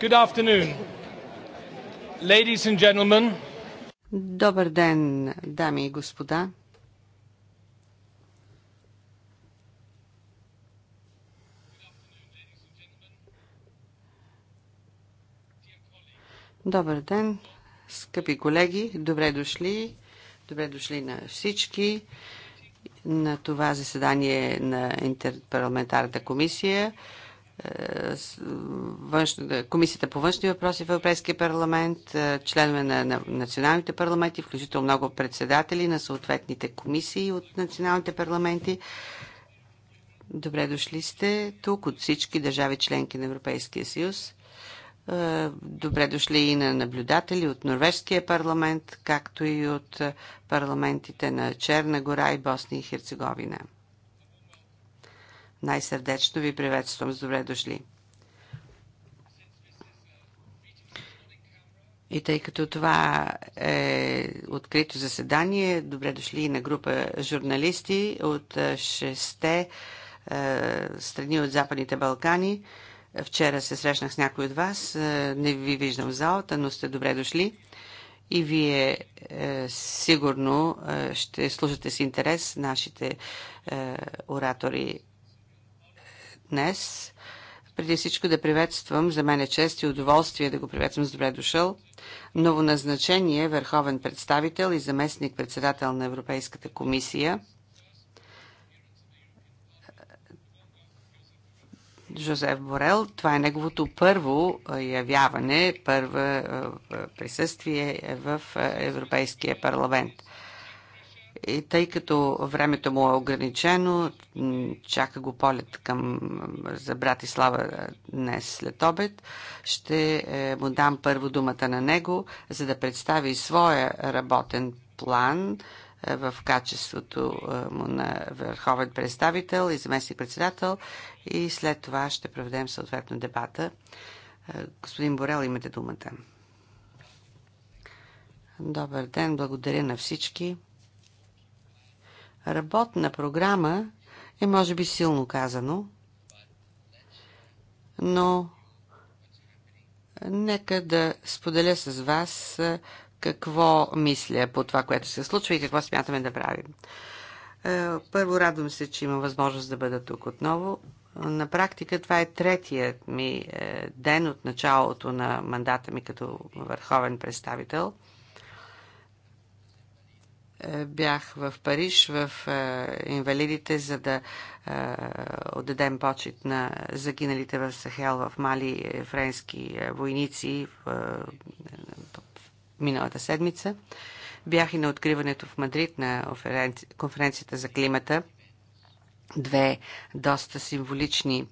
Good afternoon. Ladies and gentlemen. Добър ден, дами и господа. Добър ден, скъпи колеги, добре дошли. Добре дошли на всички на това заседание на Интерпарламентарната комисия. Е, Комисията по външни въпроси в Европейския парламент, е, членове на националните парламенти, включително много председатели на съответните комисии от националните парламенти. Добре дошли сте тук от всички държави членки на Европейския съюз. Е, добре дошли и на наблюдатели от Норвежския парламент, както и от парламентите на Черна гора и Босния и Херцеговина. Най-сърдечно ви приветствам. С добре дошли. И тъй като това е открито заседание, добре дошли и на група журналисти от е, шесте е, страни от Западните Балкани. Вчера се срещнах с някой от вас. Е, не ви виждам в залата, но сте добре дошли. И вие сигурно ще слушате с интерес нашите оратори днес. Преди всичко да приветствам, за мен е чест и удоволствие да го приветствам с добре дошъл, новоназначение върховен представител и заместник председател на Европейската комисия Жозеф Борел. Това е неговото първо явяване, първо присъствие в Европейския парламент. И тъй като времето му е ограничено, чака го полет към, за Братислава е, днес след обед, ще е, му дам първо думата на него, за да представи своя работен план е, в качеството му на върховен представител и заместник председател и след това ще проведем съответно дебата. Господин Борел, имате думата. Добър ден, благодаря на всички. Работна програма е може би силно казано, но нека да споделя с вас какво мисля по това, което се случва и какво смятаме да правим. Първо радвам се, че имам възможност да бъда тук отново. На практика това е третият ми е, ден от началото на мандата ми като върховен представител – бях в Париж, в е, инвалидите, за да е, отдадем почет на загиналите в Сахел, в Мали, френски е, войници в миналата седмица. Бях и на откриването в Мадрид на конференцията за климата две доста символични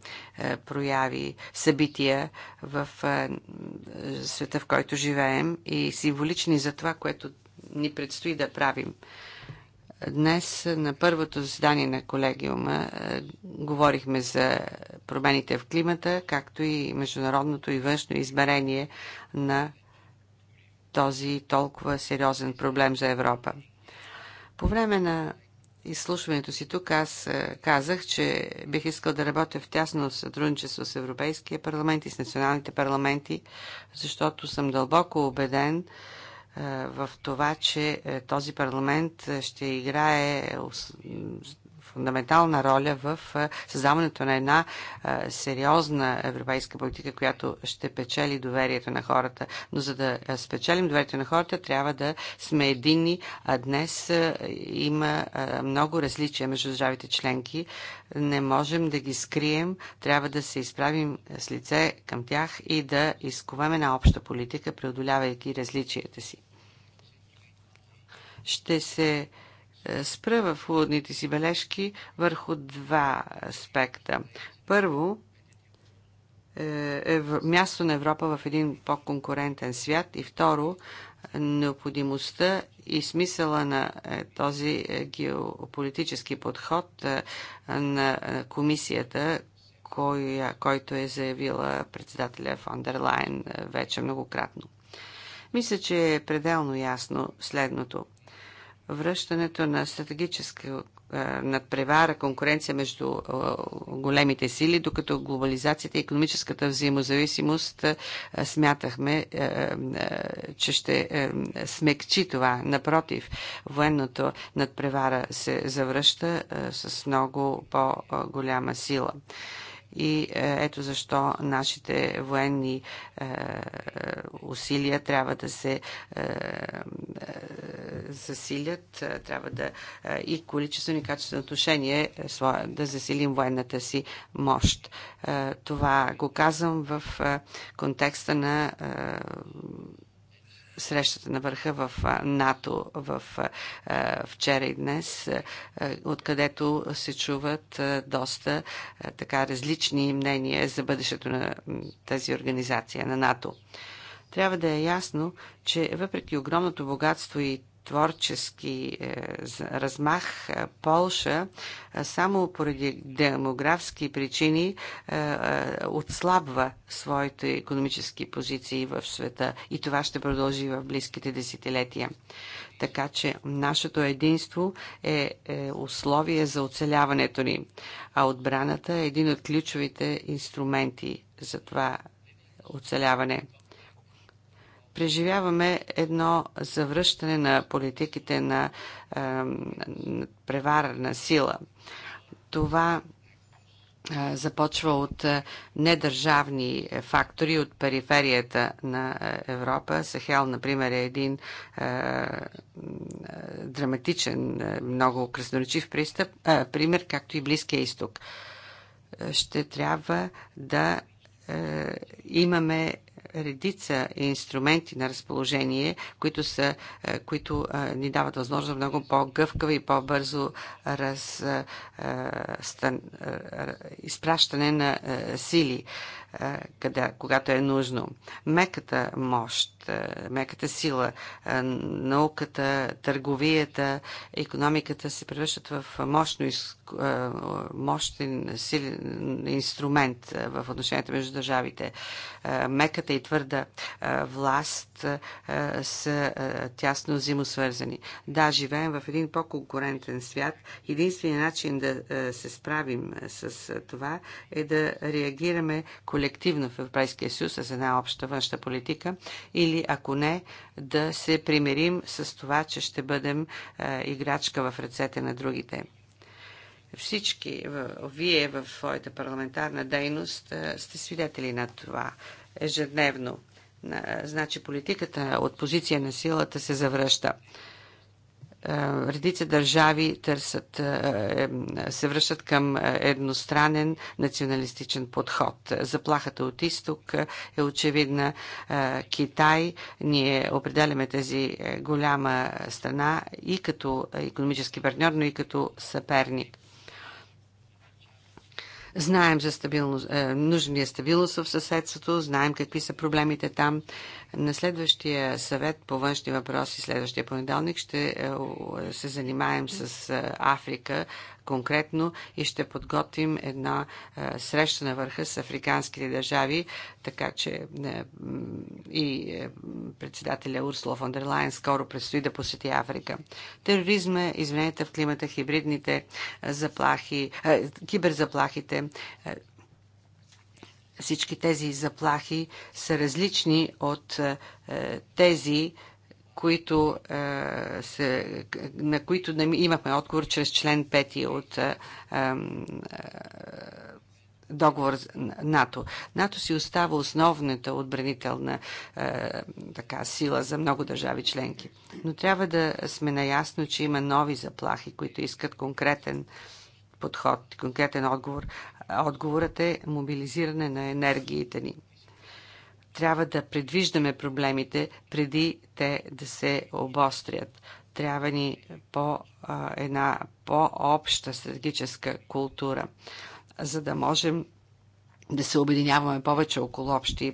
прояви, събития в света, в който живеем и символични за това, което ни предстои да правим. Днес на първото заседание на колегиума е, говорихме за промените в климата, както и международното и външно измерение на този толкова сериозен проблем за Европа. По време на изслушването си тук аз е, казах, че бих искал да работя в тясно сътрудничество с Европейския парламент и с националните парламенти, защото съм дълбоко убеден, в това, че е, този парламент ще играе фундаментална роля в създаването на една сериозна европейска политика, която ще печели доверието на хората. Но за да спечелим доверието на хората, трябва да сме едини. а днес има много различия между държавите членки. Не можем да ги скрием, трябва да се изправим с лице към тях и да изковаме на обща политика, преодолявайки различията си. Ще се спра в уводните си бележки върху два аспекта. Първо, е, е място на Европа в един по-конкурентен свят и второ, необходимостта и смисъла на е, този е, геополитически подход на комисията, кой, който е заявила председателя фон дер Лайн вече многократно. Мисля, че е пределно ясно следното връщането на стратегическа е, надпревара, конкуренция между е, големите сили, докато глобализацията и економическата взаимозависимост е, смятахме, че ще смекчи това. Напротив, военното надпревара се завръща с много по-голяма сила и е, ето защо нашите военни е, усилия трябва да се е, засилят, трябва да и количествено и качествено отношение да засилим военната си мощ. Това го казвам в контекста на срещата на върха в НАТО в вчера и днес, откъдето се чуват доста така различни мнения за бъдещето на тази организация на НАТО. Трябва да е ясно, че въпреки огромното богатство и творчески е, размах е, Полша е, само поради демографски причини отслабва своите економически позиции в света и това ще продължи в близките десетилетия. Така че нашето единство е, условие за оцеляването ни, а отбраната е един от ключовите инструменти за това оцеляване преживяваме едно завръщане на политиките на преварна сила. Това започва от недържавни е, фактори от периферията на Европа. Сахел, например, е един драматичен, много красноречив пристъп, пример, както и Близкия изток. Ще трябва да е, имаме редица инструменти на разположение, които, са, е, които е, ни дават възможност много по-гъвкава и по-бързо раз, е, стан, изпращане на сили, къде, когато е нужно. Меката мощ е, меката сила. Е, науката, търговията, економиката се превръщат в мощно, е, мощен силен инструмент в отношенията между държавите. Меката и твърда власт са тясно взаимосвързани. Да, живеем в един по-конкурентен свят. Единственият начин да се справим с това е да реагираме колективно в Европейския съюз с една обща външна политика или или ако не, да се примирим с това, че ще бъдем играчка в ръцете на другите всички вие в своята парламентарна дейност сте свидетели на това ежедневно. Значи политиката от позиция на силата се завръща. Е, редица държави търсят, е, е, се връщат към едностранен националистичен подход. Заплахата от изток е очевидна. Китай, ние определяме тези голяма страна и като економически партньор, но и като съперник. Знаем за стабилност, нужния стабилност в съседството, знаем какви са проблемите там. На следващия съвет по външни въпроси, следващия понеделник, ще е, се занимаем с е, Африка конкретно и ще подготвим една е, среща на върха с африканските държави, така че и председателя Урсло фон дер Лайн скоро предстои да посети Африка. Тероризма, извинете, в климата, хибридните заплахи, киберзаплахите, всички тези заплахи са различни от е, тези, които, е, на които имахме отговор чрез член 5 от е, договор НАТО. НАТО си остава основната отбранителна е, така, сила за много държави членки. Но трябва да сме наясно, че има нови заплахи, които искат конкретен подход, конкретен отговор. Отговорът е мобилизиране на енергиите ни. Трябва да предвиждаме проблемите преди те да се обострят. Трябва ни по, а, една по-обща стратегическа култура, за да можем да се обединяваме повече около общи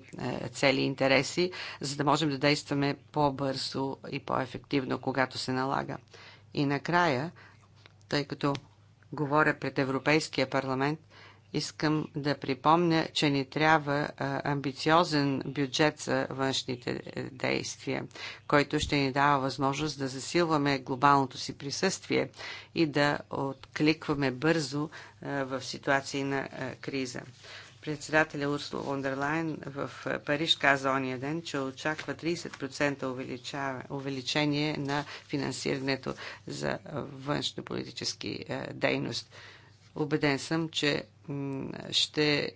е, цели и интереси, за да можем да действаме по-бързо и по-ефективно, когато се налага. И накрая, тъй като говоря пред Европейския парламент, Искам да припомня, че ни трябва амбициозен бюджет за външните е, действия, който ще ни дава възможност да засилваме глобалното си присъствие и да откликваме бързо в ситуации на криза. Председателя Урсула Вондерлайн в Париж каза ония ден, че очаква 30% увеличение на финансирането за външно-политически дейност. Обеден съм, че ще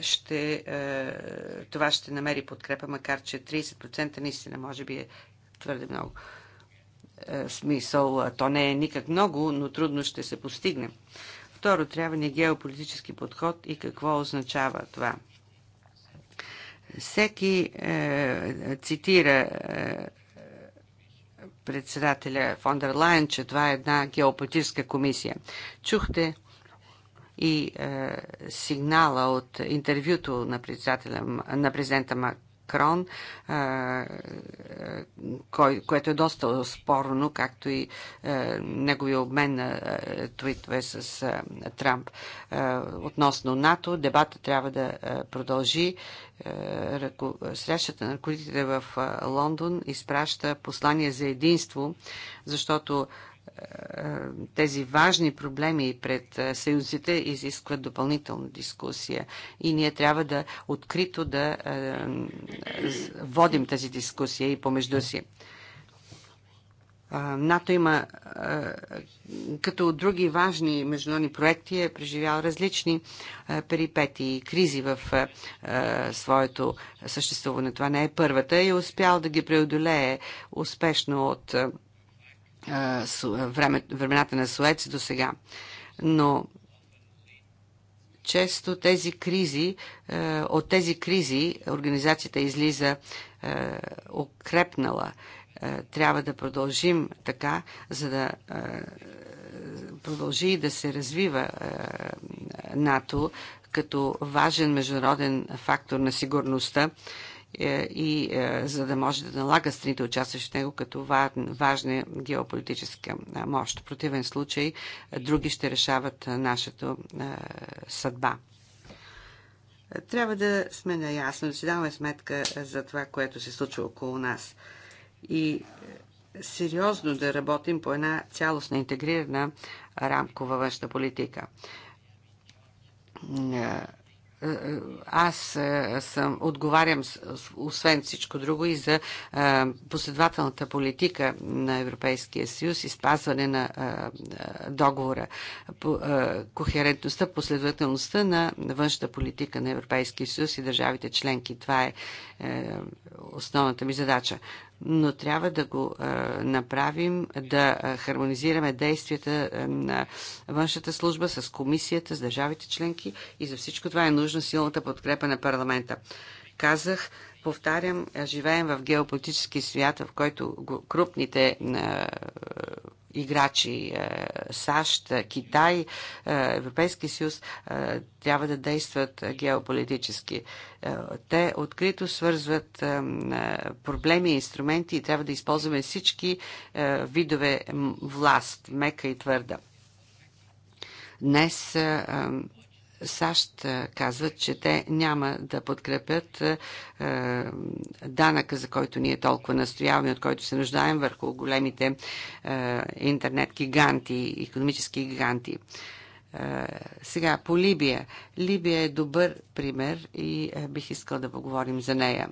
ще, е, това ще намери подкрепа, макар че 30% наистина може би е твърде много. Е, смисъл, то не е никак много, но трудно ще се постигне. Второ, трябва ни геополитически подход и какво означава това. Всеки е, цитира е, председателя Лайн, че това е една геополитическа комисия. Чухте и е, сигнала от интервюто на, на президента Макрон, е, е, кой, което е доста спорно, както и е, неговия обмен на е, твитове с е, Трамп. Е, относно НАТО, дебата трябва да е, продължи. Е, срещата на ръководителите в е, Лондон изпраща послание за единство, защото е, тези важни проблеми пред съюзите изискват допълнителна дискусия и ние трябва да открито да водим тази дискусия и помежду си. НАТО има, като от други важни международни проекти, е преживял различни перипети и кризи в своето съществуване. Това не е първата и е успял да ги преодолее успешно от време, времената на Суец до сега. Но често тези кризи, от тези кризи организацията излиза укрепнала. Трябва да продължим така, за да продължи да се развива НАТО като важен международен фактор на сигурността е, и е, за да може да налага страните, участващи в него, като важна геополитическа мощ. В противен случай е, други ще решават нашата съдба. Трябва да сме наясно, да си даваме сметка за това, което се случва около нас. И сериозно да работим по една цялостна интегрирана рамкова външна политика аз е, съм, отговарям, освен всичко друго, и за е, последователната политика на Европейския съюз и спазване на е, договора, кохерентността, последователността на външната политика на Европейския съюз и държавите членки. Това е основната ми задача но трябва да го направим, да хармонизираме действията на външната служба с комисията, с държавите членки и за всичко това е нужна силната подкрепа на парламента. Казах, повтарям, живеем в геополитически свят, в който крупните играчи е, САЩ, е, Китай, е, Европейски съюз трябва да действат геополитически. Те открито свързват проблеми и инструменти и трябва да използваме всички видове власт, мека и твърда. Днес САЩ казват, че те няма да подкрепят данъка, за който ние толкова настояваме, от който се нуждаем върху големите интернет гиганти, економически гиганти. Сега по Либия. Либия е добър пример и бих искал да поговорим за нея.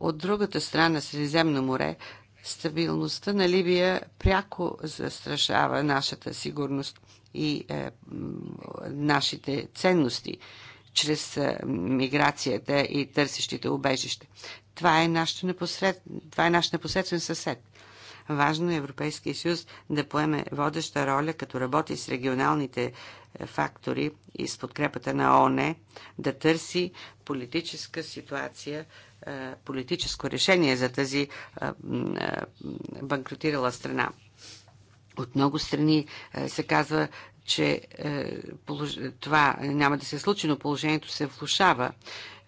От другата страна, Средиземно море, стабилността на Либия пряко застрашава нашата сигурност и е, нашите ценности чрез е, миграцията и търсещите убежище. Това е, нашето непосред... Това е наш непосредствен съсед. Важно е Европейския съюз да поеме водеща роля, като работи с регионалните е, фактори и с подкрепата на ООН, да търси политическа ситуация, е, политическо решение за тази е, банкротирала страна. От много страни е, се казва, че е, това няма да се случи, но положението се влушава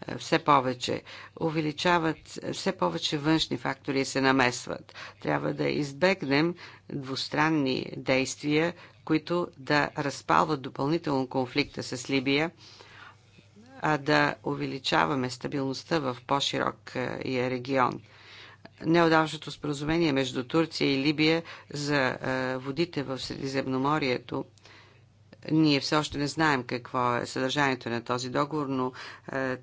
е, все повече. Увеличават все повече външни фактори се намесват. Трябва да избегнем двустранни действия, които да разпалват допълнително конфликта с Либия, а да увеличаваме стабилността в по-широкия регион неодавшото споразумение между Турция и Либия за водите в Средиземноморието. Ние все още не знаем какво е съдържанието на този договор, но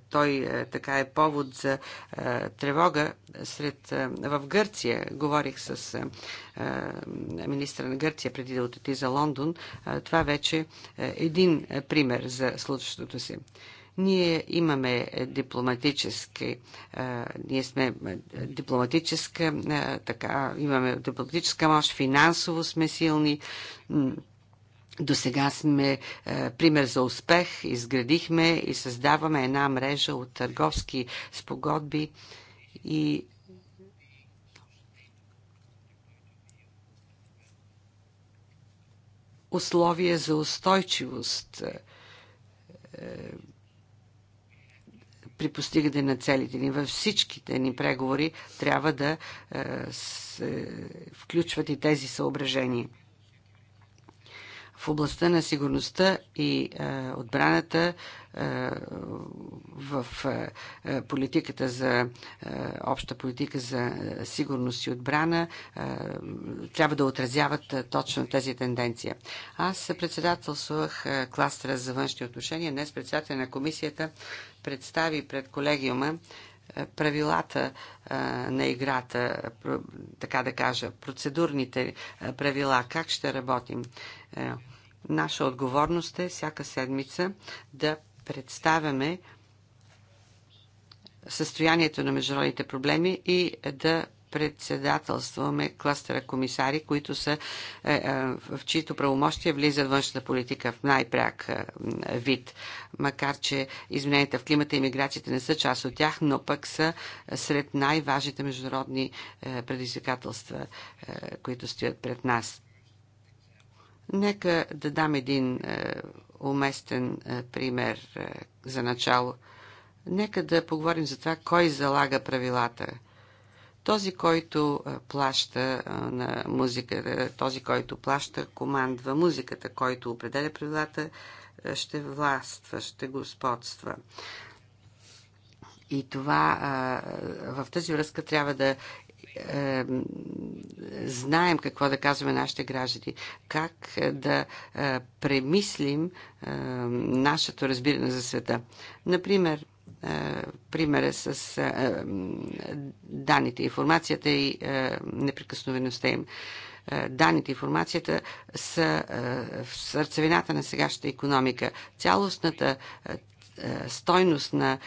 той така е повод за тревога сред, в Гърция. Говорих с министра на Гърция преди да отиде за Лондон. това вече е един пример за случващото се. Ние имаме дипломатически, е, ние сме дипломатическа, е, така, имаме дипломатическа мощ, финансово сме силни, до сега сме е, пример за успех, изградихме и създаваме една мрежа от търговски спогодби и условия за устойчивост. Е, при постигане на целите ни. Във всичките ни преговори трябва да се е, включват и тези съображения в областта на сигурността и е, отбраната е, в е, политиката за е, обща политика за сигурност и отбрана е, трябва да отразяват точно тези тенденции. Аз председателствах кластера за външни отношения. Днес председател на комисията представи пред колегиума е, правилата на играта, така да кажа, процедурните правила, как ще работим. Е, наша отговорност е всяка седмица да представяме състоянието на международните проблеми и да председателстваме кластера комисари, които са, е, е, в чието правомощие влиза външната политика в най-пряк е, вид. Макар, че измененията в климата и миграцията не са част от тях, но пък са сред най-важните международни предизвикателства, които стоят пред нас. Нека да дам един уместен пример за начало. Нека да поговорим за това, кой залага правилата този, който е, плаща е, на музиката, е, този, който плаща, командва музиката, който определя правилата, ще властва, ще господства. И това в тази връзка трябва да знаем какво да казваме нашите граждани, как да премислим нашето разбиране за света. Например, е, примера с е, данните, информацията и е, непрекъсновеността им. Даните, информацията са в сърцевината на сегашната економика. Цялостната е, стойност на е,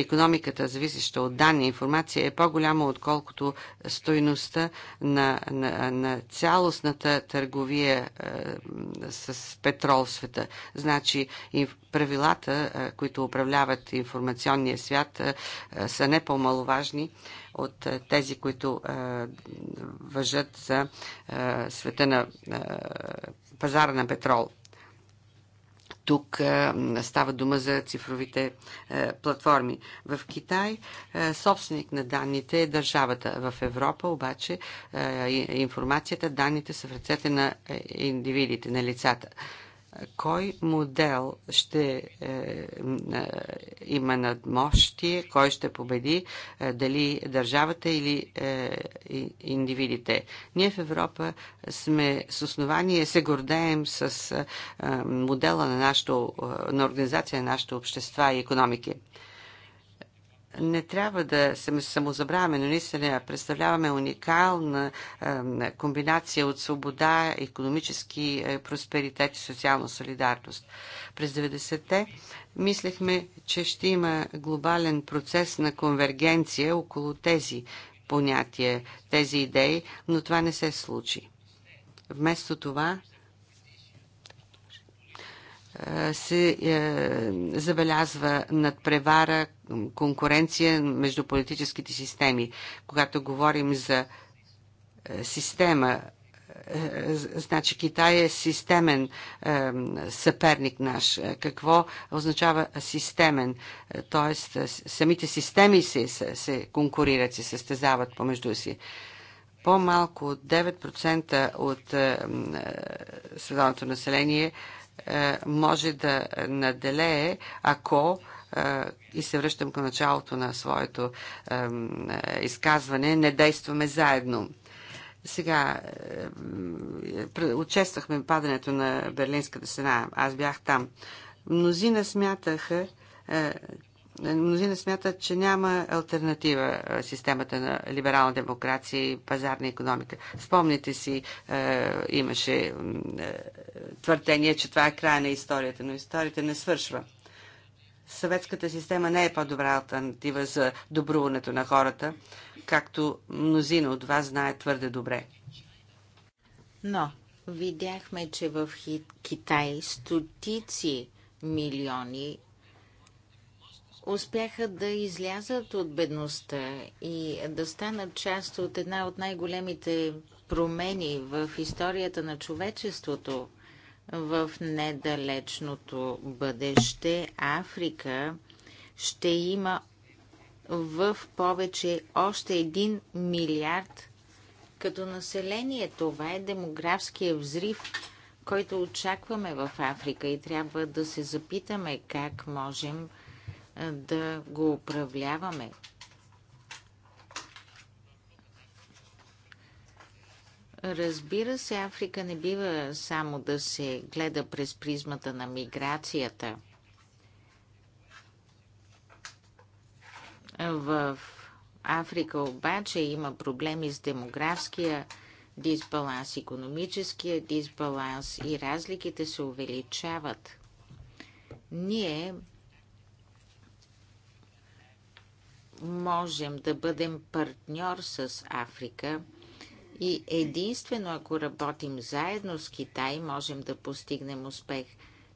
економиката, зависеща от данни и информация, е по-голяма, отколкото стойността на, на, на цялостната търговия е, с петрол в света. Значи, правилата, които управляват информационния свят, са не по-маловажни от тези, които въжат за света на пазара на петрол. Тук става дума за цифровите платформи. В Китай собственик на данните е държавата. В Европа обаче информацията, данните са в ръцете на е, индивидите, на лицата кой модел ще е, е, има надмощие, кой ще победи, е, дали държавата или е, индивидите. Ние в Европа сме с основание, се гордеем с е, модела на, нашото, е, на организация на нашите общества и економики не трябва да се самозабравяме, но наистина представляваме уникална комбинация от свобода, економически е, просперитет и социална солидарност. През 90-те мислехме, че ще има глобален процес на конвергенция около тези понятия, тези идеи, но това не се случи. Вместо това се е, забелязва надпревара, конкуренция между политическите системи. Когато говорим за е, система, е, значи Китай е системен съперник наш. Какво означава системен? Тоест, самите системи се, се конкурират, се състезават помежду си. По-малко от 9% от световното население е, е, може да наделее, ако е, и се връщам към началото на своето е, изказване, не действаме заедно. Сега, отчествахме падането на Берлинската стена. Аз бях там. Мнозина смятаха, Мнозина смятат, че няма альтернатива системата на либерална демокрация и пазарна економика. Спомните си, е, имаше е, твърдение, че това е края на историята, но историята не свършва. Съветската система не е по-добра альтернатива за добруването на хората, както мнозина от вас знаят твърде добре. Но видяхме, че в Китай стотици милиони успяха да излязат от бедността и да станат част от една от най-големите промени в историята на човечеството в недалечното бъдеще Африка ще има в повече още един милиард като население. Това е демографския взрив, който очакваме в Африка и трябва да се запитаме как можем да го управляваме. Разбира се, Африка не бива само да се гледа през призмата на миграцията. В Африка обаче има проблеми с демографския дисбаланс, економическия дисбаланс и разликите се увеличават. Ние можем да бъдем партньор с Африка и единствено ако работим заедно с Китай, можем да постигнем успех.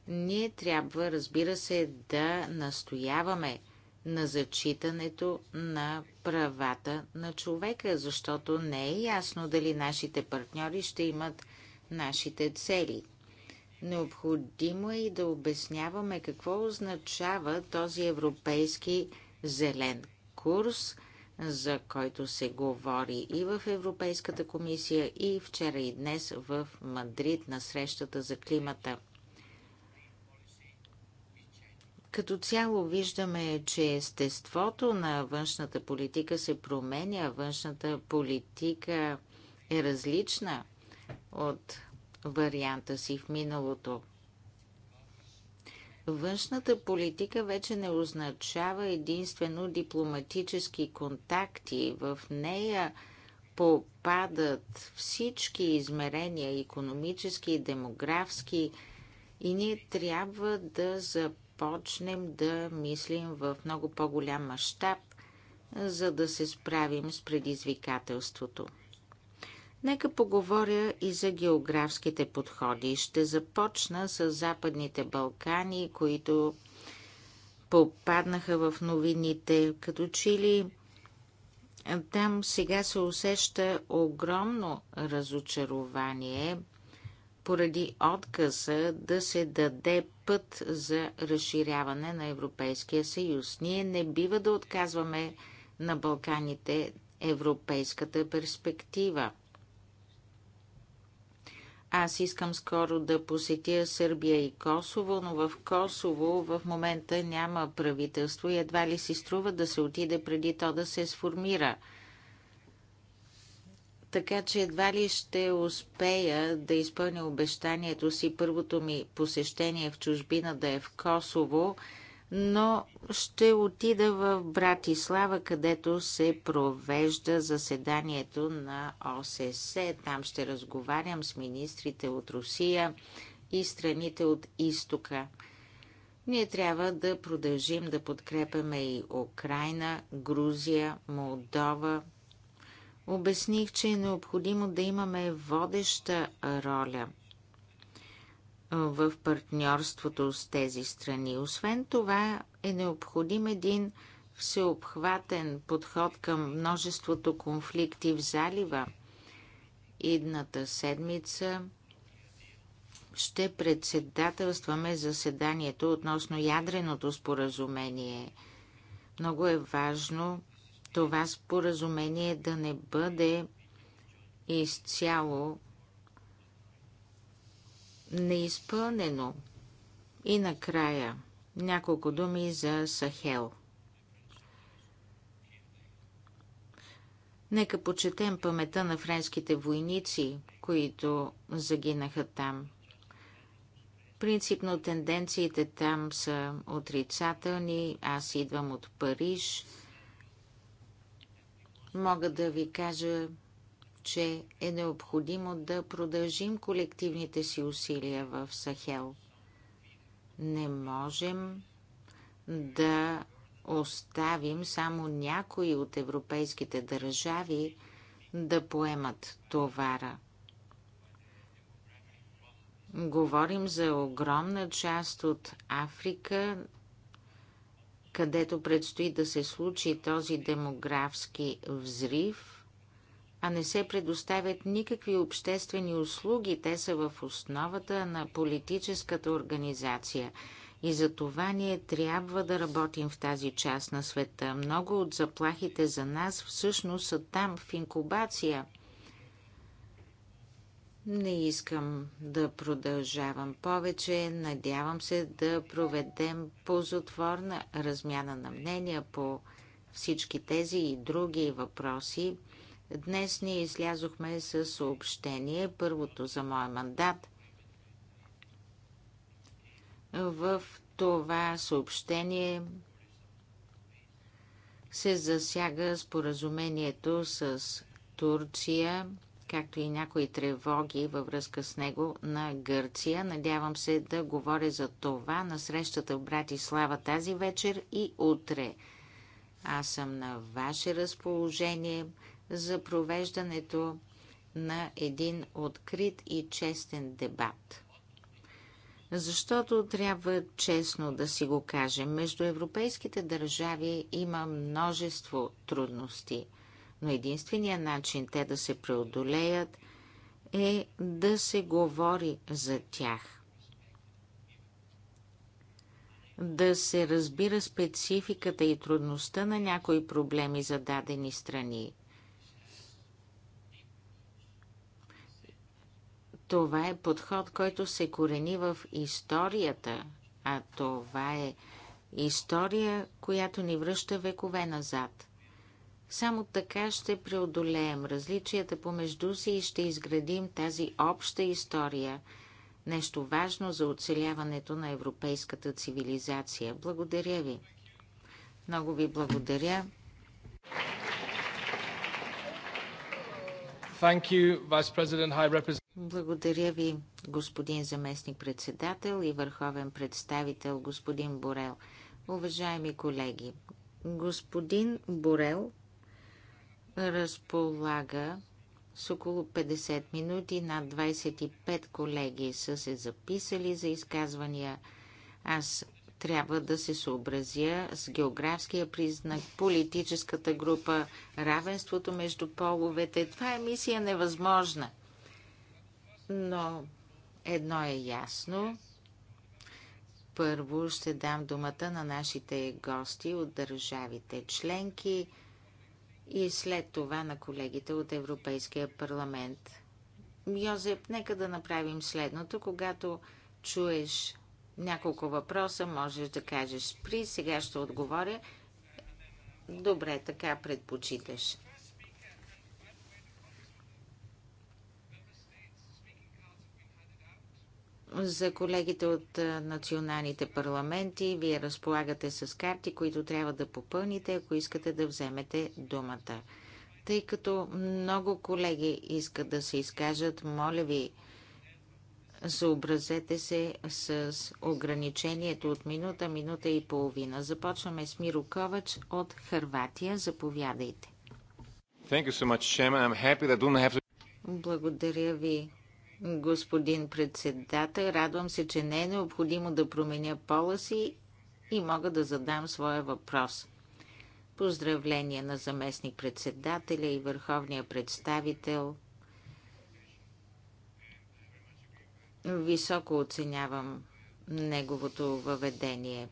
Ние трябва, разбира се, да настояваме на зачитането на правата на човека, защото не е ясно дали нашите партньори ще имат нашите цели. Необходимо е и да обясняваме какво означава този европейски зелен курс, за който се говори и в Европейската комисия, и вчера и днес в Мадрид на срещата за климата. Като цяло виждаме, че естеството на външната политика се променя. Външната политика е различна от варианта си в миналото. Външната политика вече не означава единствено дипломатически контакти. В нея попадат всички измерения, економически, и демографски, и ние трябва да започнем да мислим в много по-голям мащаб, за да се справим с предизвикателството. Нека поговоря и за географските подходи. Ще започна с Западните Балкани, които попаднаха в новините, като ли Там сега се усеща огромно разочарование поради отказа да се даде път за разширяване на Европейския съюз. Ние не бива да отказваме на Балканите европейската перспектива. Аз искам скоро да посетя Сърбия и Косово, но в Косово в момента няма правителство и едва ли си струва да се отиде преди то да се сформира. Така че едва ли ще успея да изпълня обещанието си първото ми посещение в чужбина да е в Косово – но ще отида в Братислава, където се провежда заседанието на ОССЕ. Там ще разговарям с министрите от Русия и страните от изтока. Ние трябва да продължим да подкрепяме и Украина, Грузия, Молдова. Обясних, че е необходимо да имаме водеща роля – в партньорството с тези страни. Освен това е необходим един всеобхватен подход към множеството конфликти в залива. Идната седмица ще председателстваме заседанието относно ядреното споразумение. Много е важно това споразумение да не бъде изцяло неизпълнено. И накрая няколко думи за Сахел. Нека почетем памета на френските войници, които загинаха там. Принципно тенденциите там са отрицателни. Аз идвам от Париж. Мога да ви кажа, че е необходимо да продължим колективните си усилия в Сахел. Не можем да оставим само някои от европейските държави да поемат товара. Говорим за огромна част от Африка, където предстои да се случи този демографски взрив – а не се предоставят никакви обществени услуги. Те са в основата на политическата организация. И за това ние трябва да работим в тази част на света. Много от заплахите за нас всъщност са там, в инкубация. Не искам да продължавам повече. Надявам се да проведем ползотворна размяна на мнения по всички тези и други въпроси. Днес ние излязохме с съобщение, първото за моя мандат. В това съобщение се засяга споразумението с Турция, както и някои тревоги във връзка с него на Гърция. Надявам се да говоря за това на срещата в Братислава тази вечер и утре. Аз съм на ваше разположение за провеждането на един открит и честен дебат. Защото трябва честно да си го кажем, между европейските държави има множество трудности, но единственият начин те да се преодолеят е да се говори за тях. Да се разбира спецификата и трудността на някои проблеми за дадени страни – Това е подход, който се корени в историята, а това е история, която ни връща векове назад. Само така ще преодолеем различията помежду си и ще изградим тази обща история, нещо важно за оцеляването на европейската цивилизация. Благодаря ви. Много ви благодаря. Благодаря ви, господин заместник председател и върховен представител, господин Борел. Уважаеми колеги, господин Борел разполага с около 50 минути. Над 25 колеги са се записали за изказвания. Аз трябва да се съобразя с географския признак, политическата група, равенството между половете. Това е мисия невъзможна. Но едно е ясно. Първо ще дам думата на нашите гости от държавите членки и след това на колегите от Европейския парламент. Йозеп, нека да направим следното. Когато чуеш няколко въпроса можеш да кажеш. Спри, сега ще отговоря. Добре, така предпочиташ. За колегите от националните парламенти, вие разполагате с карти, които трябва да попълните, ако искате да вземете думата. Тъй като много колеги искат да се изкажат, моля ви, Съобразете се с ограничението от минута, минута и половина. Започваме с Миро Ковач от Харватия. Заповядайте. So much, to... Благодаря ви, господин председател. Радвам се, че не е необходимо да променя пола си и мога да задам своя въпрос. Поздравления на заместник председателя и върховния представител – Високо оценявам неговото въведение.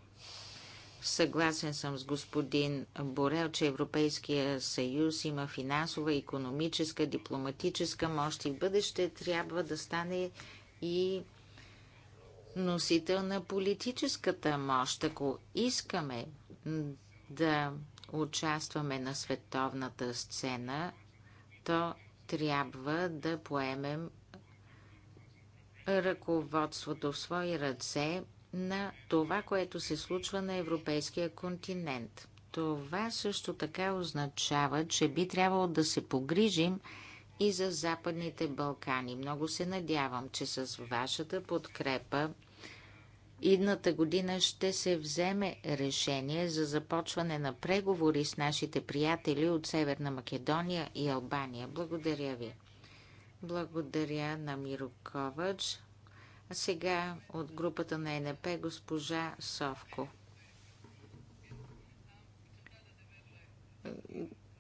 Съгласен съм с господин Борел, че Европейския съюз има финансова, економическа, дипломатическа мощ и в бъдеще трябва да стане и носител на политическата мощ. Ако искаме да участваме на световната сцена, то трябва да поемем ръководството в свои ръце на това, което се случва на европейския континент. Това също така означава, че би трябвало да се погрижим и за Западните Балкани. Много се надявам, че с вашата подкрепа идната година ще се вземе решение за започване на преговори с нашите приятели от Северна Македония и Албания. Благодаря ви. Благодаря на Миро Ковач. А сега от групата на НП госпожа Совко.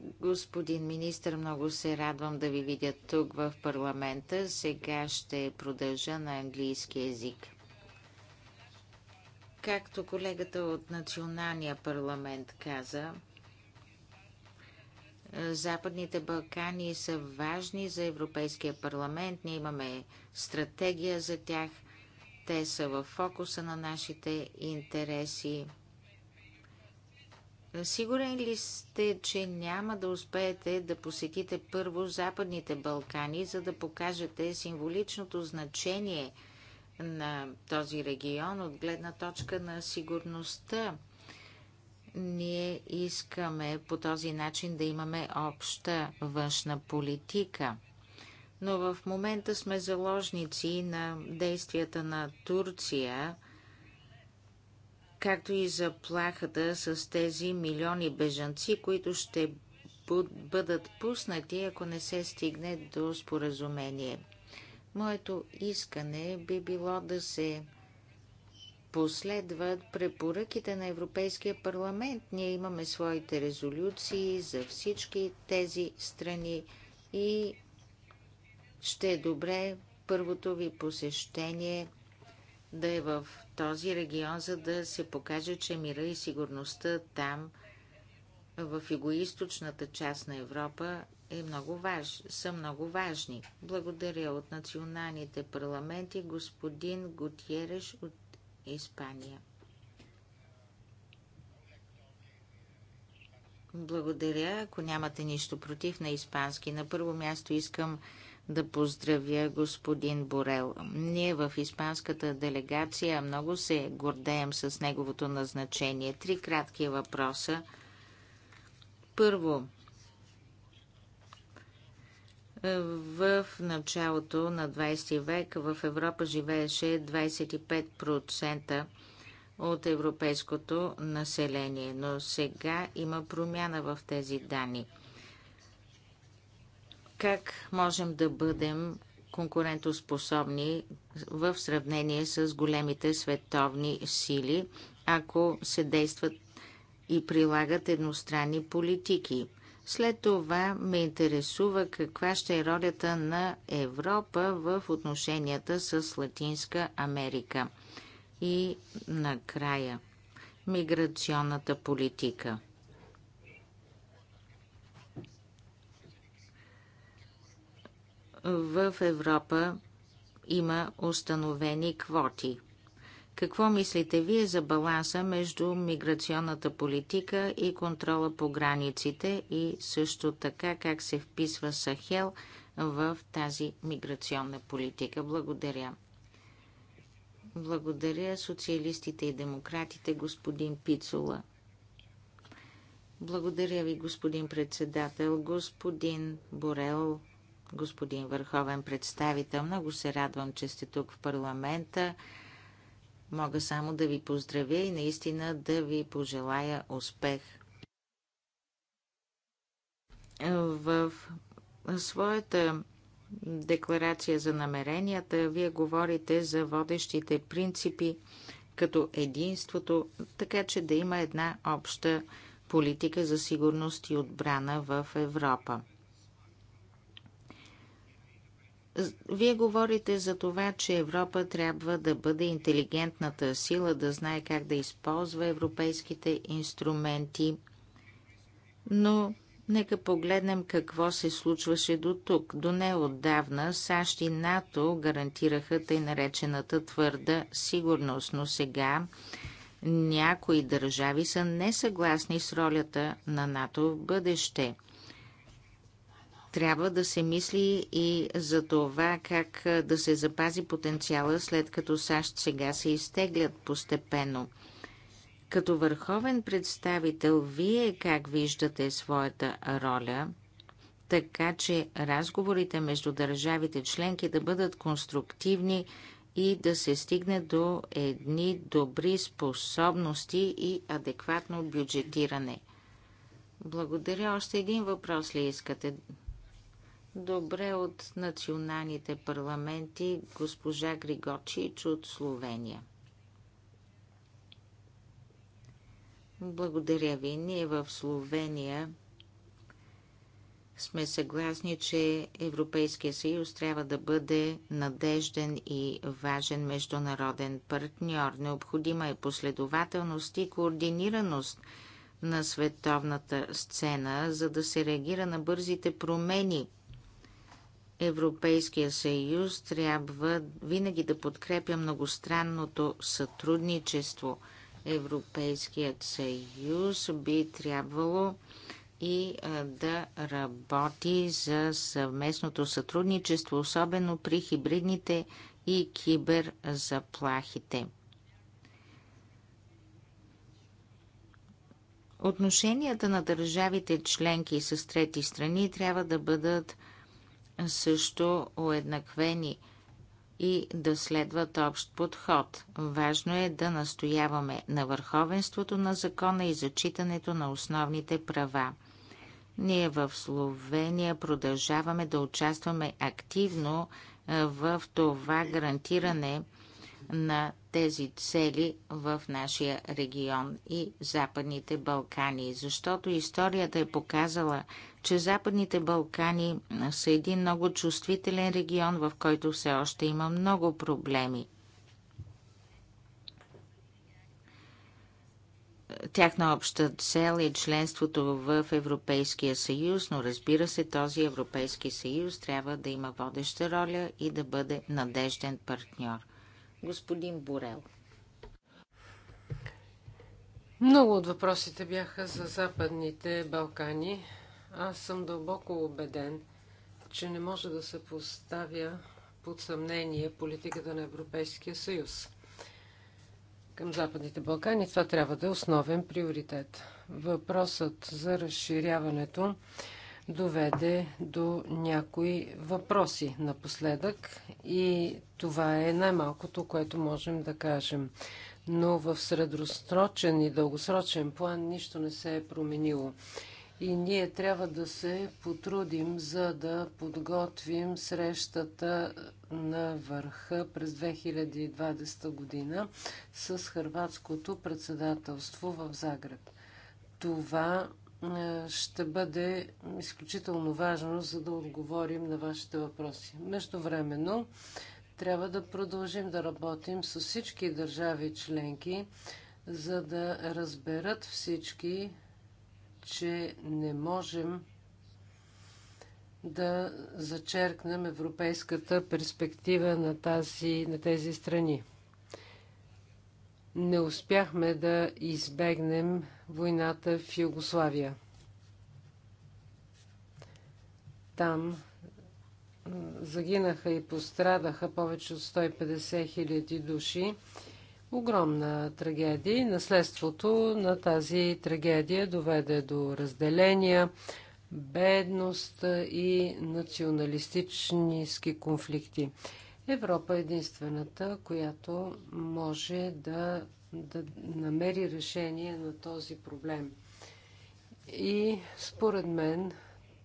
Господин министр, много се радвам да ви видя тук в парламента. Сега ще продължа на английски язик. Както колегата от Националния парламент каза, Западните Балкани са важни за Европейския парламент. Ние имаме стратегия за тях. Те са в фокуса на нашите интереси. Сигурен ли сте, че няма да успеете да посетите първо Западните Балкани, за да покажете символичното значение на този регион от гледна точка на сигурността? Ние искаме по този начин да имаме обща външна политика. Но в момента сме заложници на действията на Турция, както и заплахата с тези милиони бежанци, които ще бъдат пуснати, ако не се стигне до споразумение. Моето искане би било да се последват препоръките на Европейския парламент. Ние имаме своите резолюции за всички тези страни и ще е добре първото ви посещение да е в този регион, за да се покаже, че мира и сигурността там, в югоисточната част на Европа, е много важ... са много важни. Благодаря от националните парламенти господин Гутиереш от Испания. Благодаря. Ако нямате нищо против на испански, на първо място искам да поздравя господин Борел. Ние в испанската делегация много се гордеем с неговото назначение. Три кратки въпроса. Първо, в началото на 20 век в Европа живееше 25% от европейското население, но сега има промяна в тези данни. Как можем да бъдем конкурентоспособни в сравнение с големите световни сили, ако се действат и прилагат едностранни политики? След това ме интересува каква ще е ролята на Европа в отношенията с Латинска Америка. И накрая миграционната политика. В Европа има установени квоти – какво мислите вие за баланса между миграционната политика и контрола по границите и също така как се вписва Сахел в тази миграционна политика? Благодаря. Благодаря социалистите и демократите, господин Пицула. Благодаря ви, господин председател, господин Борел, господин върховен представител. Много се радвам, че сте тук в парламента. Мога само да ви поздравя и наистина да ви пожелая успех. В своята декларация за намеренията вие говорите за водещите принципи като единството, така че да има една обща политика за сигурност и отбрана в Европа. Вие говорите за това, че Европа трябва да бъде интелигентната сила, да знае как да използва европейските инструменти. Но нека погледнем какво се случваше до тук. До неотдавна САЩ и НАТО гарантираха тъй наречената твърда сигурност, но сега някои държави са несъгласни с ролята на НАТО в бъдеще – трябва да се мисли и за това как да се запази потенциала, след като САЩ сега се изтеглят постепенно. Като върховен представител, вие как виждате своята роля, така че разговорите между държавите членки да бъдат конструктивни и да се стигне до едни добри способности и адекватно бюджетиране? Благодаря. Още един въпрос ли искате? Добре от националните парламенти госпожа Григочич от Словения. Благодаря ви. Ние в Словения сме съгласни, че Европейския съюз трябва да бъде надежден и важен международен партньор. Необходима е последователност и координираност на световната сцена, за да се реагира на бързите промени – Европейския съюз трябва винаги да подкрепя многостранното сътрудничество. Европейският съюз би трябвало и да работи за съвместното сътрудничество, особено при хибридните и киберзаплахите. Отношенията на държавите членки с трети страни трябва да бъдат също уеднаквени и да следват общ подход. Важно е да настояваме на върховенството на закона и зачитането на основните права. Ние в Словения продължаваме да участваме активно в това гарантиране на тези цели в нашия регион и Западните Балкани, защото историята е показала, че Западните Балкани са един много чувствителен регион, в който все още има много проблеми. Тяхна обща цел е членството в Европейския съюз, но разбира се, този Европейски съюз трябва да има водеща роля и да бъде надежден партньор господин Борел. Много от въпросите бяха за Западните Балкани. Аз съм дълбоко убеден, че не може да се поставя под съмнение политиката на Европейския съюз към Западните Балкани. Това трябва да е основен приоритет. Въпросът за разширяването доведе до някои въпроси напоследък и това е най-малкото, което можем да кажем. Но в средосрочен и дългосрочен план нищо не се е променило. И ние трябва да се потрудим, за да подготвим срещата на върха през 2020 година с хрватското председателство в Загреб. Това е, ще бъде изключително важно, за да отговорим на вашите въпроси. Междувременно трябва да продължим да работим с всички държави членки, за да разберат всички, че не можем да зачеркнем европейската перспектива на, тази, на тези страни. Не успяхме да избегнем войната в Югославия. Там загинаха и пострадаха повече от 150 хиляди души. Огромна трагедия и наследството на тази трагедия доведе до разделения, бедност и националистически конфликти. Европа е единствената, която може да да намери решение на този проблем. И според мен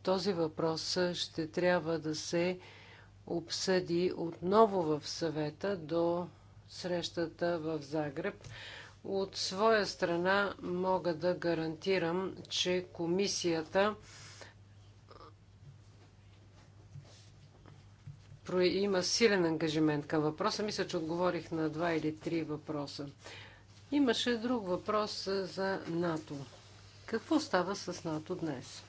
този въпрос ще трябва да се обсъди отново в съвета до срещата в Загреб. От своя страна мога да гарантирам, че комисията има силен ангажимент към въпроса. Мисля, че отговорих на два или три въпроса. Имаше друг въпрос за НАТО. Какво става с НАТО днес?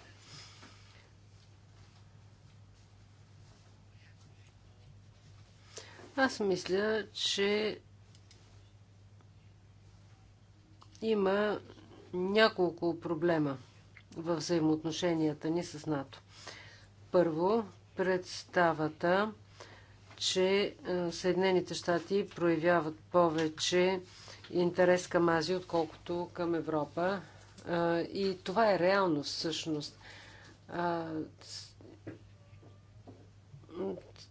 Аз мисля, че има няколко проблема в взаимоотношенията ни с НАТО. Първо, представата, че Съединените щати проявяват повече интерес към Азия, отколкото към Европа. И това е реалност всъщност.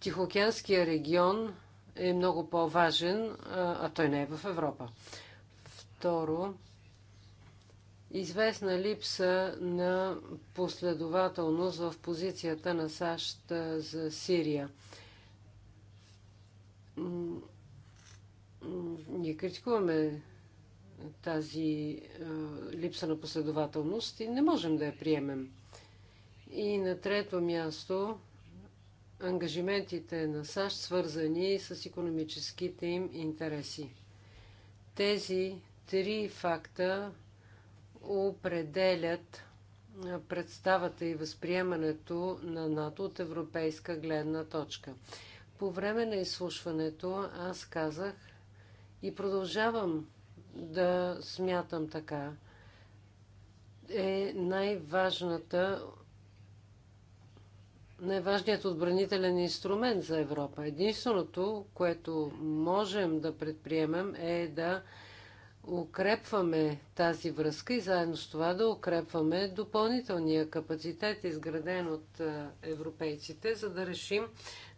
Тихоокеанския регион е много по-важен, а той не е в Европа. Второ, известна липса на последователност в позицията на САЩ за Сирия. Ние критикуваме тази а, липса на последователност и не можем да я приемем. И на трето място ангажиментите на САЩ, свързани с економическите им интереси. Тези три факта определят представата и възприемането на НАТО от европейска гледна точка. По време на изслушването аз казах, и продължавам да смятам така, е най-важната най-важният отбранителен инструмент за Европа. Единственото, което можем да предприемем е да укрепваме тази връзка и заедно с това да укрепваме допълнителния капацитет, изграден от европейците, за да решим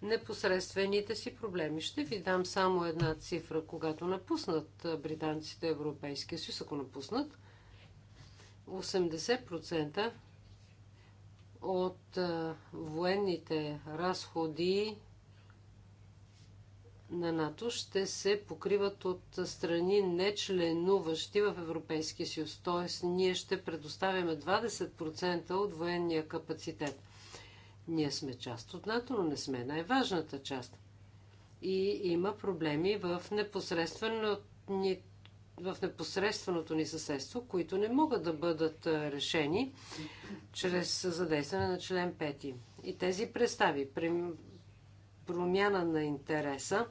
непосредствените си проблеми. Ще ви дам само една цифра, когато напуснат британците Европейския съюз, ако напуснат, 80% от военните разходи на НАТО ще се покриват от страни не членуващи в Европейския съюз. Т.е. ние ще предоставяме 20% от военния капацитет. Ние сме част от НАТО, но не сме най-важната част. И има проблеми в, ни, в непосредственото ни съседство, които не могат да бъдат решени чрез задействане на член 5. И тези представи, промяна на интереса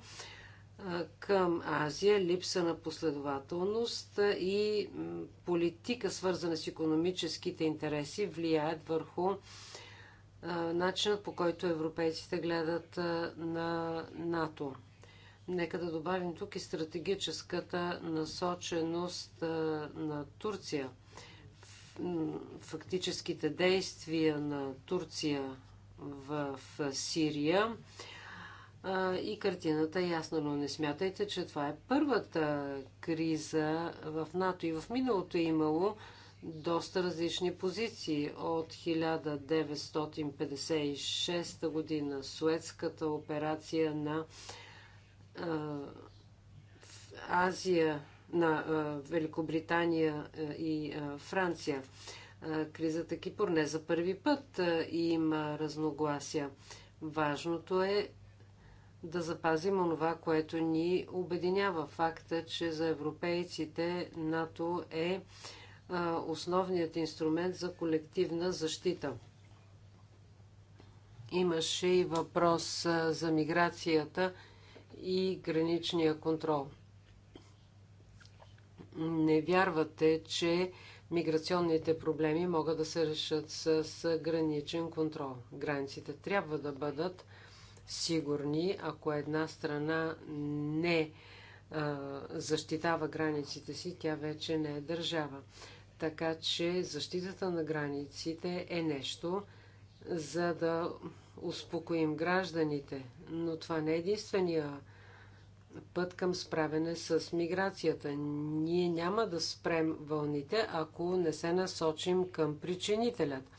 към Азия, липса на последователност и политика, свързана с економическите интереси, влияят върху начинът по който европейците гледат на НАТО. Нека да добавим тук и стратегическата насоченост на Турция. Фактическите действия на Турция в Сирия а, и картината ясно, но не смятайте, че това е първата криза в НАТО. И в миналото е имало доста различни позиции. От 1956 година Суетската операция на а, Азия, на а, Великобритания и а, Франция. А, кризата Кипър не за първи път а, има разногласия. Важното е да запазим онова, което ни обединява. Факта, че за европейците НАТО е основният инструмент за колективна защита. Имаше и въпрос за миграцията и граничния контрол. Не вярвате, че миграционните проблеми могат да се решат с граничен контрол. Границите трябва да бъдат сигурни, ако една страна не защитава границите си, тя вече не е държава. Така че защитата на границите е нещо, за да успокоим гражданите. Но това не е единствения път към справяне с миграцията. Ние няма да спрем вълните, ако не се насочим към причинителят –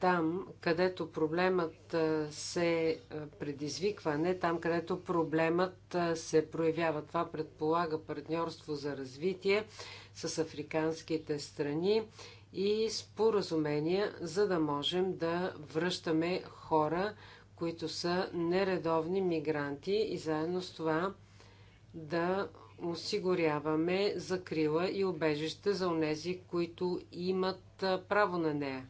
там, където проблемът се предизвиква, не там, където проблемът се проявява. Това предполага партньорство за развитие с африканските страни и споразумения, за да можем да връщаме хора, които са нередовни мигранти и заедно с това да осигуряваме закрила и обежище за онези, които имат право на нея.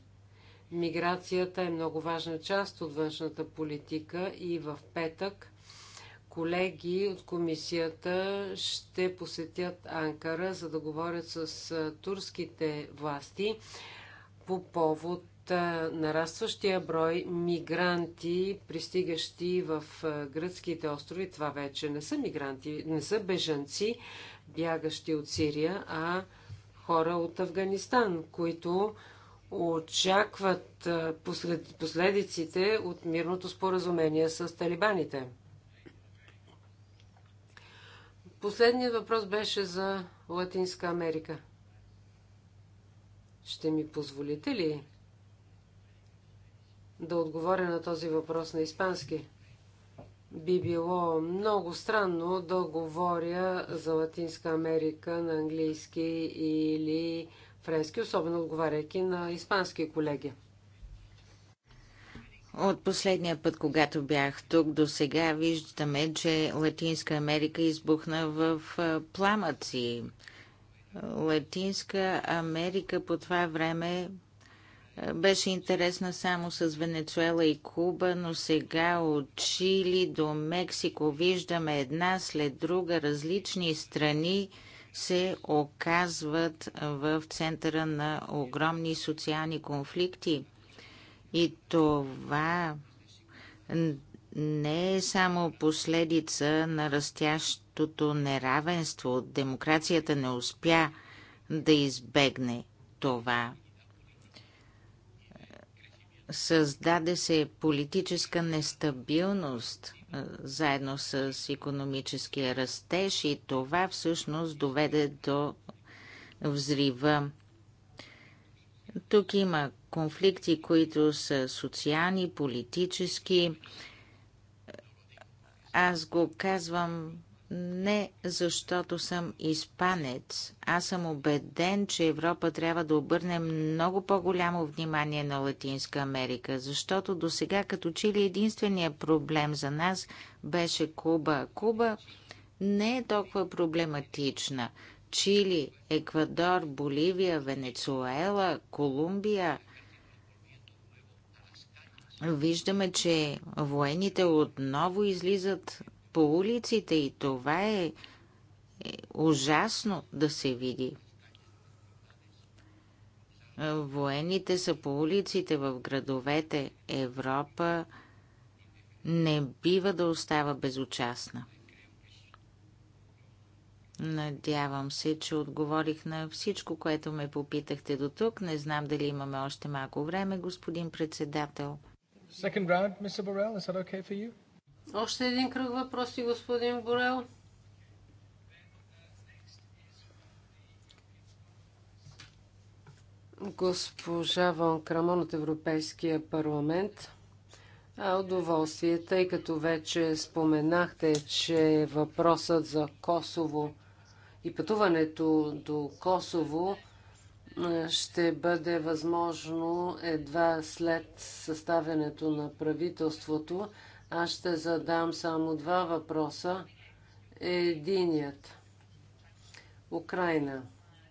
Миграцията е много важна част от външната политика и в петък колеги от комисията ще посетят Анкара, за да говорят с турските власти по повод нарастващия брой мигранти, пристигащи в гръцките острови. Това вече не са мигранти, не са бежанци, бягащи от Сирия, а хора от Афганистан, които очакват последиците от мирното споразумение с талибаните. Последният въпрос беше за Латинска Америка. Ще ми позволите ли да отговоря на този въпрос на испански? Би било много странно да говоря за Латинска Америка на английски или френски, особено отговаряйки на испански колеги. От последния път, когато бях тук до сега, виждаме, че Латинска Америка избухна в пламъци. Латинска Америка по това време беше интересна само с Венецуела и Куба, но сега от Чили до Мексико виждаме една след друга различни страни, се оказват в центъра на огромни социални конфликти. И това не е само последица на растящото неравенство. Демокрацията не успя да избегне това. Създаде се политическа нестабилност – заедно с економическия растеж и това всъщност доведе до взрива. Тук има конфликти, които са социални, политически. Аз го казвам не защото съм испанец. Аз съм убеден, че Европа трябва да обърне много по-голямо внимание на Латинска Америка, защото до сега като че ли единственият проблем за нас беше Куба. Куба не е толкова проблематична. Чили, Еквадор, Боливия, Венецуела, Колумбия. Виждаме, че военните отново излизат по улиците и това е, е ужасно да се види. Военните са по улиците в градовете. Европа не бива да остава безучастна. Надявам се, че отговорих на всичко, което ме попитахте до тук. Не знам дали имаме още малко време, господин председател. Second round, Mr. Borrell, is that okay for you? Още един кръг въпроси, господин Борел. Госпожа Вон Крамон от Европейския парламент. А, удоволствие, тъй като вече споменахте, че въпросът за Косово и пътуването до Косово ще бъде възможно едва след съставянето на правителството. Аз ще задам само два въпроса. Единият. Украина.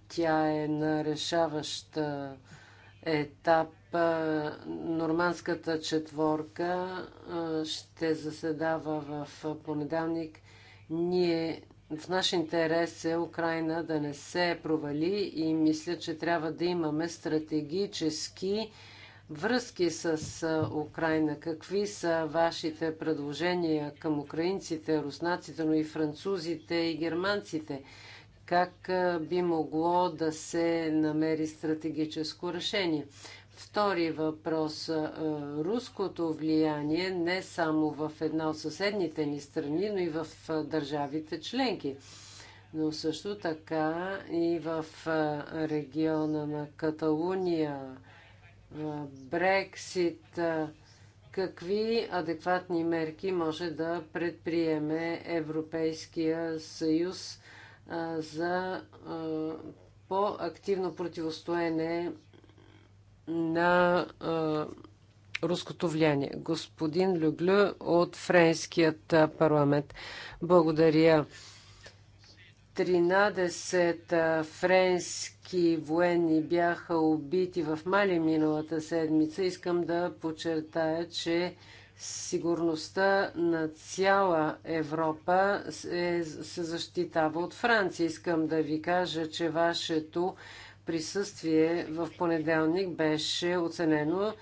Тя е на решаващ етап. Нормандската четворка ще заседава в понеделник. Ние в наш интерес е Украина да не се провали и мисля, че трябва да имаме стратегически връзки с Украина. Какви са вашите предложения към украинците, руснаците, но и французите и германците? Как би могло да се намери стратегическо решение? Втори въпрос. Руското влияние не само в една от съседните ни страни, но и в държавите членки но също така и в региона на Каталуния, Брексит, какви адекватни мерки може да предприеме Европейския съюз за по-активно противостоене на руското влияние. Господин Люглю от Френският парламент. Благодаря. 13 френски военни бяха убити в Мали миналата седмица. Искам да подчертая, че сигурността на цяла Европа е, се защитава от Франция. Искам да ви кажа, че вашето присъствие в понеделник беше оценено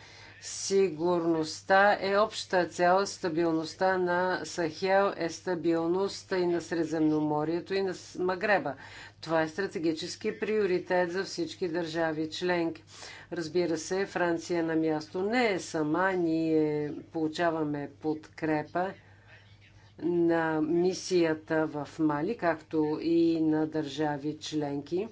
Сигурността е обща цел. Стабилността на Сахел е стабилността и на Средземноморието и на Магреба. Това е стратегически приоритет за всички държави членки. Разбира се, Франция на място не е сама. Ние получаваме подкрепа на мисията в Мали, както и на държави членки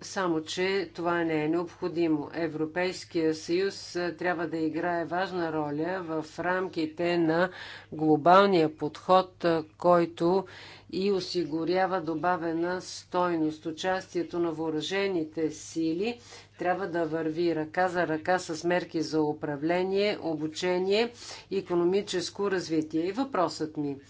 само, че това не е необходимо. Европейския съюз трябва да играе важна роля в рамките на глобалния подход, който и осигурява добавена стойност. Участието на въоръжените сили трябва да върви ръка за ръка с мерки за управление, обучение, економическо развитие. И въпросът ми –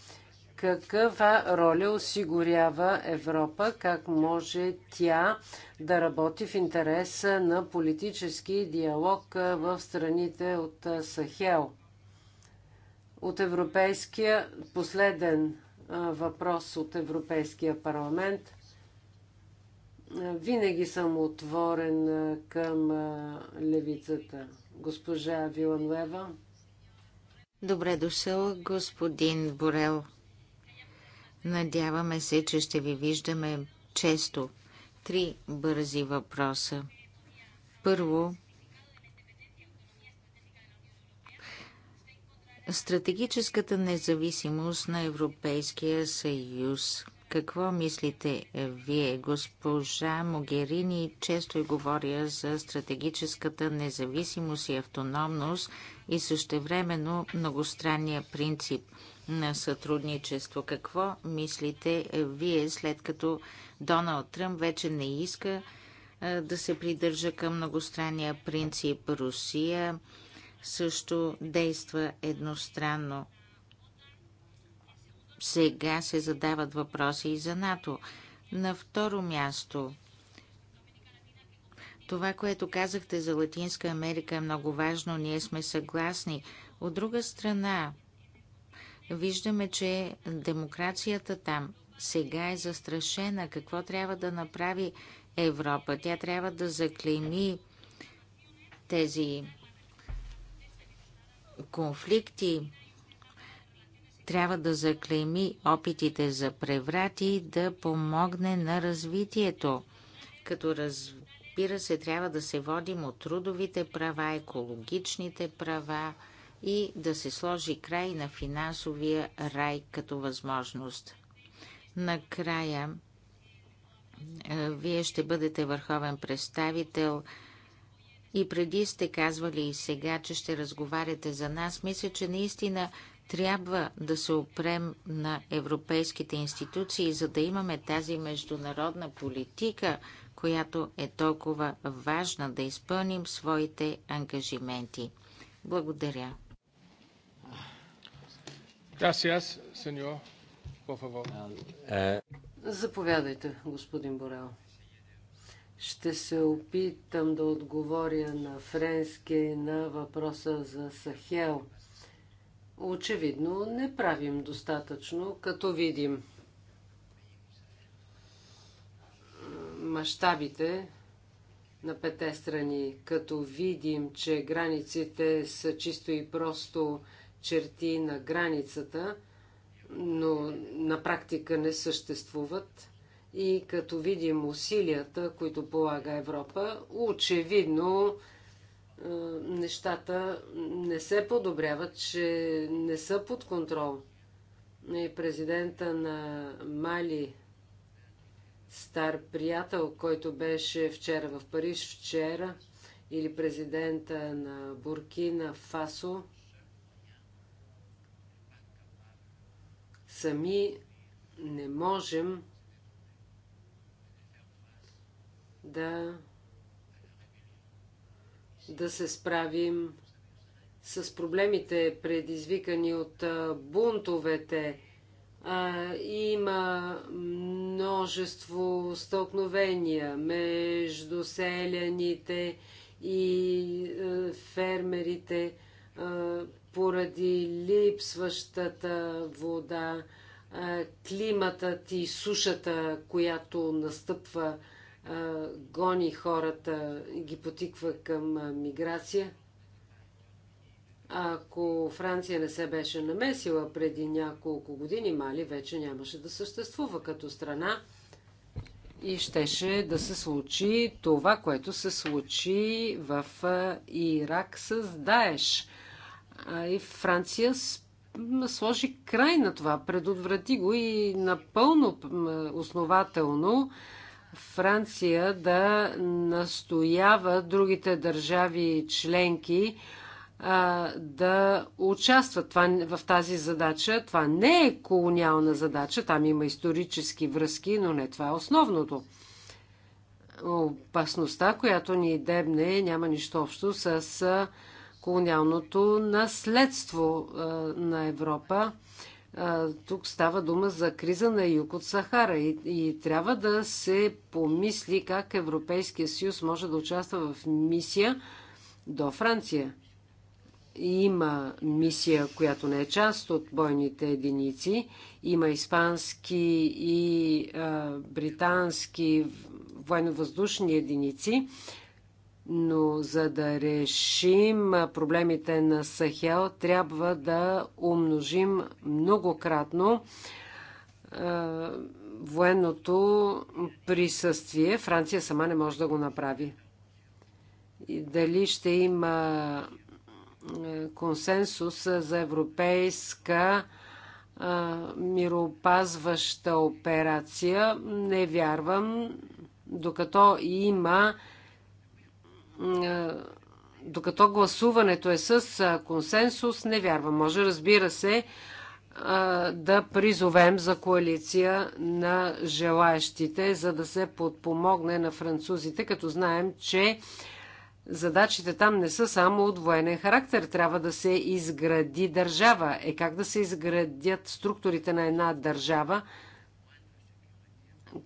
каква роля осигурява Европа? Как може тя да работи в интерес на политически диалог в страните от Сахел? От Европейския последен въпрос от Европейския парламент. Винаги съм отворен към левицата. Госпожа Виланлева. Добре дошъл, господин Борел. Надяваме се, че ще ви виждаме често. Три бързи въпроса. Първо, стратегическата независимост на Европейския съюз. Какво мислите вие, госпожа Могерини? Често и говоря за стратегическата независимост и автономност и същевременно многостранния принцип – на сътрудничество. Какво мислите вие, след като Доналд Тръмп вече не иска да се придържа към многостранния принцип Русия също действа едностранно. Сега се задават въпроси и за НАТО. На второ място, това, което казахте за Латинска Америка е много важно. Ние сме съгласни. От друга страна, Виждаме, че демокрацията там сега е застрашена. Какво трябва да направи Европа? Тя трябва да заклейми тези конфликти, трябва да заклейми опитите за преврати и да помогне на развитието. Като разбира се, трябва да се водим от трудовите права, екологичните права, и да се сложи край на финансовия рай като възможност. Накрая, е, вие ще бъдете върховен представител и преди сте казвали и сега, че ще разговаряте за нас. Мисля, че наистина трябва да се опрем на европейските институции, за да имаме тази международна политика, която е толкова важна да изпълним своите ангажименти. Благодаря. Gracias, señor. Por favor. Е, заповядайте, господин Борел. Ще се опитам да отговоря на френски на въпроса за Сахел. Очевидно не правим достатъчно, като видим мащабите на пете страни, като видим, че границите са чисто и просто черти на границата, но на практика не съществуват. И като видим усилията, които полага Европа, очевидно е, нещата не се подобряват, че не са под контрол. И президента на Мали, стар приятел, който беше вчера в Париж, вчера, или президента на Буркина Фасо, сами не можем да, да се справим с проблемите, предизвикани от бунтовете. А, има множество стълкновения между селяните и фермерите поради липсващата вода, климатът и сушата, която настъпва, гони хората и ги потиква към миграция. Ако Франция не се беше намесила преди няколко години, Мали вече нямаше да съществува като страна и щеше да се случи това, което се случи в Ирак с Даеш – и Франция сложи край на това, предотврати го и напълно основателно Франция да настоява другите държави членки а, да участват това, в тази задача. Това не е колониална задача, там има исторически връзки, но не това е основното. Опасността, която ни дебне, няма нищо общо с колониалното наследство на Европа. Тук става дума за криза на юг от Сахара и, и трябва да се помисли как Европейския съюз може да участва в мисия до Франция. Има мисия, която не е част от бойните единици. Има испански и а, британски военно-въздушни единици, но за да решим проблемите на Сахел, трябва да умножим многократно военното присъствие. Франция сама не може да го направи. И дали ще има консенсус за европейска мироопазваща операция, не вярвам, докато има е, докато гласуването е с консенсус, не вярвам. Може, разбира се, да призовем за коалиция на желаящите, за да се подпомогне на французите, като знаем, че задачите там не са само от военен характер. Трябва да се изгради държава. Е как да се изградят структурите на една държава,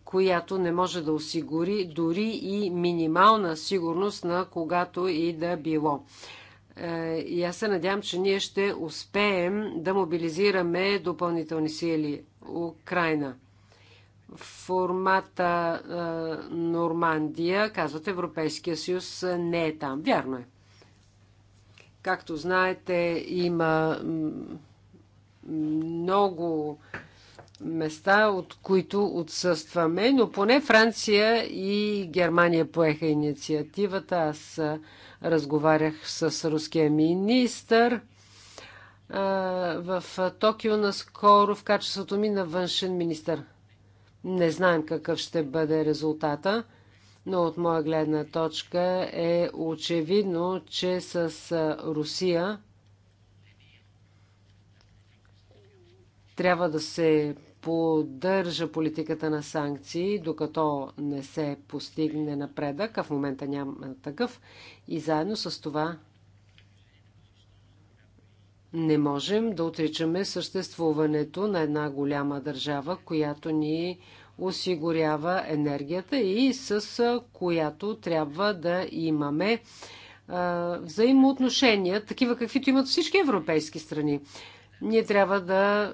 която не може да осигури дори и минимална сигурност на когато и да било. Е, и аз се надявам, че ние ще успеем да мобилизираме допълнителни сили. Украина. Формата е, Нормандия, казват Европейския съюз, не е там. Вярно е. Както знаете, има много места, от които отсъстваме, но поне Франция и Германия поеха инициативата. Аз разговарях с руския министр в Токио наскоро в качеството ми на външен министр. Не знаем какъв ще бъде резултата, но от моя гледна точка е очевидно, че с Русия трябва да се поддържа политиката на санкции, докато не се постигне напредък, а в момента няма такъв. И заедно с това не можем да отричаме съществуването на една голяма държава, която ни осигурява енергията и с която трябва да имаме взаимоотношения, такива каквито имат всички европейски страни. Ние трябва да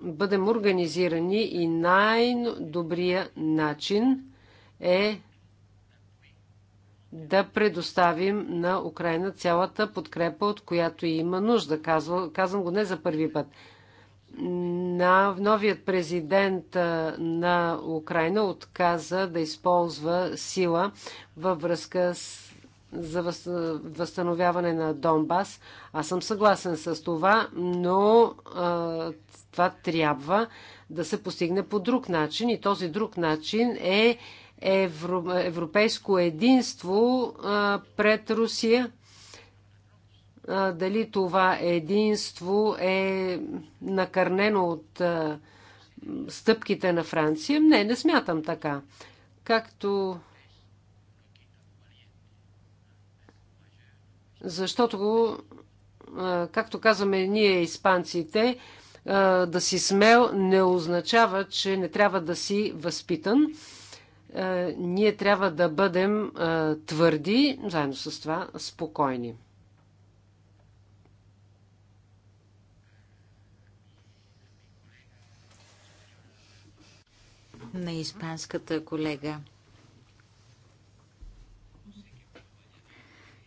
бъдем организирани и най-добрия начин е да предоставим на Украина цялата подкрепа, от която има нужда. Казвам, казвам го не за първи път. На новият президент на Украина отказа да използва сила във връзка с за възстановяване на Донбас. Аз съм съгласен с това, но а, това трябва да се постигне по друг начин и този друг начин е евро, европейско единство а, пред Русия. А, дали това единство е накърнено от а, стъпките на Франция? Не, не смятам така. Както Защото, както казваме ние, испанците, да си смел не означава, че не трябва да си възпитан. Ние трябва да бъдем твърди, заедно с това спокойни. на испанската колега.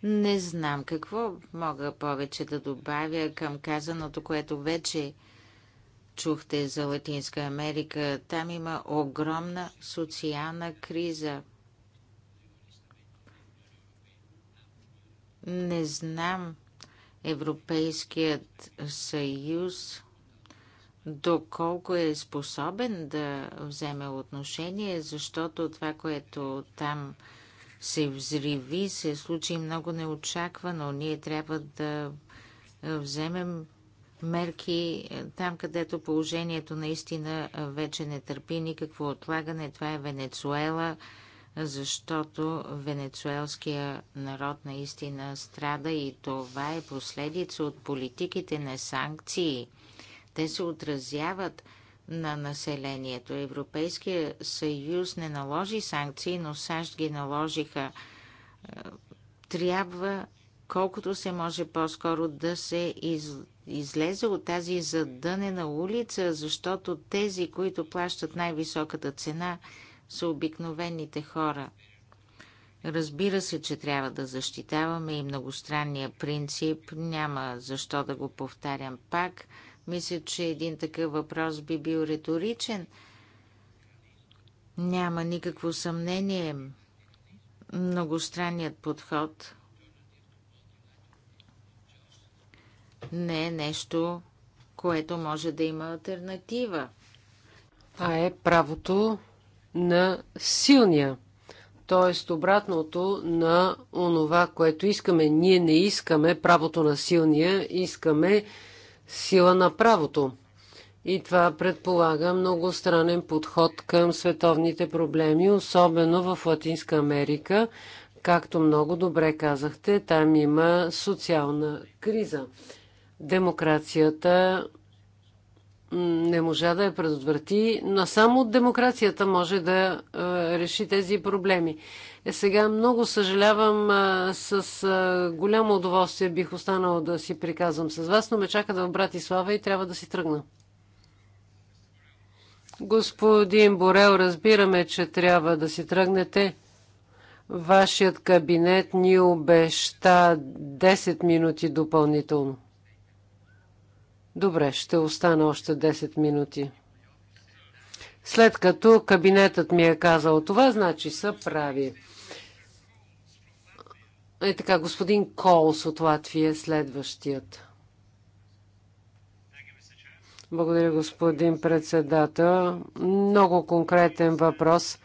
Не знам какво мога повече да добавя към казаното, което вече чухте за Латинска Америка. Там има огромна социална криза. Не знам Европейският съюз доколко е способен да вземе отношение, защото това, което там се взриви, се случи много неочаквано. Ние трябва да е, вземем мерки е, там, където положението наистина е, вече не търпи никакво отлагане. Това е Венецуела, защото венецуелския народ наистина страда и това е последица от политиките на санкции. Те се отразяват на населението. Европейския съюз не наложи санкции, но САЩ ги наложиха. Е, трябва колкото се може по-скоро да се из... излезе от тази задънена улица, защото тези, които плащат най-високата цена, са обикновените хора. Разбира се, че трябва да защитаваме и многостранния принцип. Няма защо да го повтарям пак – мисля, че един такъв въпрос би бил риторичен. Няма никакво съмнение. Многостранният подход не е нещо, което може да има альтернатива. А е правото на силния, т.е. обратното на онова, което искаме. Ние не искаме правото на силния, искаме сила на правото. И това предполага много странен подход към световните проблеми, особено в Латинска Америка. Както много добре казахте, там има социална криза. Демокрацията не можа да я предотврати, но само демокрацията може да е, реши тези проблеми. Е, сега много съжалявам, с голямо удоволствие бих останала да си приказвам с вас, но ме чака да в Братислава и трябва да си тръгна. Господин Борел, разбираме, че трябва да си тръгнете. Вашият кабинет ни обеща 10 минути допълнително. Добре, ще остана още 10 минути. След като кабинетът ми е казал това, значи са прави. Е така, господин Колс от Латвия е следващият. Благодаря, господин председател. Много конкретен въпрос.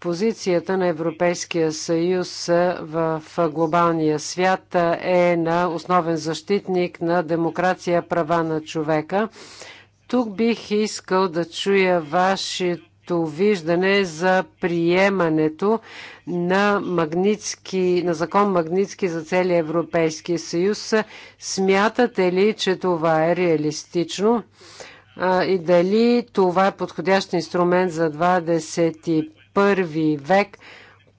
Позицията на Европейския съюз в глобалния свят е на основен защитник на демокрация, права на човека тук бих искал да чуя вашето виждане за приемането на, магнитски, на закон Магницки за целия Европейски съюз. Смятате ли, че това е реалистично? и дали това е подходящ инструмент за 21 век,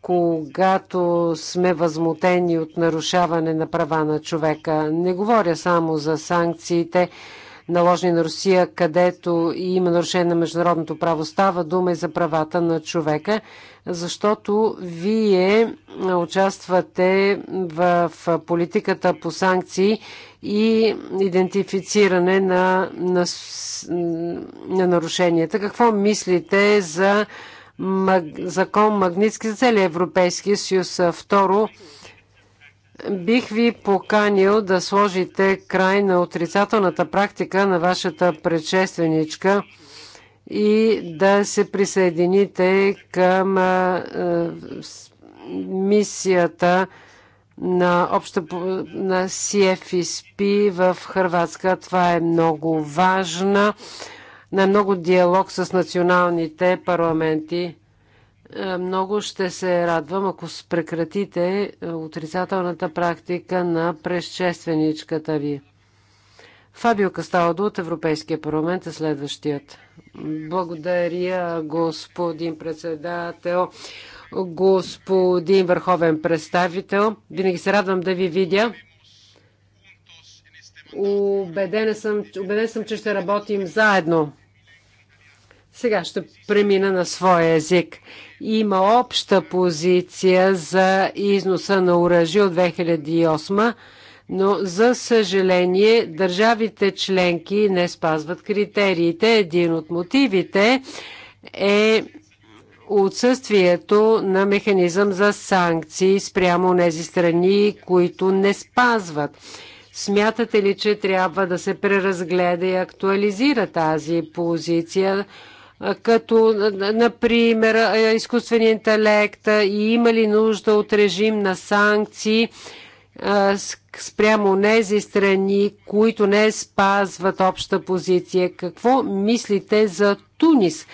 когато сме възмутени от нарушаване на права на човека. Не говоря само за санкциите, наложени на Русия, където има нарушение на международното право. Става дума и за правата на човека, защото вие участвате в политиката по санкции и идентифициране на, на, на нарушенията. Какво мислите за закон Магницки за целия Европейския съюз? Второ, Бих ви поканил да сложите край на отрицателната практика на вашата предшественичка и да се присъедините към мисията на, обща, на CFSP в Хрватска. Това е много важна, на много диалог с националните парламенти. Е, много ще се радвам, ако прекратите е, отрицателната практика на пресчественичката ви. Фабио Касталдо от Европейския парламент е следващият. Благодаря, господин председател, господин върховен представител. Винаги се радвам да ви видя. Убеден съм, убеден съм че ще работим заедно. Сега ще премина на своя език. Има обща позиция за износа на оръжие от 2008, но за съжаление държавите членки не спазват критериите. Един от мотивите е отсъствието на механизъм за санкции спрямо тези страни, които не спазват. Смятате ли, че трябва да се преразгледа и актуализира тази позиция? като, например, изкуствения интелект и има ли нужда от режим на санкции спрямо нези страни, които не спазват обща позиция. Какво мислите за Тунис?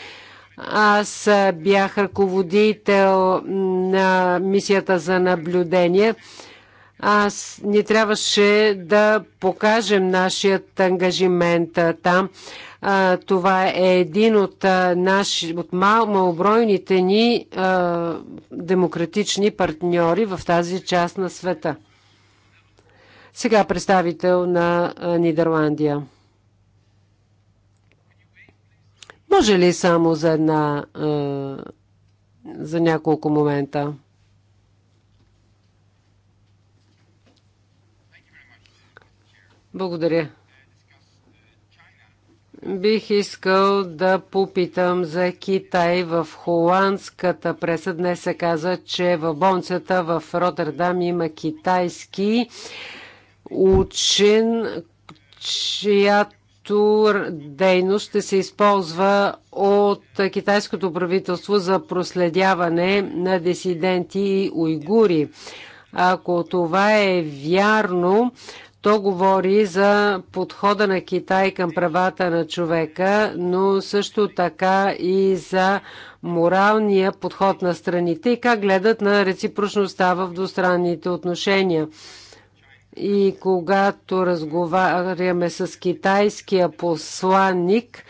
Аз бях ръководител на мисията за наблюдение. Аз ни трябваше да покажем нашият ангажимент там. А, това е един от, а, наши, от мал, малобройните ни а, демократични партньори в тази част на света. Сега представител на Нидерландия. Може ли само за една, за няколко момента? Благодаря. Бих искал да попитам за Китай. В холандската преса днес се каза, че в болницата в Роттердам има китайски учен, чиято дейност ще се използва от китайското правителство за проследяване на дисиденти и уйгури. Ако това е вярно, то говори за подхода на Китай към правата на човека, но също така и за моралния подход на страните и как гледат на реципрочността в двустранните отношения. И когато разговаряме с китайския посланник,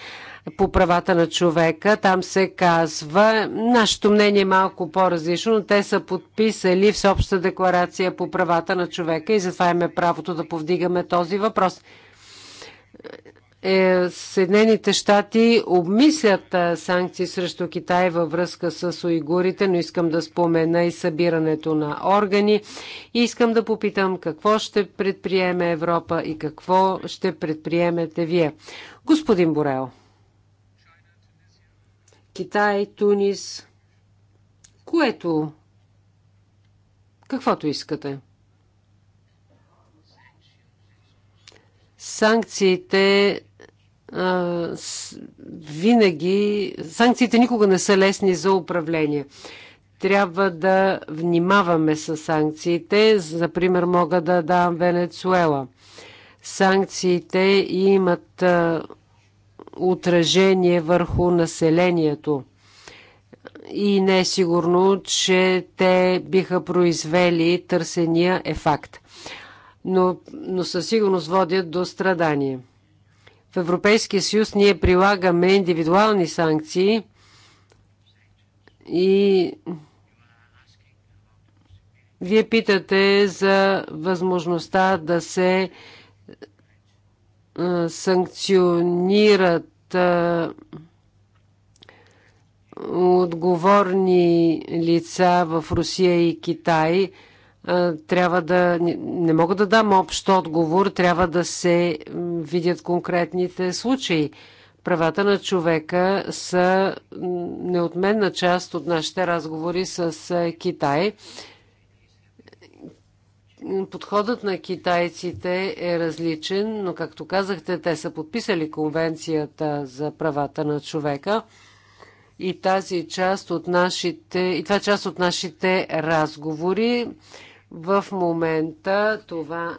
по правата на човека. Там се казва, нашето мнение е малко по-различно, но те са подписали Всеобща декларация по правата на човека и затова имаме правото да повдигаме този въпрос. Е, Съединените щати обмислят санкции срещу Китай във връзка с уйгурите, но искам да спомена и събирането на органи. И искам да попитам какво ще предприеме Европа и какво ще предприемете вие. Господин Борел. Китай, Тунис, което, каквото искате. Санкциите а, винаги, санкциите никога не са лесни за управление. Трябва да внимаваме с санкциите. За пример мога да дам Венецуела. Санкциите имат а, отражение върху населението. И не е сигурно, че те биха произвели търсения е факт. Но, но със сигурност водят до страдание. В Европейския съюз ние прилагаме индивидуални санкции и вие питате за възможността да се санкционират отговорни лица в Русия и Китай, трябва да. Не мога да дам общ отговор, трябва да се видят конкретните случаи. Правата на човека са неотменна част от нашите разговори с Китай. Подходът на китайците е различен, но както казахте, те са подписали Конвенцията за правата на човека и тази част от нашите, и това е част от нашите разговори. В момента това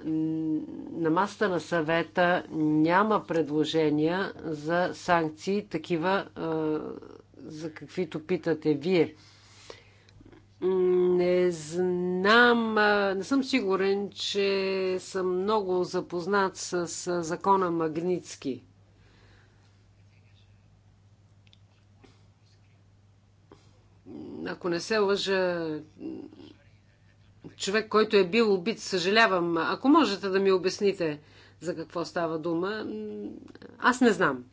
на маста на съвета няма предложения за санкции, такива за каквито питате вие. Не знам, не съм сигурен, че съм много запознат с закона Магницки. Ако не се лъжа, човек, който е бил убит, съжалявам. Ако можете да ми обясните за какво става дума, аз не знам.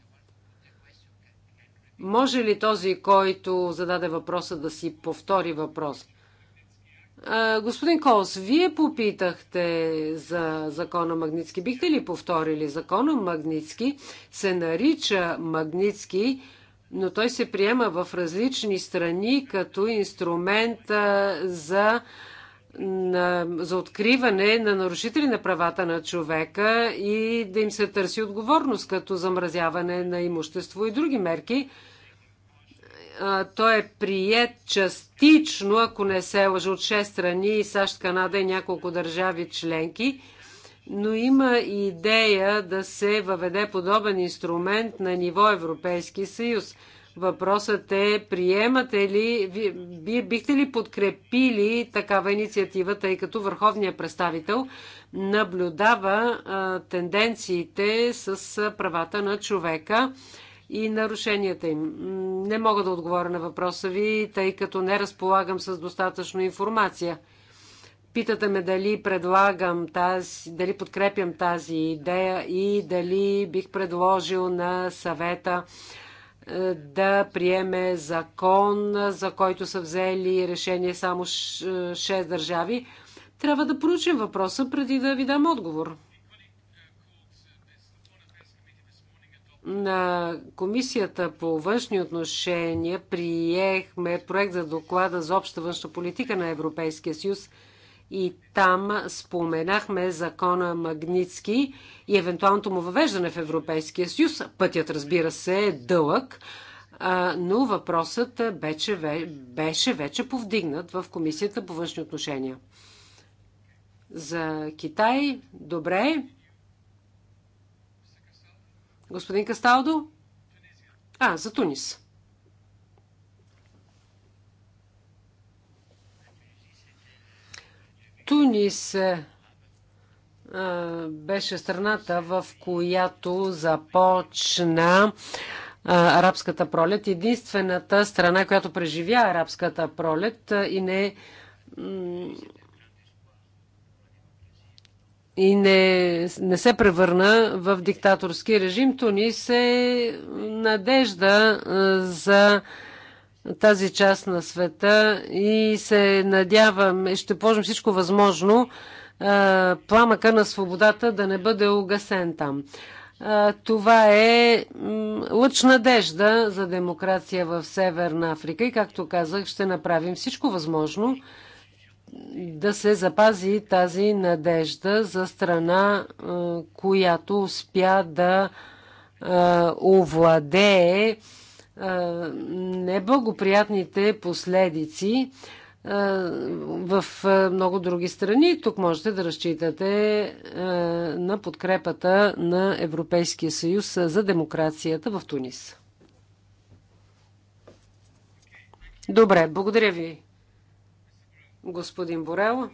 Може ли този, който зададе въпроса, да си повтори въпрос? Господин Колс, вие попитахте за закона Магницки. Бихте ли повторили? Закона Магницки се нарича Магницки, но той се приема в различни страни като инструмент за на, за откриване на нарушители на правата на човека и да им се търси отговорност, като замразяване на имущество и други мерки. А, той е прият частично, ако не се лъжа, от 6 страни, САЩ, Канада и няколко държави членки, но има идея да се въведе подобен инструмент на ниво Европейски съюз – Въпросът е, приемате ли, вие бихте ли подкрепили такава инициатива, тъй като върховният представител наблюдава тенденциите с правата на човека и нарушенията им. Не мога да отговоря на въпроса ви, тъй като не разполагам с достатъчно информация. Питате ме дали предлагам тази, дали подкрепям тази идея и дали бих предложил на съвета да приеме закон, за който са взели решение само 6 държави. Трябва да проучим въпроса преди да ви дам отговор. На Комисията по външни отношения приехме проект за доклада за обща външна политика на Европейския съюз – и там споменахме закона Магницки и евентуалното му въвеждане в Европейския съюз. Пътят, разбира се, е дълъг, но въпросът беше, беше вече повдигнат в Комисията по външни отношения. За Китай, добре. Господин Касталдо? А, за Тунис. Тунис беше страната, в която започна арабската пролет. Единствената страна, която преживя арабската пролет и не и не, не се превърна в диктаторски режим. Тунис е надежда за тази част на света и се надявам, ще положим всичко възможно, пламъка на свободата да не бъде угасен там. Това е лъч надежда за демокрация в Северна Африка и, както казах, ще направим всичко възможно да се запази тази надежда за страна, която успя да овладее неблагоприятните последици в много други страни. Тук можете да разчитате на подкрепата на Европейския съюз за демокрацията в Тунис. Добре, благодаря ви, господин Борел.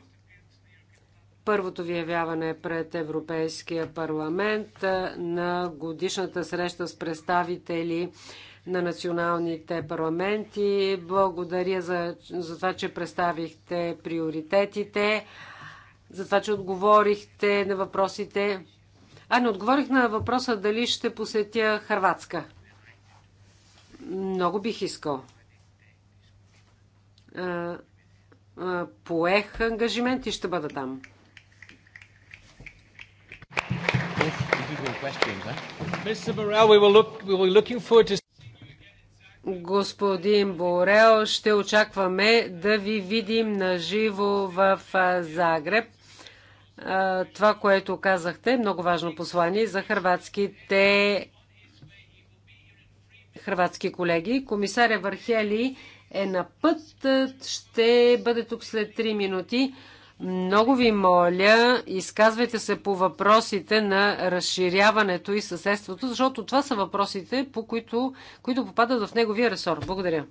Първото ви явяване е пред Европейския парламент на годишната среща с представители на националните парламенти. Благодаря за, за това, че представихте приоритетите, за това, че отговорихте на въпросите. А, не отговорих на въпроса дали ще посетя Харватска. Много бих искал. Поех ангажимент и ще бъда там. Mr. Burrell, we were look, we were looking forward to господин Борел. Ще очакваме да ви видим на живо в Загреб. Това, което казахте, е много важно послание за хрватските хрватски колеги. Комисаря Върхели е на път. Ще бъде тук след 3 минути. Много ви моля, изказвайте се по въпросите на разширяването и съседството, защото това са въпросите, по които, които попадат в неговия ресор. Благодаря.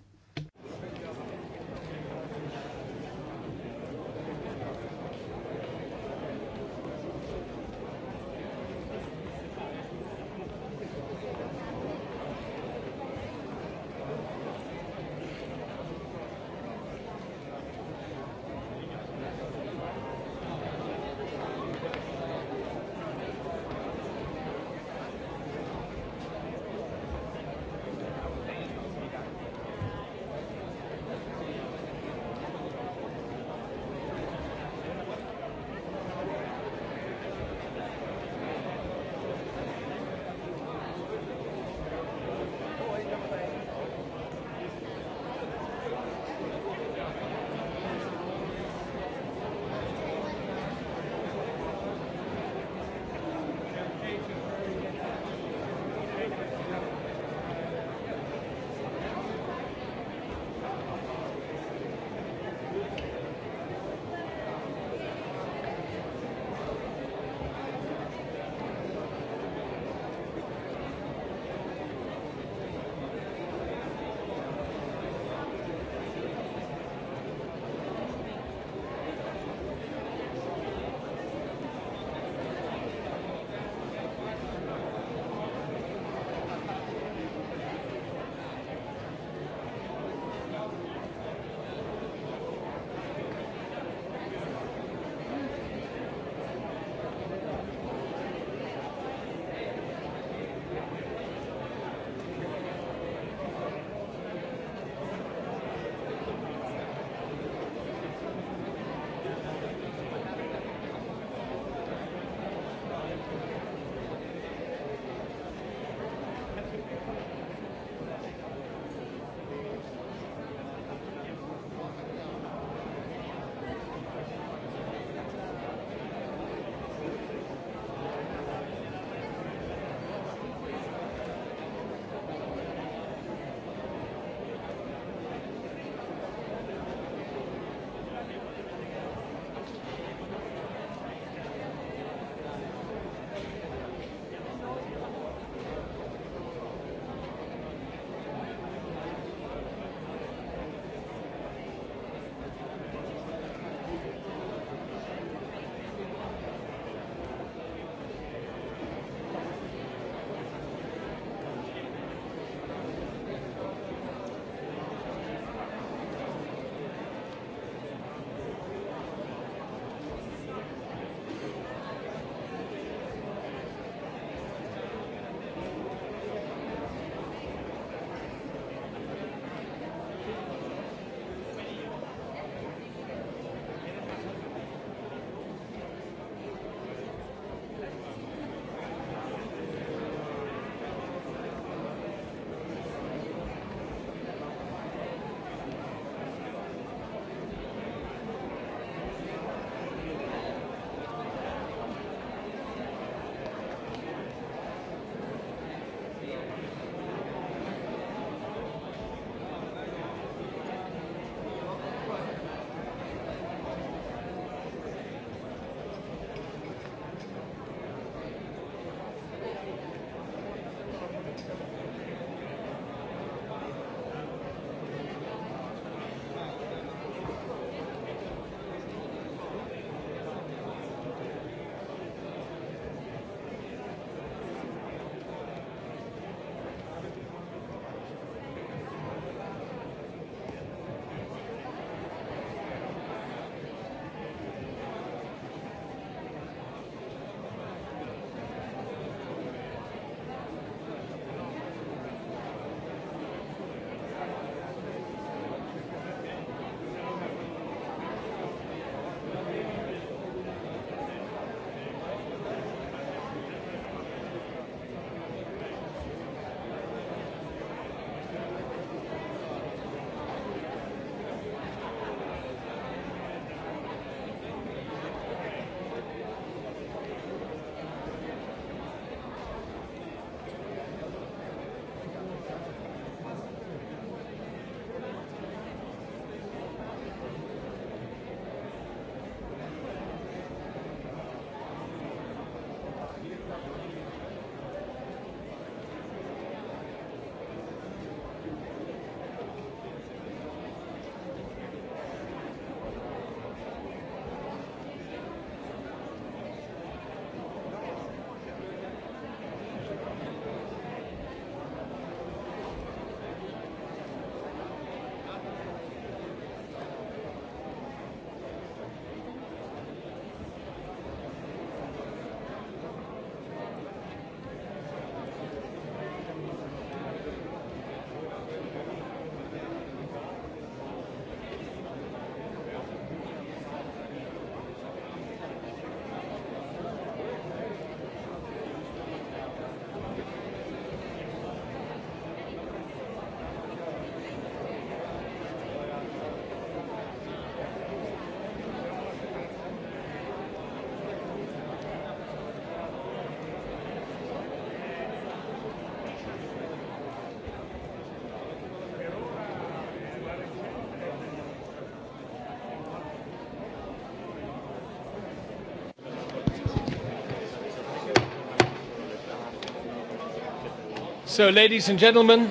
So, ladies and gentlemen,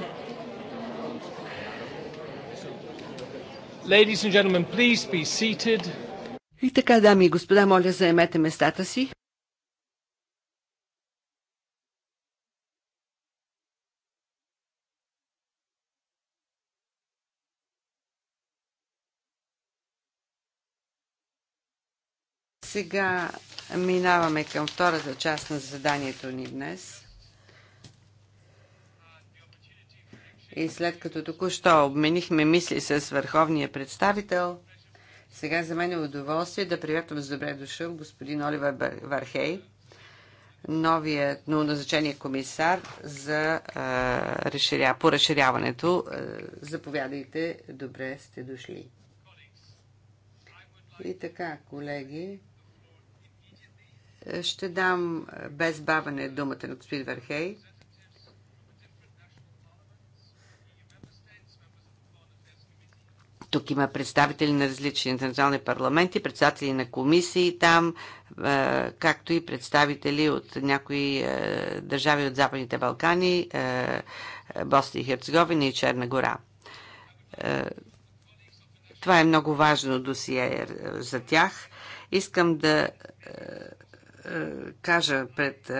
ladies and gentlemen, please be seated. И така, дами и господа, моля, заемете местата си. Сега минаваме към втората част на заданието ни днес – И след като току-що обменихме мисли с върховния представител, сега за мен е удоволствие да приветвам с добре дошъл господин Оливер Вархей, новият новоназначение комисар за, а, разширя, по разширяването. А, заповядайте, добре сте дошли. И така, колеги, ще дам без бавене думата на господин Вархей Тук има представители на различни национални парламенти, председатели на комисии там, е, както и представители от някои е, държави от Западните Балкани, е, Босния и Херцеговина и Черна гора. Това е много важно досие за тях. Искам да кажа пред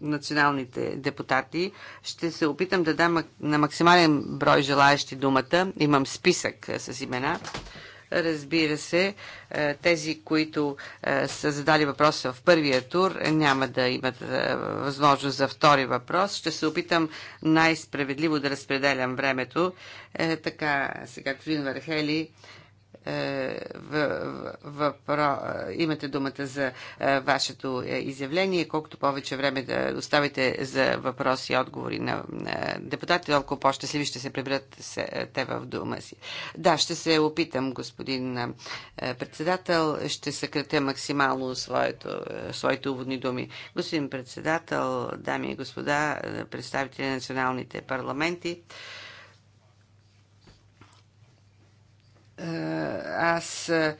националните депутати. Ще се опитам да дам на максимален брой желаящи думата. Имам списък с имена. Разбира се, тези, които са задали въпроса в първия тур, няма да имат възможност за втори въпрос. Ще се опитам най-справедливо да разпределям времето. Е, така, сега господин Вархели е, въпро... Е, имате думата за е, вашето изявление. Колкото повече време да оставите за въпроси и отговори на депутатите, толкова по-щастливи ще се приберат те в дума си. Да, ще се опитам, господин председател. Ще съкратя максимално своето, своите уводни думи. Господин председател, дами и господа, представители на националните парламенти, Е, аз е,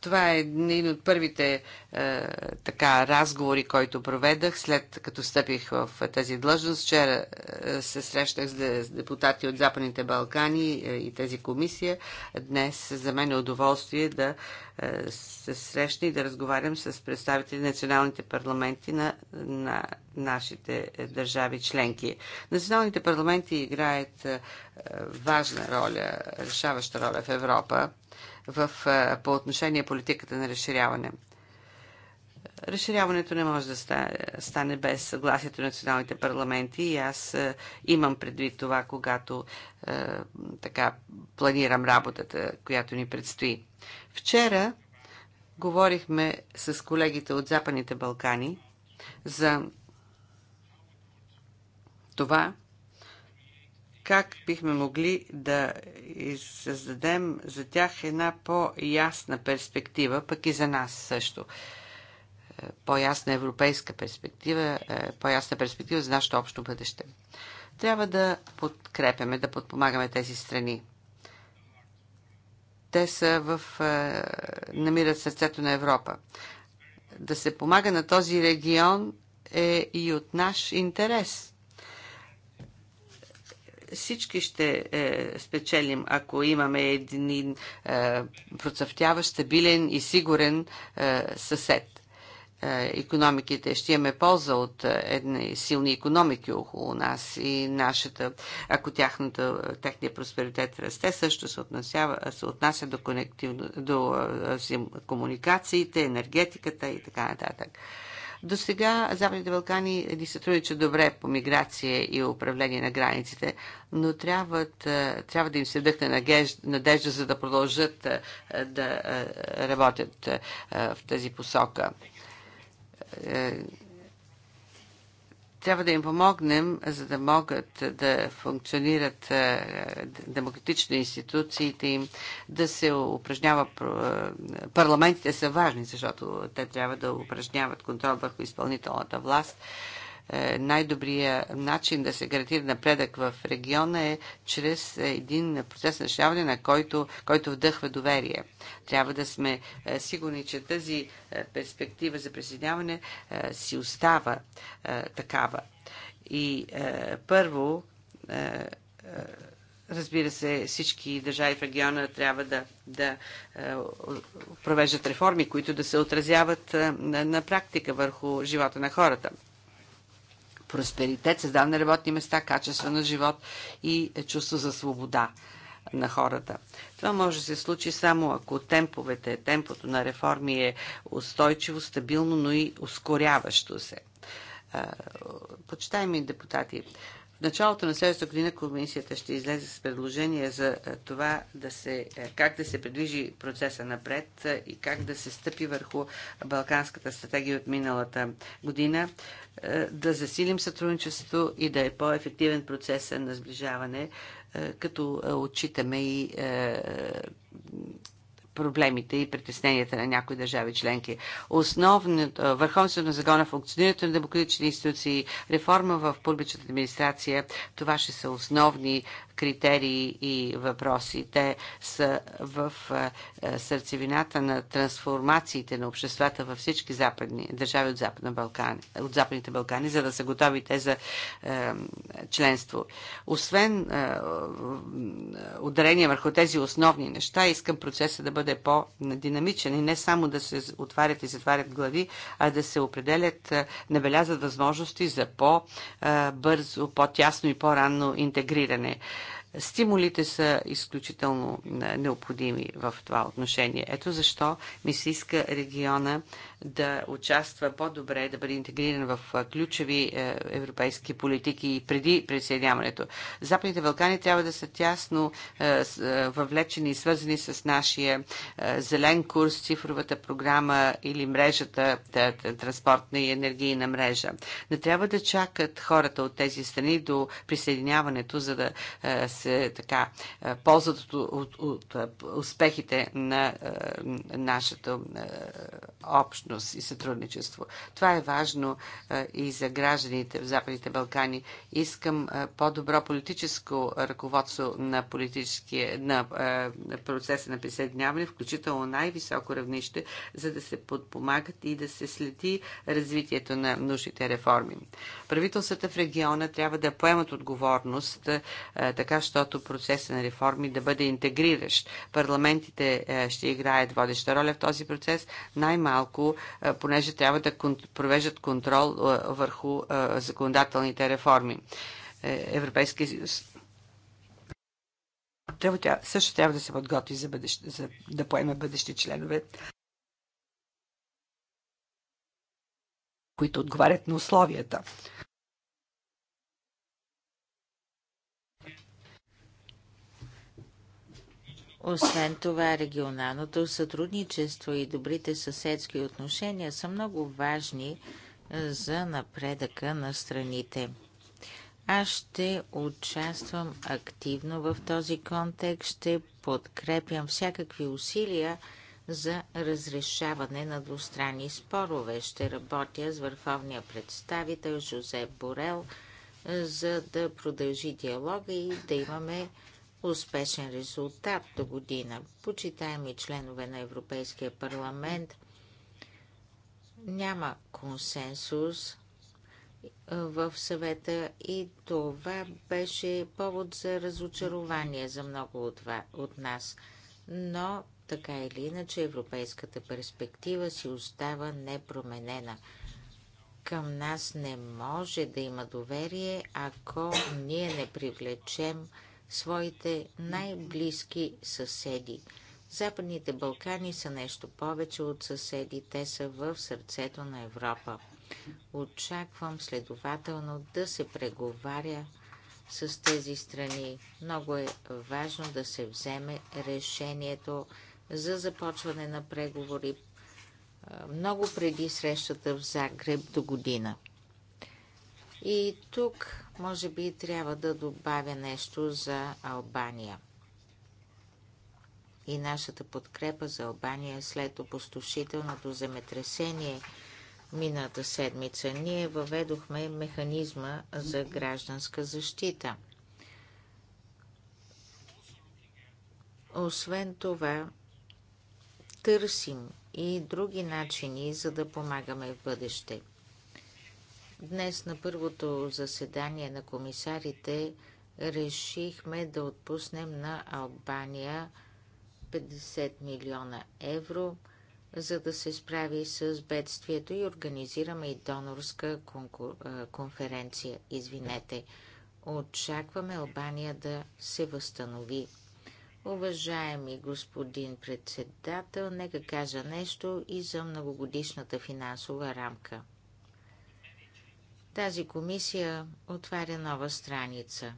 това е един от първите е, така разговори, който проведах след като стъпих в тази длъжност. Вчера е, се срещах с депутати от Западните Балкани е, и тази комисия. Днес за мен е удоволствие да е, се срещна и да разговарям с представители на националните парламенти на, на нашите е, държави членки. Националните парламенти играят е, важна роля, решаваща роля в Европа в, по отношение политиката на разширяване. Разширяването не може да стане без съгласието на националните парламенти и аз имам предвид това, когато е, така планирам работата, която ни предстои. Вчера говорихме с колегите от Западните Балкани за това, как бихме могли да създадем за тях една по-ясна перспектива, пък и за нас също. Е, по-ясна европейска перспектива, е, по-ясна перспектива за нашето общо бъдеще. Трябва да подкрепяме, да подпомагаме тези страни. Те са в, е, намират сърцето на Европа. Да се помага на този регион е и от наш интерес всички ще е, спечелим, ако имаме един е, процъфтяващ, стабилен и сигурен е, съсед. Е, економиките ще имаме полза от е, едни силни економики около нас и нашата, ако тяхната, е, техния просперитет расте, също се, отнася, се отнася до, до е, комуникациите, енергетиката и така нататък. Е, до сега Западните Балкани ни сътрудничат добре по миграция и управление на границите, но трябват, е, трябва да им се вдъхне надежда, за да продължат е, да е, работят в тази посока трябва да им помогнем, за да могат да функционират е, демократично институциите им, да се упражнява. Е, парламентите са важни, защото те трябва да упражняват контрол върху изпълнителната власт е, най-добрия начин да се гарантира напредък в региона е чрез един процес на решаване, на който, който вдъхва доверие. Трябва да сме е, сигурни, че тази е, перспектива за присъединяване си остава такава. И първо, разбира се, всички държави в региона трябва да, да провеждат реформи, които да се отразяват на, на практика върху живота на хората просперитет, създаване на работни места, качество на живот и чувство за свобода на хората. Това може да се случи само ако темповете, темпото на реформи е устойчиво, стабилно, но и ускоряващо се. Почитаеми депутати, началото на следващата година комисията ще излезе с предложение за е, това да се, е, как да се придвижи процеса напред е, и как да се стъпи върху Балканската стратегия от миналата година, да засилим сътрудничеството и да е по-ефективен процес на сближаване, като отчитаме и проблемите и притесненията на някои държави членки. Основното, върховенството на загона, функционирането на демократични институции, реформа в публичната администрация, това ще са основни критерии и въпроси. Те са в е, е, сърцевината на трансформациите на обществата във всички западни държави от, Западна Балкани, от Западните Балкани, за да са готови те за е, членство. Освен е, ударение върху тези основни неща, искам процеса да бъде по-динамичен и не само да се отварят и затварят глави, а да се определят, е, набелязат възможности за по-бързо, по-тясно и по-ранно интегриране. Стимулите са изключително е, необходими в това отношение. Ето защо ми се иска региона да участва по-добре, да бъде интегриран в ключови е, европейски политики и преди присъединяването. Западните Балкани трябва да са тясно е, е, въвлечени и свързани с нашия зелен курс, цифровата програма или мрежата, транспортна и енергийна мрежа. Не трябва да чакат хората от тези страни до присъединяването, за да се така ползват от, от, от успехите на нашата общност общност и сътрудничество. Това е важно и за гражданите в Западните Балкани. Искам по-добро политическо ръководство на, политически, на процеса на присъединяване, включително най-високо равнище, за да се подпомагат и да се следи развитието на нужните реформи. Правителствата в региона трябва да поемат отговорност, така, щото процеса на реформи да бъде интегриращ. Парламентите ще играят водеща роля в този процес, най-малко понеже трябва да провеждат контрол върху законодателните реформи. Е, Европейския съюз трябва, също трябва да се подготви за, бъдещ, за да поеме бъдещи членове, които отговарят на условията Освен това, регионалното сътрудничество и добрите съседски отношения са много важни за напредъка на страните. Аз ще участвам активно в този контекст, ще подкрепям всякакви усилия за разрешаване на двустранни спорове. Ще работя с върховния представител Жозеф Борел, за да продължи диалога и да имаме успешен резултат до година. Почитаеми членове на Европейския парламент, няма консенсус в съвета и това беше повод за разочарование за много от, от нас. Но така или иначе европейската перспектива си остава непроменена. Към нас не може да има доверие, ако ние не привлечем своите най-близки съседи. Западните Балкани са нещо повече от съседи, те са в сърцето на Европа. Очаквам следователно да се преговаря с тези страни. Много е важно да се вземе решението за започване на преговори много преди срещата в Загреб до година. И тук може би трябва да добавя нещо за Албания и нашата подкрепа за Албания след опустошителното земетресение мината седмица. Ние въведохме механизма за гражданска защита. Освен това, търсим и други начини, за да помагаме в бъдеще – Днес на първото заседание на комисарите решихме да отпуснем на Албания 50 милиона евро, за да се справи с бедствието и организираме и донорска конференция. Извинете, очакваме Албания да се възстанови. Уважаеми господин председател, нека кажа нещо и за многогодишната финансова рамка. Тази комисия отваря нова страница.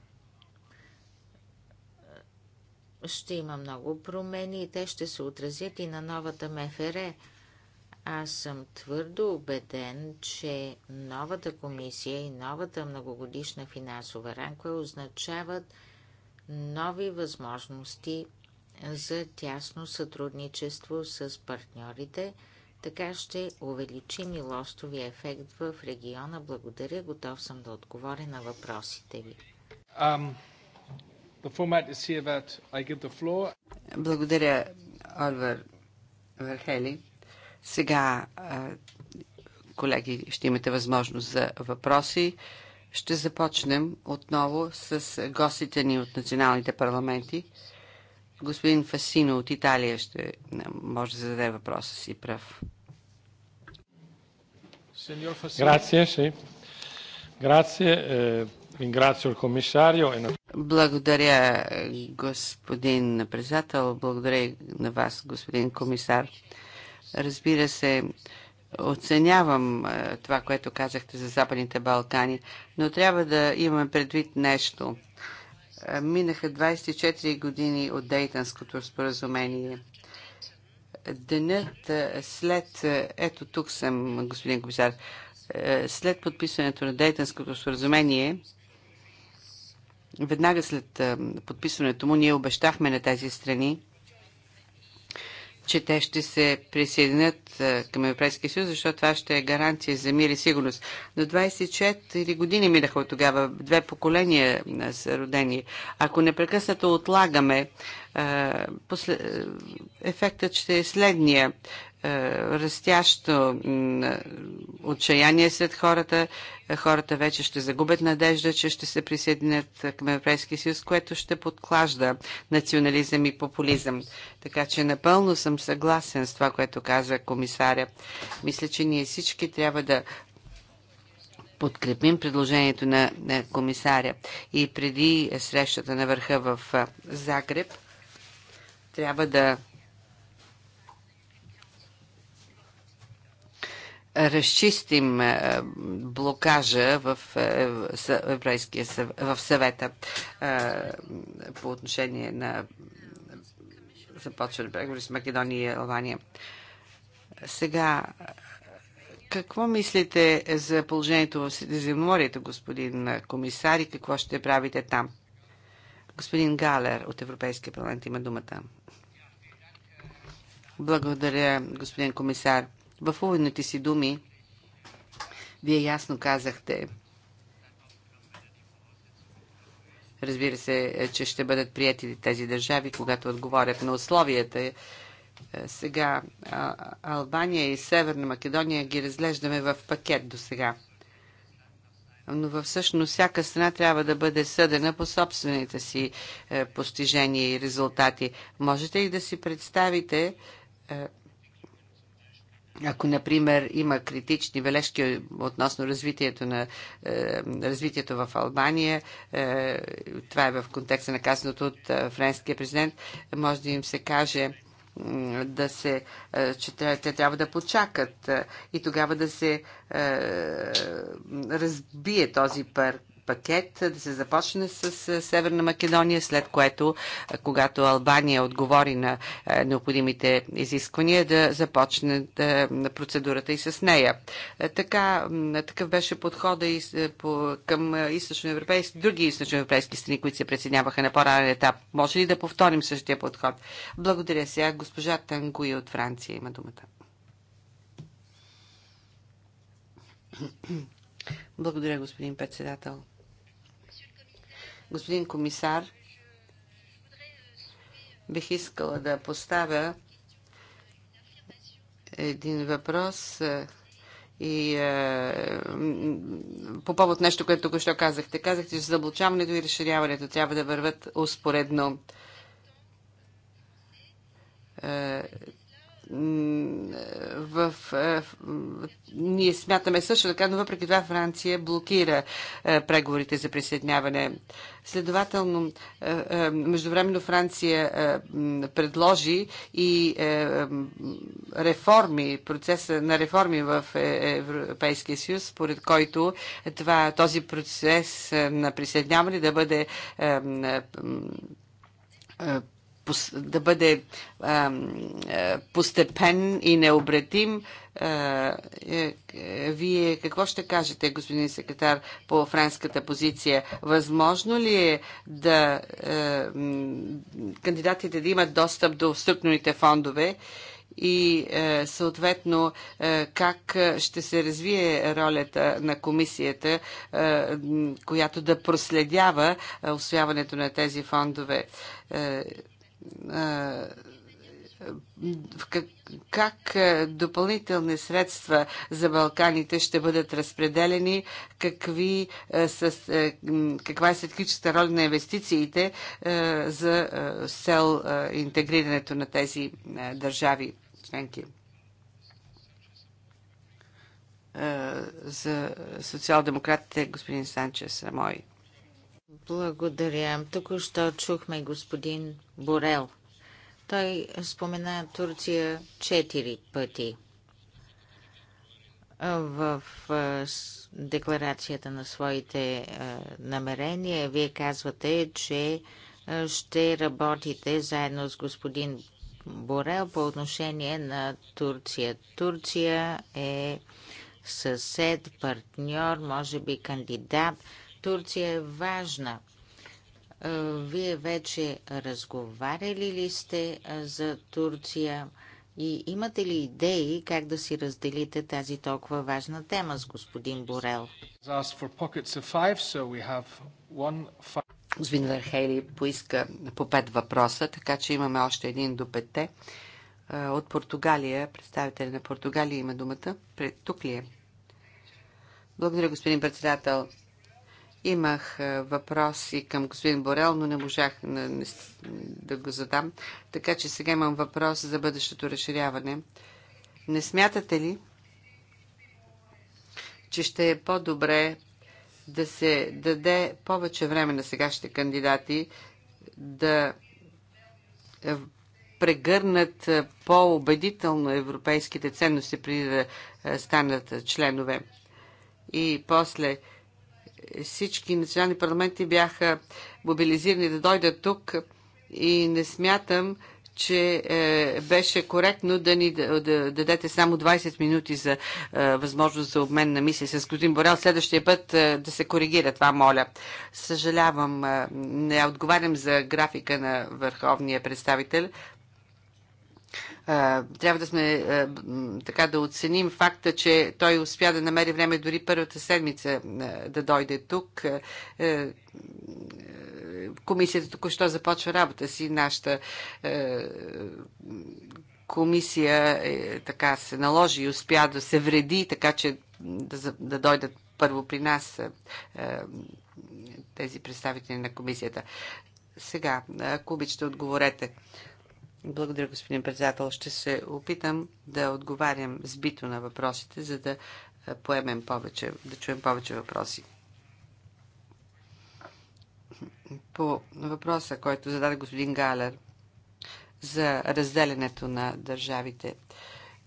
Ще има много промени и те ще се отразят и на новата МФР. Аз съм твърдо убеден, че новата комисия и новата многогодишна финансова рамка означават нови възможности за тясно сътрудничество с партньорите – така ще увеличи милостовия ефект в региона. Благодаря, готов съм да отговоря на въпросите ви. Um, Благодаря, Олвер Верхели. Сега, колеги, ще имате възможност за въпроси. Ще започнем отново с гостите ни от националните парламенти. Господин Фасино от Италия ще може да зададе въпроса си прав. Eh, e Благодаря, господин председател. Благодаря на вас, господин комисар. Разбира се, оценявам е, това, което казахте за Западните Балкани, но трябва да имаме предвид нещо. Е, минаха 24 години от Дейтанското споразумение – денят е, след... Е, ето тук съм, господин комисар. Е, след подписването на Дейтенското споразумение, веднага след подписването му, ние обещахме на тези страни, че те ще се присъединят към Европейския съюз, защото това ще е гаранция за мир и сигурност. До 24 години минаха от тогава, две поколения са родени. Ако непрекъснато отлагаме е, е, ефектът ще е следния. Е, растящо отчаяние сред хората. Хората вече ще загубят надежда, че ще се присъединят към Европейския съюз, което ще подклажда национализъм и популизъм. Така че напълно съм съгласен с това, което каза комисаря. Мисля, че ние всички трябва да подкрепим предложението на комисаря. И преди срещата на върха в Загреб, трябва да разчистим е, блокажа в е, е, Европейския в съвета по отношение на започване преговори с Македония и Албания. Сега, какво мислите за положението в Средиземноморието, господин комисар, и какво ще правите там? Господин Галер от Европейския парламент има думата. Благодаря, господин комисар. В уводните си думи вие ясно казахте, разбира се, че ще бъдат прияти тези държави, когато отговорят на условията. Е, сега Албания и Северна Македония ги разглеждаме в пакет до сега. Но всъщност всяка страна трябва да бъде съдена по собствените си е, постижения и резултати. Можете ли да си представите е, ако, например, има критични бележки относно развитието, на, е, развитието в Албания, е, това е в контекста на казаното от е, френския президент, може да им се каже да се, е, че те трябва да почакат и тогава да се разбие този пар, пакет, да се започне с е, Северна Македония, след което, е, когато Албания отговори на е, необходимите изисквания, да започне процедурата и с нея. Така, такъв беше подхода и към източноевропейски, други източноевропейски страни, които се присъединяваха на по-ранен етап. Може ли да повторим същия подход? Благодаря сега. Госпожа Тангуи от Франция има думата. Благодаря, господин председател. Господин комисар, бих искала да поставя един въпрос и по повод нещо, което тук що казахте. Казахте, че заблучаването и разширяването трябва да върват успоредно в, е, в, ние смятаме също така, но въпреки това Франция блокира е, преговорите за присъединяване. Следователно, е, е, междувременно Франция е, предложи и е, реформи, процеса на реформи в Европейския съюз, според който това, този процес на присъединяване да бъде да бъде е, постепен и необратим. Е, е, вие какво ще кажете, господин секретар, по френската позиция? Възможно ли е да кандидатите да имат достъп до структурните фондове? и съответно как ще се развие ролята на комисията, която да проследява освяването на тези фондове как, допълнителни средства за Балканите ще бъдат разпределени, какви, с, каква е стратегическата роля на инвестициите за сел интегрирането на тези държави членки за социал-демократите господин Санчес Рамой. Благодаря. Току-що чухме господин Борел. Той спомена Турция четири пъти в декларацията на своите намерения. Вие казвате, че ще работите заедно с господин Борел по отношение на Турция. Турция е съсед, партньор, може би кандидат Турция е важна. Вие вече разговаряли ли сте за Турция и имате ли идеи как да си разделите тази толкова важна тема с господин Борел? Господин Верхейли поиска по пет въпроса, така че имаме още един до петте. От Португалия, представител на Португалия има думата. Тук ли е? Благодаря, господин председател. Имах е, въпроси към господин Борел, но не можах да го задам. Така че сега имам въпрос за бъдещето разширяване. Не смятате ли, че ще е по-добре да се даде повече време на сегашните кандидати да е, прегърнат е, по-убедително европейските ценности преди да станат членове. И после всички национални парламенти бяха мобилизирани да дойдат тук и не смятам, че е, беше коректно да ни да, да дадете само 20 минути за е, възможност за обмен на мисли с господин Борел. Следващия път е, да се коригира това, моля. Съжалявам, е, не отговарям за графика на върховния представител. Трябва да сме така да оценим факта, че той успя да намери време дори първата седмица да дойде тук. Е, комисията току-що започва работа си. Нашата е, комисия е, така се наложи и успя да се вреди, така че да, да дойдат първо при нас тези представители на комисията. Сега, ако обичате, отговорете. Благодаря, господин председател. Ще се опитам да отговарям сбито на въпросите, за да поемем повече, да чуем повече въпроси. По въпроса, който зададе господин Галер за разделянето на държавите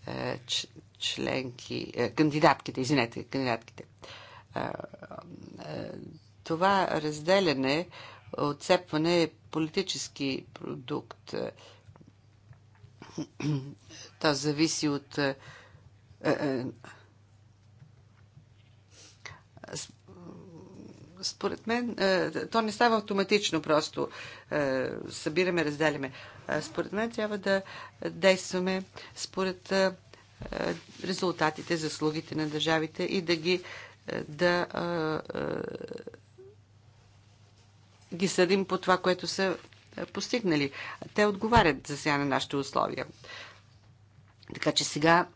е, членки, е, кандидатките, извинете, кандидатките. Е, това разделяне, отцепване е политически продукт то зависи от е, е, е, според мен, то не става автоматично просто. Събираме, разделяме. Според мен трябва да действаме според резултатите, заслугите на държавите и да ги да ги съдим по това, което са е, постигнали. Те отговарят за сега на нашите условия. Така че сега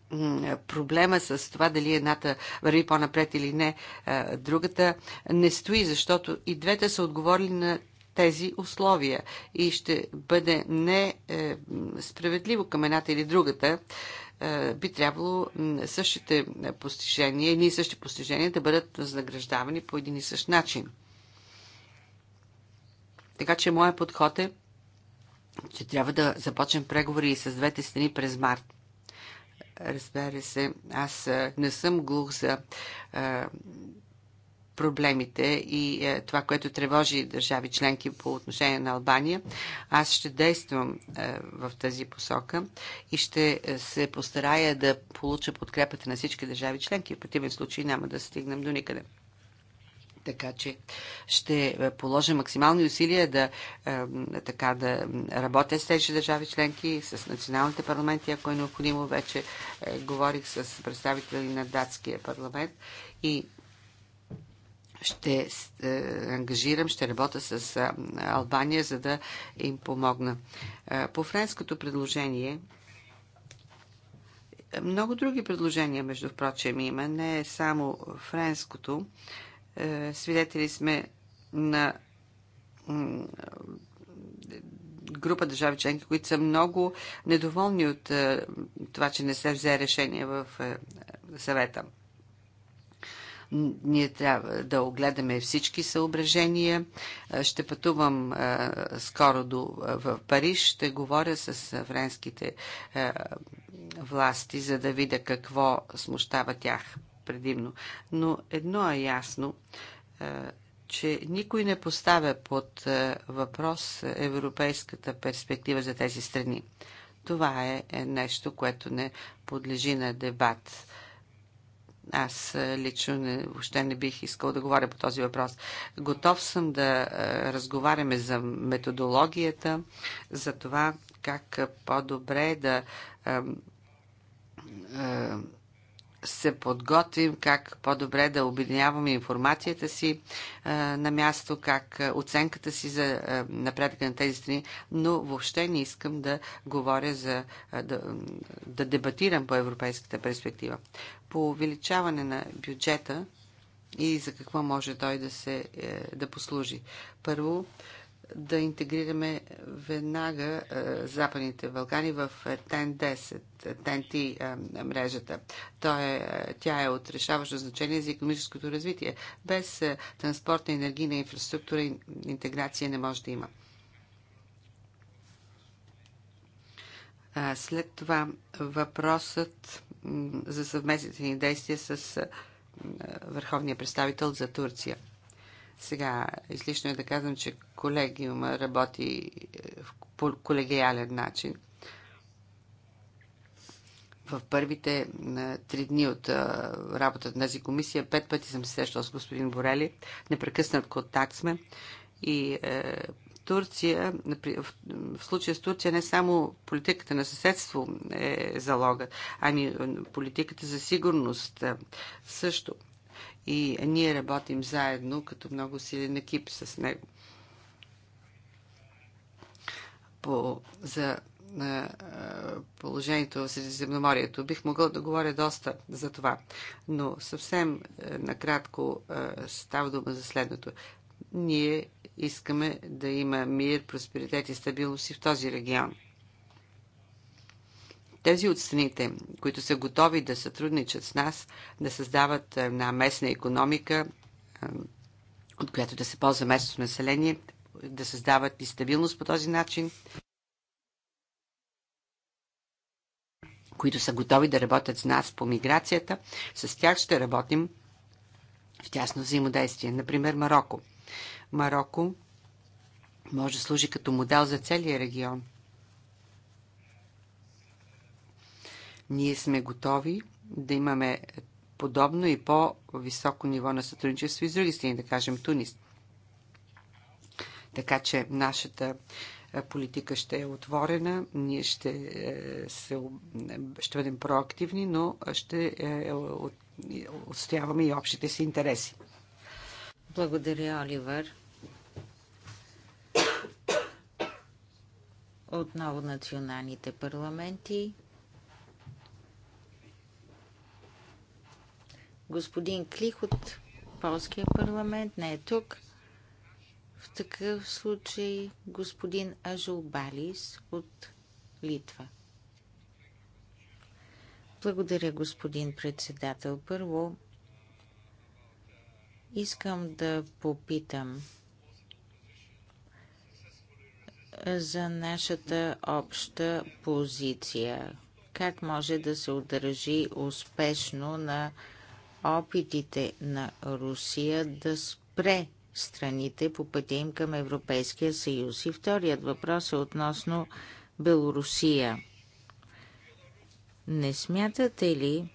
проблема с това дали едната върви по-напред или не, е, другата не стои, защото и двете са отговорили на тези условия и ще бъде несправедливо е, към едната или другата. Би трябвало същите постижения, едни и същи постижения да бъдат възнаграждавани по един и същ начин. Така че моят подход е, че трябва да започнем преговори и с двете страни през март. Разбира се, аз не съм глух за проблемите и това, което тревожи държави членки по отношение на Албания. Аз ще действам в тази посока и ще се постарая да получа подкрепата на всички държави членки. В противен случай няма да стигнем до никъде. Така че ще е, положа максимални усилия да, е, така, да работя с тези държави членки, с националните парламенти, ако е необходимо. Вече е, говорих с представители на датския парламент и ще ангажирам, ще работя с Албания, за да им помогна. По френското предложение, много други предложения, между прочим, има, не е само френското. Е, свидетели сме на група държави членки, които са много недоволни от е, това, че не се взе решение в е, съвета. Ние трябва да огледаме всички съображения. Ще пътувам скоро до, в Париж. Ще говоря с френските власти, за да видя какво смущава тях предимно. Но едно е ясно, че никой не поставя под въпрос европейската перспектива за тези страни. Това е, е нещо, което не подлежи на дебат. Аз лично не, въобще не бих искал да говоря по този въпрос. Готов съм да разговаряме за методологията, за това как по-добре да се подготвим, как по-добре да обединяваме информацията си е, на място, как е, оценката си за напредка напредъка на тези страни, но въобще не искам да говоря за е, да, да дебатирам по европейската перспектива. По увеличаване на бюджета и за какво може той да, се, да послужи. Първо, да интегрираме веднага е, Западните Балкани в ТЕН-10, тен е, е, мрежата. То е, тя е от решаващо значение за економическото развитие. Без транспортна енергийна инфраструктура интеграция не може да има. След това въпросът за съвместните ни действия с върховния представител за Турция – сега, излишно е да казвам, че колегиума работи е, в колегиален начин. В първите е, три дни от е, работата на тази комисия пет пъти съм се срещал с господин Борели. Непрекъснат контакт сме. И е, Турция, в случая с Турция не само политиката на съседство е залога, ами политиката за сигурност също и ние работим заедно като много силен екип с него. По, за на положението в Средиземноморието. Бих могъл да говоря доста за това, но съвсем накратко става дума за следното. Ние искаме да има мир, просперитет и стабилност и в този регион. Тези от страните, които са готови да сътрудничат с нас, да създават една местна економика, от която да се ползва местното население, да създават и стабилност по този начин, които са готови да работят с нас по миграцията, с тях ще работим в тясно взаимодействие. Например, Марокко. Марокко може да служи като модел за целия регион. Ние сме готови да имаме подобно и по-високо ниво на сътрудничество и с други страни, да кажем Тунис. Така че нашата е, политика ще е отворена, ние ще, е, се, ще бъдем проактивни, но ще е, отстояваме и общите си интереси. Благодаря, Оливер. Отново националните парламенти. Господин Клих от Полския парламент не е тук. В такъв случай господин Ажулбалис от Литва. Благодаря, господин председател. Първо, искам да попитам за нашата обща позиция. Как може да се удържи успешно на опитите на Русия да спре страните по пътя им към Европейския съюз. И вторият въпрос е относно Белорусия. Не смятате ли,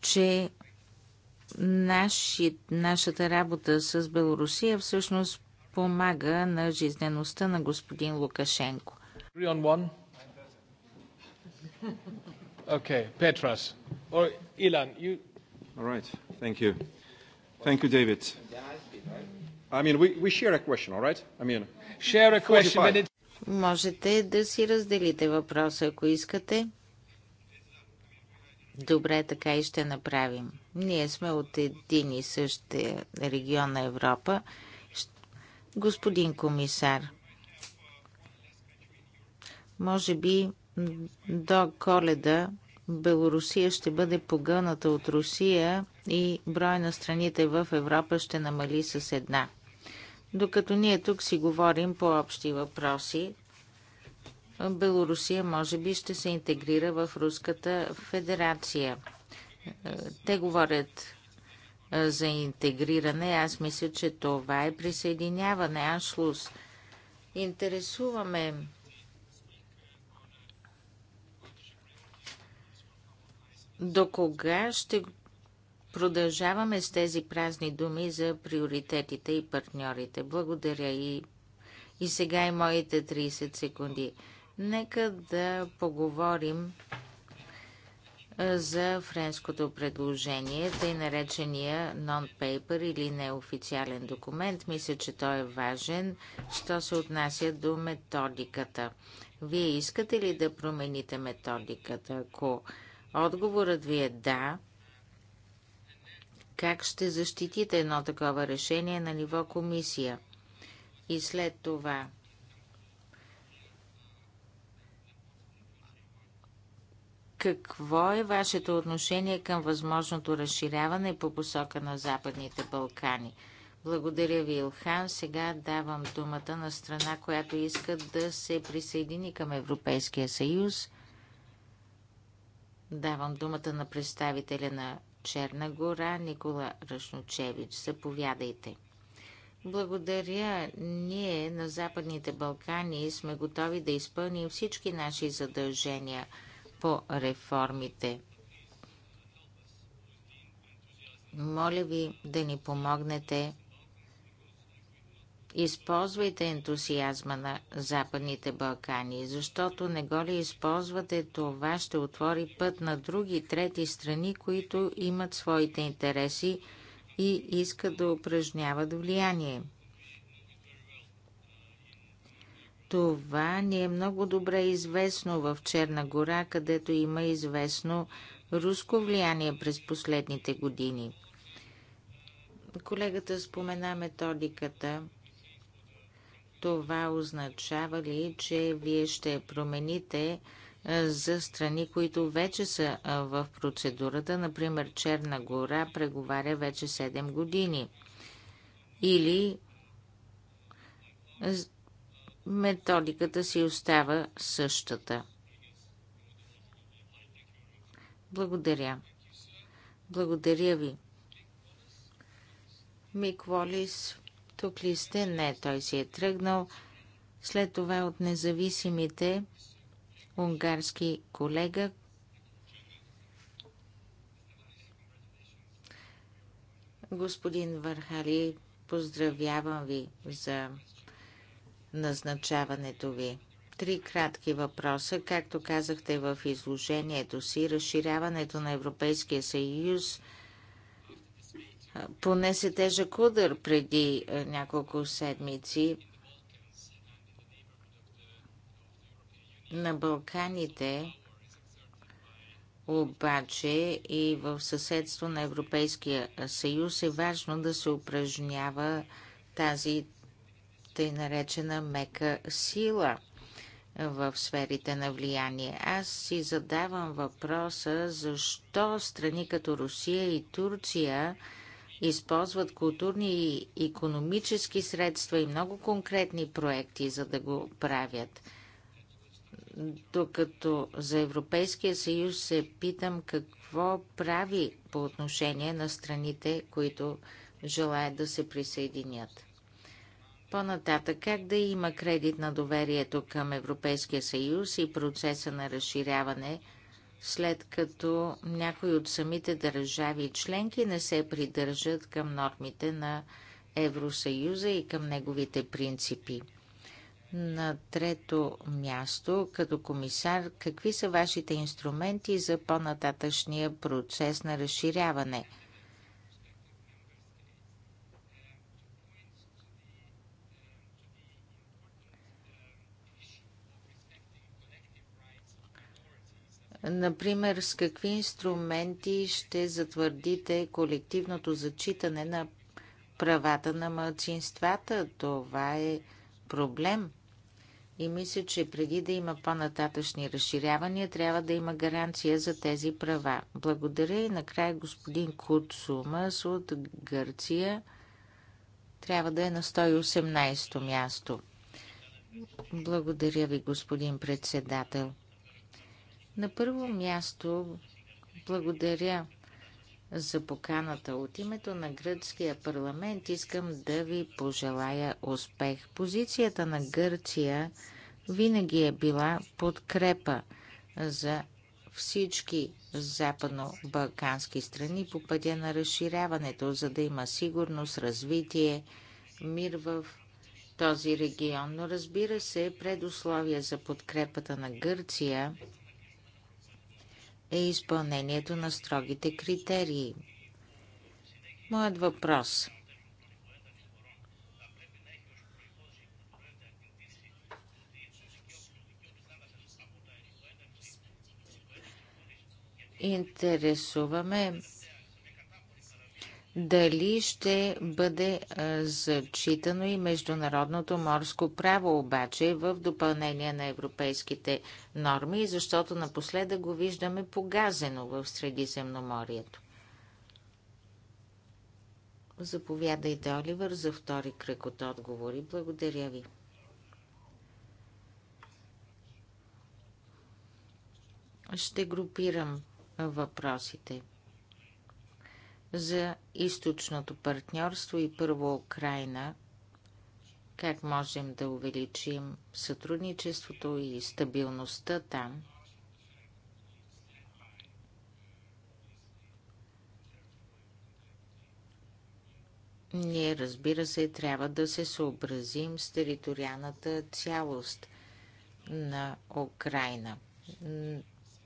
че наши, нашата работа с Белорусия всъщност помага на жизнеността на господин Лукашенко? on Okay, Petras or oh, Ilan, you. All right. Thank you. Thank you, David. I mean, we, we share a question, all right? I mean, share a question, but it... Можете да си разделите въпроса, ако искате. Добре, така и ще направим. Ние сме от един и същия регион на Европа. Господин комисар, може би до коледа Белорусия ще бъде погълната от Русия и брой на страните в Европа ще намали с една. Докато ние тук си говорим по общи въпроси, Белорусия може би ще се интегрира в Руската федерация. Те говорят за интегриране. Аз мисля, че това е присъединяване, аншлус. Интересуваме До кога ще продължаваме с тези празни думи за приоритетите и партньорите? Благодаря и, и сега и е моите 30 секунди. Нека да поговорим за френското предложение, тъй наречения non-paper или неофициален документ. Мисля, че той е важен, що се отнася до методиката. Вие искате ли да промените методиката? Ако Отговорът ви е да. Как ще защитите едно такова решение на ниво комисия? И след това Какво е вашето отношение към възможното разширяване по посока на Западните Балкани? Благодаря ви, Илхан. Сега давам думата на страна, която иска да се присъедини към Европейския съюз. Давам думата на представителя на Черна гора Никола Рашночевич. Заповядайте. Благодаря. Ние на Западните Балкани сме готови да изпълним всички наши задължения по реформите. Моля ви да ни помогнете Използвайте ентусиазма на Западните Балкани, защото не го ли използвате, това ще отвори път на други трети страни, които имат своите интереси и искат да упражняват влияние. Това ни е много добре известно в Черна гора, където има известно руско влияние през последните години. Колегата спомена методиката – това означава ли, че вие ще промените за страни, които вече са в процедурата, например Черна гора преговаря вече 7 години. Или методиката си остава същата. Благодаря. Благодаря ви. Мик Волис тук ли сте? Не, той си е тръгнал. След това от независимите унгарски колега. Господин Вархали, поздравявам ви за назначаването ви. Три кратки въпроса. Както казахте в изложението си, разширяването на Европейския съюз – понесе тежък удар преди няколко седмици. На Балканите обаче и в съседство на Европейския съюз е важно да се упражнява тази тъй наречена мека сила в сферите на влияние. Аз си задавам въпроса защо страни като Русия и Турция използват културни и економически средства и много конкретни проекти, за да го правят. Докато за Европейския съюз се питам какво прави по отношение на страните, които желаят да се присъединят. По-нататък, как да има кредит на доверието към Европейския съюз и процеса на разширяване – след като някои от самите държави и членки не се придържат към нормите на Евросъюза и към неговите принципи. На трето място, като комисар, какви са вашите инструменти за по-нататъчния процес на разширяване – Например, с какви инструменти ще затвърдите колективното зачитане на правата на мълцинствата? Това е проблем. И мисля, че преди да има по-нататъчни разширявания, трябва да има гаранция за тези права. Благодаря и накрая господин Куцумас от Гърция трябва да е на 118 то място. Благодаря ви, господин председател. На първо място благодаря за поканата от името на гръцкия парламент. Искам да ви пожелая успех. Позицията на Гърция винаги е била подкрепа за всички западно-балкански страни по пътя на разширяването, за да има сигурност, развитие, мир в този регион. Но разбира се, предусловие за подкрепата на Гърция е изпълнението на строгите критерии. Моят въпрос Интересуваме дали ще бъде зачитано и международното морско право обаче в допълнение на европейските норми, защото напоследък го виждаме погазено в Средиземноморието. Заповядайте, Оливър, за втори кръг от отговори. Благодаря ви. Ще групирам въпросите за източното партньорство и първо Украина, как можем да увеличим сътрудничеството и стабилността там. Ние, разбира се, трябва да се съобразим с териториалната цялост на Украина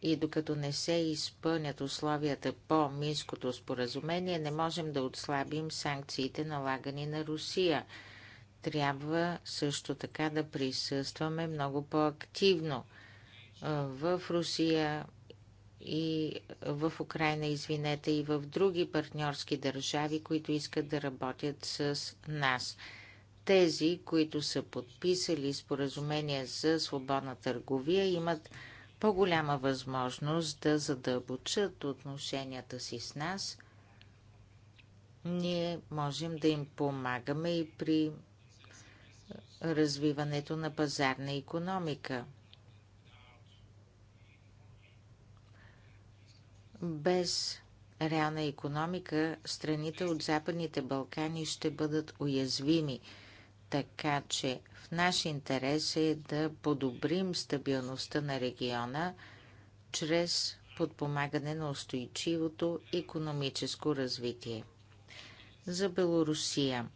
и докато не се изпълнят условията по Минското споразумение, не можем да отслабим санкциите налагани на Русия. Трябва също така да присъстваме много по-активно в Русия и в Украина, извинете, и в други партньорски държави, които искат да работят с нас. Тези, които са подписали споразумения за свободна търговия, имат по-голяма възможност да задълбочат отношенията си с нас, ние можем да им помагаме и при развиването на пазарна економика. Без реална економика страните от Западните Балкани ще бъдат уязвими – така че в наш интерес е да подобрим стабилността на региона чрез подпомагане на устойчивото економическо развитие. За Белорусия.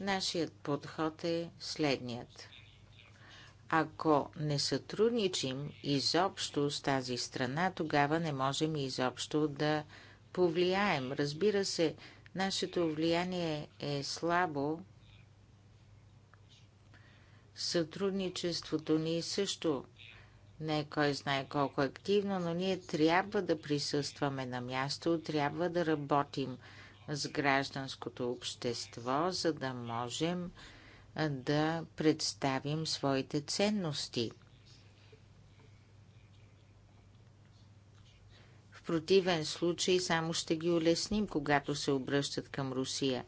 Нашият подход е следният. Ако не сътрудничим изобщо с тази страна, тогава не можем изобщо да повлияем. Разбира се, Нашето влияние е слабо. Сътрудничеството ни също не е кой знае колко активно, но ние трябва да присъстваме на място, трябва да работим с гражданското общество, за да можем да представим своите ценности. В противен случай само ще ги улесним, когато се обръщат към Русия.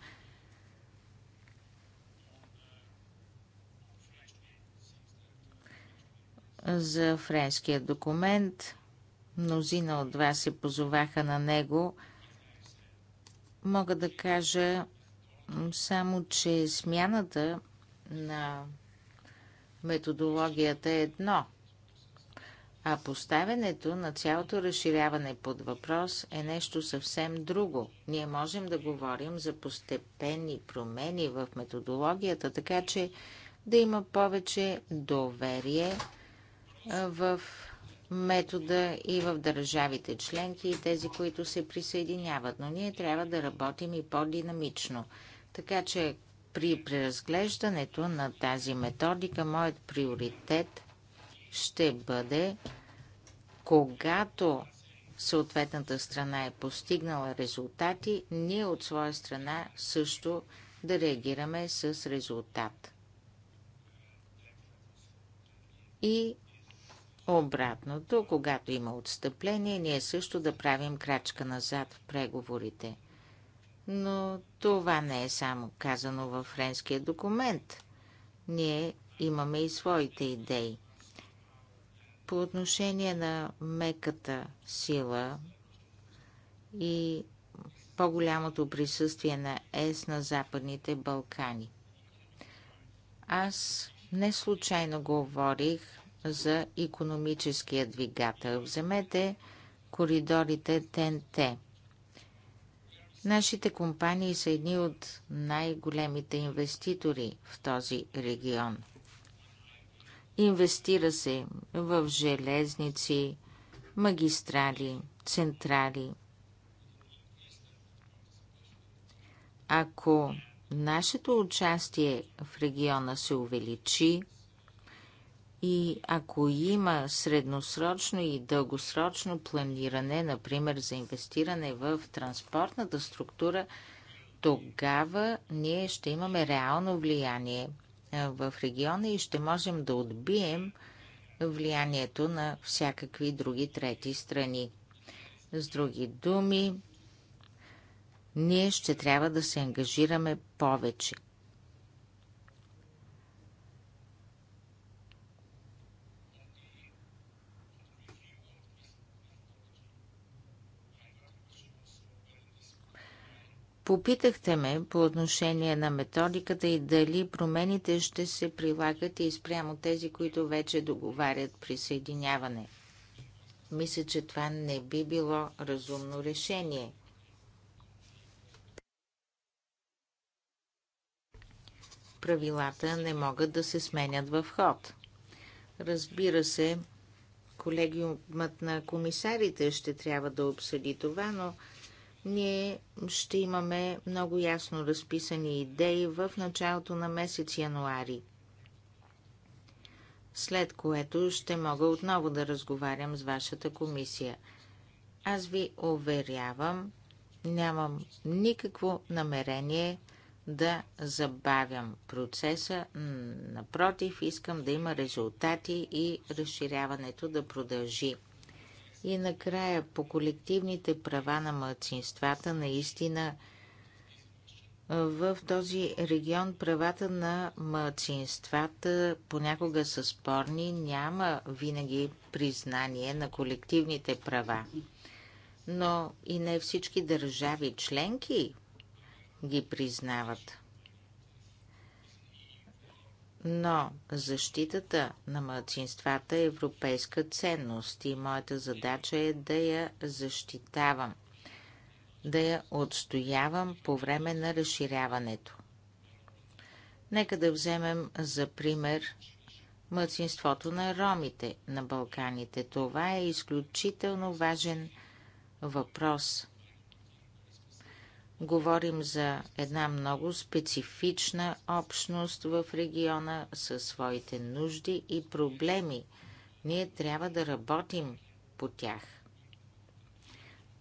За френския документ мнозина от вас се позоваха на него. Мога да кажа само, че смяната на методологията е едно – а поставянето на цялото разширяване под въпрос е нещо съвсем друго. Ние можем да говорим за постепенни промени в методологията, така че да има повече доверие в метода и в държавите членки и тези, които се присъединяват. Но ние трябва да работим и по-динамично. Така че при преразглеждането на тази методика, моят приоритет – ще бъде когато съответната страна е постигнала резултати, ние от своя страна също да реагираме с резултат. И обратното, когато има отстъпление, ние също да правим крачка назад в преговорите. Но това не е само казано във френския документ. Ние имаме и своите идеи. По отношение на меката сила и по-голямото присъствие на ЕС на Западните Балкани. Аз не случайно говорих за економическия двигател. Вземете коридорите ТНТ. Нашите компании са едни от най-големите инвеститори в този регион – Инвестира се в железници, магистрали, централи. Ако нашето участие в региона се увеличи и ако има средносрочно и дългосрочно планиране, например за инвестиране в транспортната структура, тогава ние ще имаме реално влияние – в региона и ще можем да отбием влиянието на всякакви други трети страни. С други думи, ние ще трябва да се ангажираме повече Попитахте ме по отношение на методиката и дали промените ще се прилагат и спрямо тези, които вече договарят присъединяване. Мисля, че това не би било разумно решение. Правилата не могат да се сменят в ход. Разбира се, колегиумът на комисарите ще трябва да обсъди това, но ние ще имаме много ясно разписани идеи в началото на месец януари, след което ще мога отново да разговарям с вашата комисия. Аз ви уверявам, нямам никакво намерение да забавям процеса. Напротив, искам да има резултати и разширяването да продължи. И накрая по колективните права на младсинствата наистина в този регион правата на младсинствата понякога са спорни, няма винаги признание на колективните права. Но и не всички държави членки ги признават но защитата на младсинствата е европейска ценност и моята задача е да я защитавам, да я отстоявам по време на разширяването. Нека да вземем за пример младсинството на ромите на Балканите. Това е изключително важен въпрос – Говорим за една много специфична общност в региона със своите нужди и проблеми. Ние трябва да работим по тях.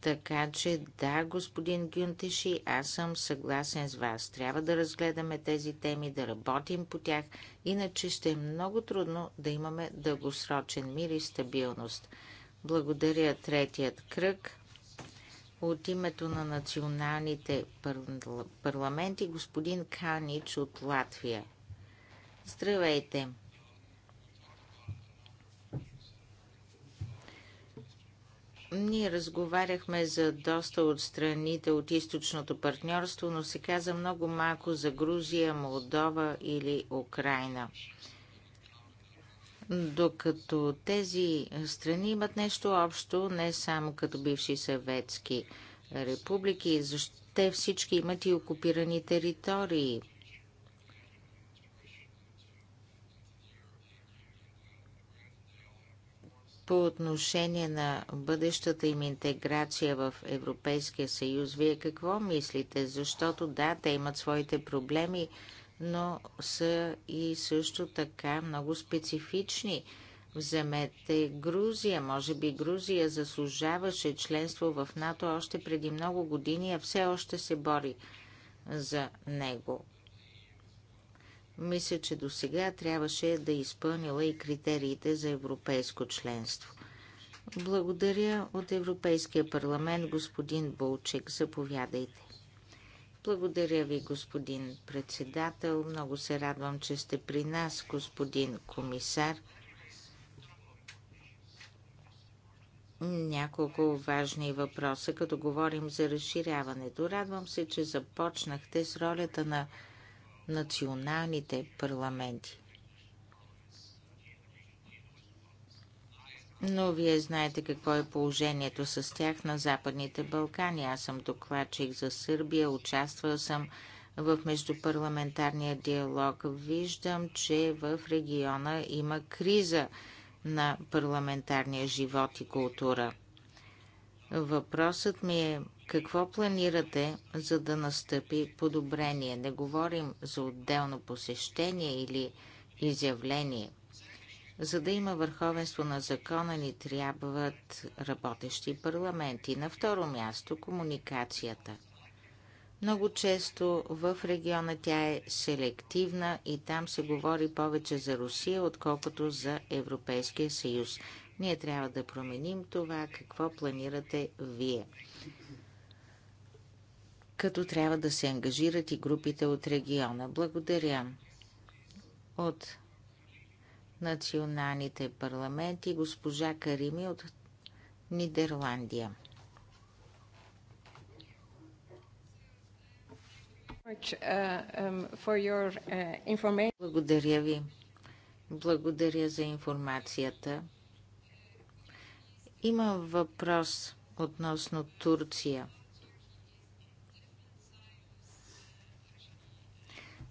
Така че да, господин Гюнтеши, аз съм съгласен с вас. Трябва да разгледаме тези теми, да работим по тях, иначе ще е много трудно да имаме дългосрочен мир и стабилност. Благодаря третият кръг. От името на националните парламенти господин Канич от Латвия. Здравейте! Ние разговаряхме за доста от страните от източното партньорство, но се каза много малко за Грузия, Молдова или Украина. Докато тези страни имат нещо общо, не само като бивши съветски републики, защото те всички имат и окупирани територии. по отношение на бъдещата им интеграция в Европейския съюз, вие какво мислите? Защото да, те имат своите проблеми но са и също така много специфични. Вземете Грузия. Може би Грузия заслужаваше членство в НАТО още преди много години, а все още се бори за него. Мисля, че до сега трябваше да изпълнила и критериите за европейско членство. Благодаря от Европейския парламент, господин Болчек. Заповядайте. Благодаря ви, господин председател. Много се радвам, че сте при нас, господин комисар. Няколко важни въпроса, като говорим за разширяването. Радвам се, че започнахте с ролята на националните парламенти. но вие знаете какво е положението с тях на Западните Балкани. Аз съм докладчик за Сърбия, участвал съм в междупарламентарния диалог. Виждам, че в региона има криза на парламентарния живот и култура. Въпросът ми е какво планирате, за да настъпи подобрение? Не говорим за отделно посещение или изявление – за да има върховенство на закона ни трябват работещи парламенти. На второ място комуникацията. Много често в региона тя е селективна и там се говори повече за Русия, отколкото за Европейския съюз. Ние трябва да променим това, какво планирате вие. Като трябва да се ангажират и групите от региона. Благодаря. От националните парламенти, госпожа Карими от Нидерландия. Благодаря ви. Благодаря за информацията. Има въпрос относно Турция.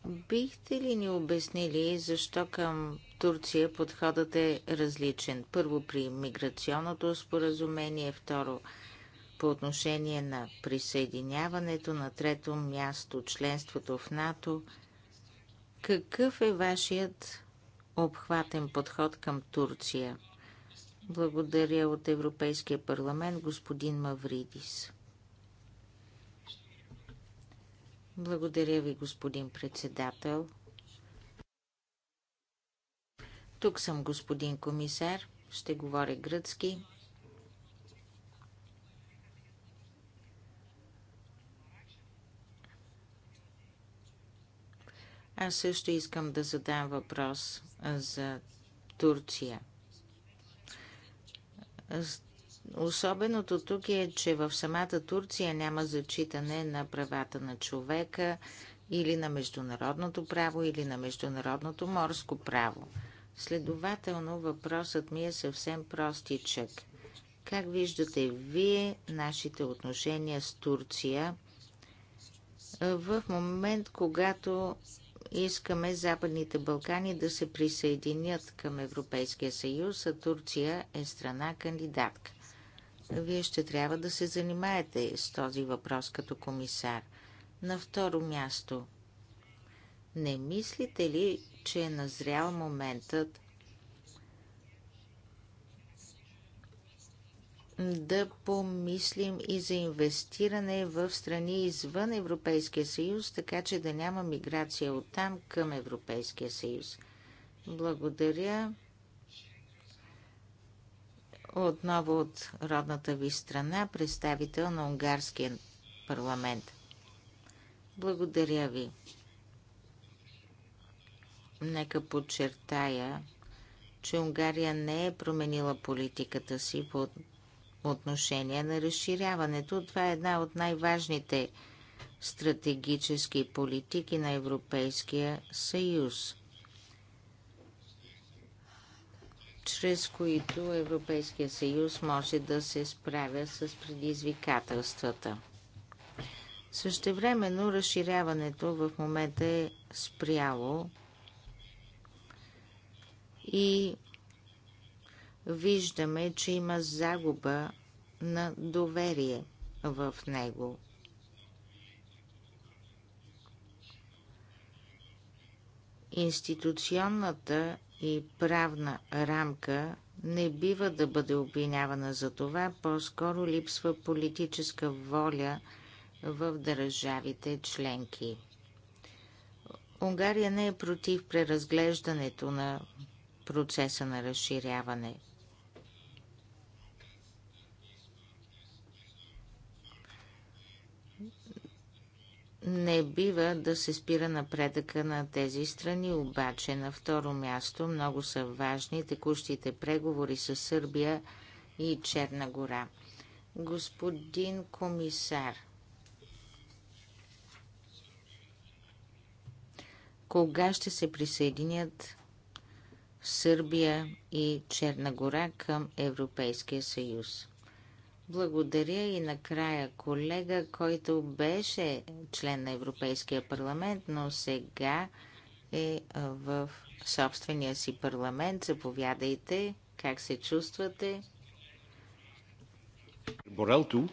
Бихте ли ни обяснили защо към Турция подходът е различен. Първо при миграционното споразумение, второ по отношение на присъединяването, на трето място членството в НАТО. Какъв е вашият обхватен подход към Турция? Благодаря от Европейския парламент господин Мавридис. Благодаря ви, господин председател. Тук съм господин комисар, ще говоря гръцки. Аз също искам да задам въпрос за Турция. Особеното тук е, че в самата Турция няма зачитане на правата на човека или на международното право, или на международното морско право. Следователно въпросът ми е съвсем простичък. Как виждате вие нашите отношения с Турция в момент, когато искаме Западните Балкани да се присъединят към Европейския съюз, а Турция е страна кандидатка? Вие ще трябва да се занимаете с този въпрос като комисар. На второ място, не мислите ли, че е назрял моментът да помислим и за инвестиране в страни извън Европейския съюз, така че да няма миграция от там към Европейския съюз. Благодаря отново от родната ви страна, представител на унгарския парламент. Благодаря ви. Нека подчертая, че Унгария не е променила политиката си по отношение на разширяването. Това е една от най-важните стратегически политики на Европейския съюз, чрез които Европейския съюз може да се справя с предизвикателствата. Същевременно разширяването в момента е спряло и виждаме, че има загуба на доверие в него. Институционната и правна рамка не бива да бъде обвинявана за това, по-скоро липсва политическа воля в държавите членки. Унгария не е против преразглеждането на процеса на разширяване. Не бива да се спира напредъка на тези страни, обаче на второ място много са важни текущите преговори с Сърбия и Черна гора. Господин комисар, кога ще се присъединят Сърбия и Черна гора към Европейския съюз. Благодаря и накрая колега, който беше член на Европейския парламент, но сега е в собствения си парламент. Заповядайте, как се чувствате? Борелто.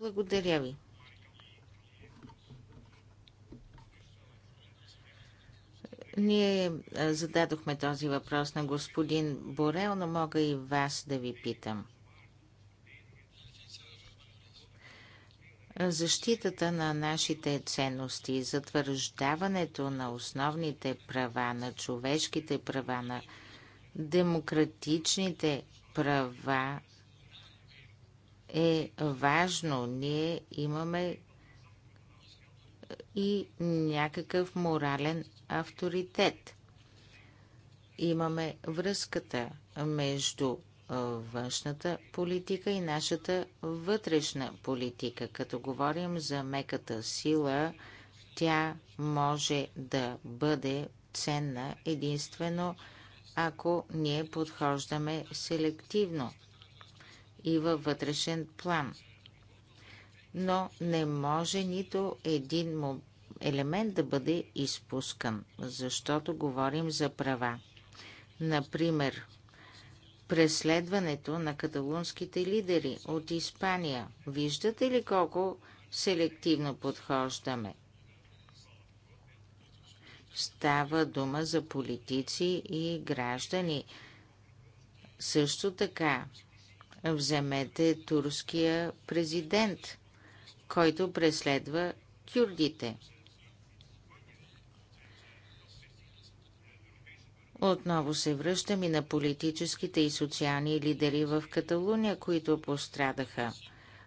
Благодаря ви. Ние зададохме този въпрос на господин Борел, но мога и вас да ви питам. Защитата на нашите ценности, затвърждаването на основните права, на човешките права, на демократичните права е важно. Ние имаме и някакъв морален авторитет. Имаме връзката между външната политика и нашата вътрешна политика. Като говорим за меката сила, тя може да бъде ценна единствено ако ние подхождаме селективно и във вътрешен план. Но не може нито един елемент да бъде изпускан, защото говорим за права. Например, преследването на каталунските лидери от Испания. Виждате ли колко селективно подхождаме? Става дума за политици и граждани. Също така, вземете турския президент, който преследва кюрдите. Отново се връщам и на политическите и социални лидери в Каталуния, които пострадаха.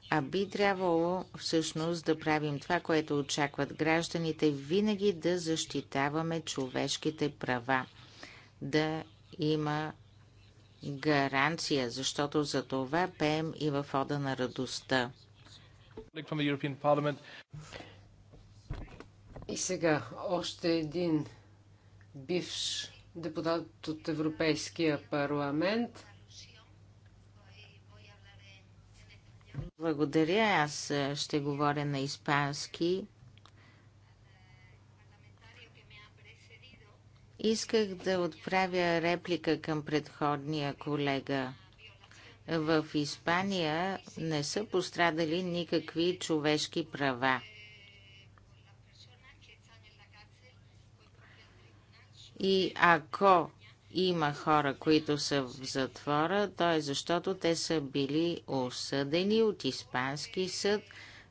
А би трябвало всъщност да правим това, което очакват гражданите, винаги да защитаваме човешките права, да има гаранция, защото за това пеем и в Ода на радостта. И сега още един бивш депутат от Европейския парламент. Благодаря. Аз е, ще говоря на испански. Исках да отправя реплика към предходния колега. В Испания не са пострадали никакви човешки права. И ако има хора, които са в затвора, то е защото те са били осъдени от Испански съд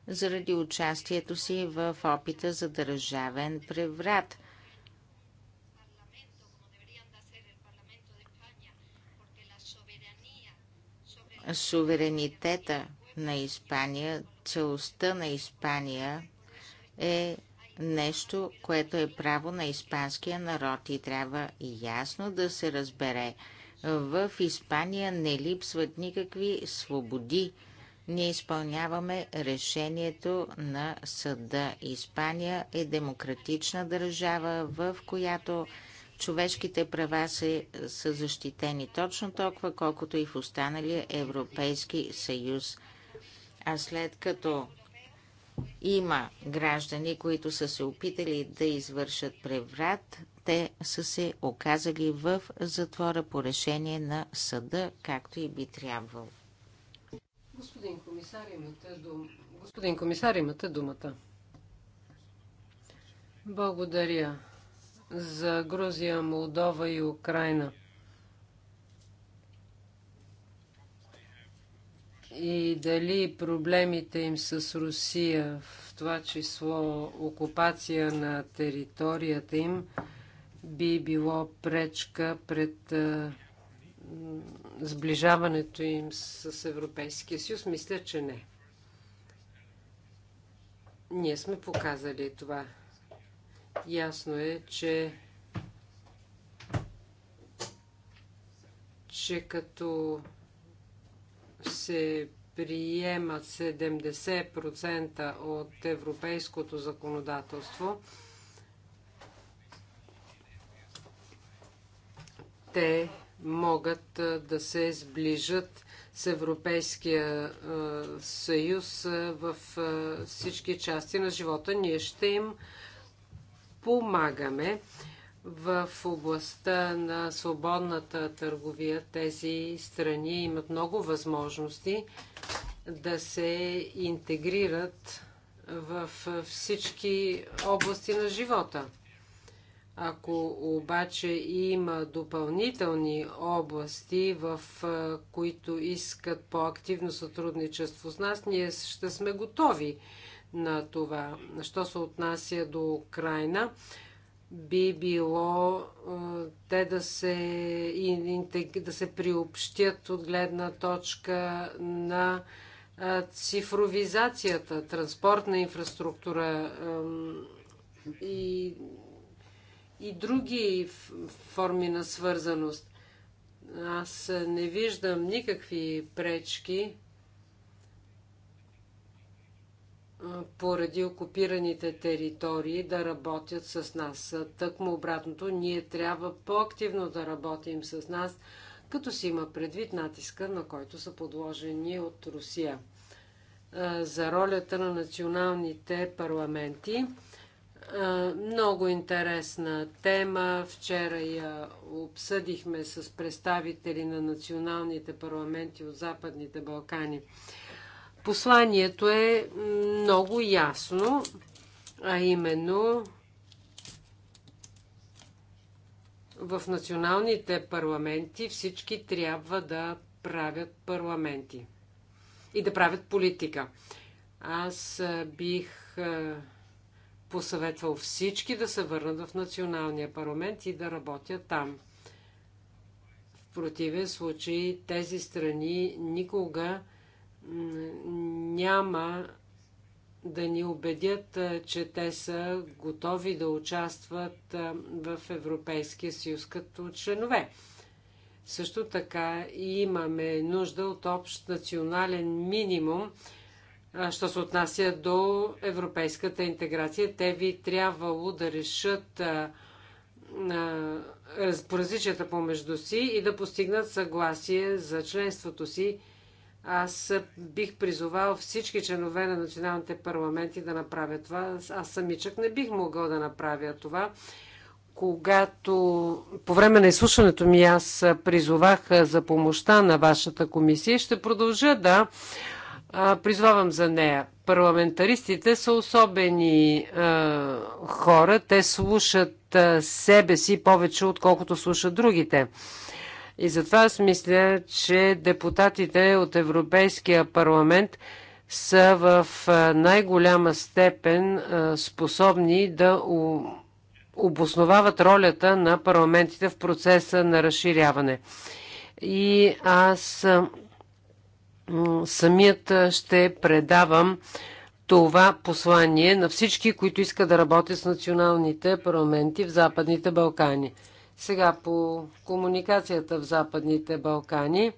заради участието си в опита за държавен преврат. Суверенитета на Испания, целостта на Испания е нещо, което е право на испанския народ и трябва ясно да се разбере. В Испания не липсват никакви свободи. Ние изпълняваме решението на съда. Испания е демократична държава, в която човешките права се, са защитени точно толкова, колкото и в останалия Европейски съюз. А след като има граждани, които са се опитали да извършат преврат. Те са се оказали в затвора по решение на съда, както и би трябвало. Господин комисар, имате, дум... Господин комисар, имате думата. Благодаря за Грузия, Молдова и Украина – и дали проблемите им с Русия, в това число окупация на територията им, би било пречка пред сближаването им с Европейския съюз? Мисля, че не. Ние сме показали това. Ясно е, че че като се приемат 70% от европейското законодателство, те могат да се сближат с Европейския съюз в всички части на живота. Ние ще им помагаме в областта на свободната търговия тези страни имат много възможности да се интегрират в всички области на живота. Ако обаче има допълнителни области, в които искат по-активно сътрудничество с нас, ние ще сме готови на това. Що се отнася до Украина, би било те да се, да се приобщят от гледна точка на цифровизацията, транспортна инфраструктура и, и други форми на свързаност. Аз не виждам никакви пречки поради окупираните територии да работят с нас. Тъкмо обратното, ние трябва по-активно да работим с нас, като си има предвид натиска, на който са подложени от Русия. За ролята на националните парламенти. Много интересна тема. Вчера я обсъдихме с представители на националните парламенти от Западните Балкани. Посланието е много ясно, а именно в националните парламенти всички трябва да правят парламенти и да правят политика. Аз бих посъветвал всички да се върнат в националния парламент и да работят там. В противен случай тези страни никога няма да ни убедят, че те са готови да участват в Европейския съюз като членове. Също така и имаме нужда от общ национален минимум, що се отнася до европейската интеграция. Те ви трябвало да решат по различията помежду си и да постигнат съгласие за членството си аз бих призовал всички членове на националните парламенти да направят това. Аз самичък не бих могъл да направя това. Когато по време на изслушването ми аз призовах за помощта на вашата комисия, ще продължа да призвавам за нея. Парламентаристите са особени е, хора. Те слушат себе си повече, отколкото слушат другите. И затова аз мисля, че депутатите от Европейския парламент са в най-голяма степен способни да обосновават ролята на парламентите в процеса на разширяване. И аз самият ще предавам това послание на всички, които искат да работят с националните парламенти в Западните Балкани. Сега по комуникацията в Западните Балкани.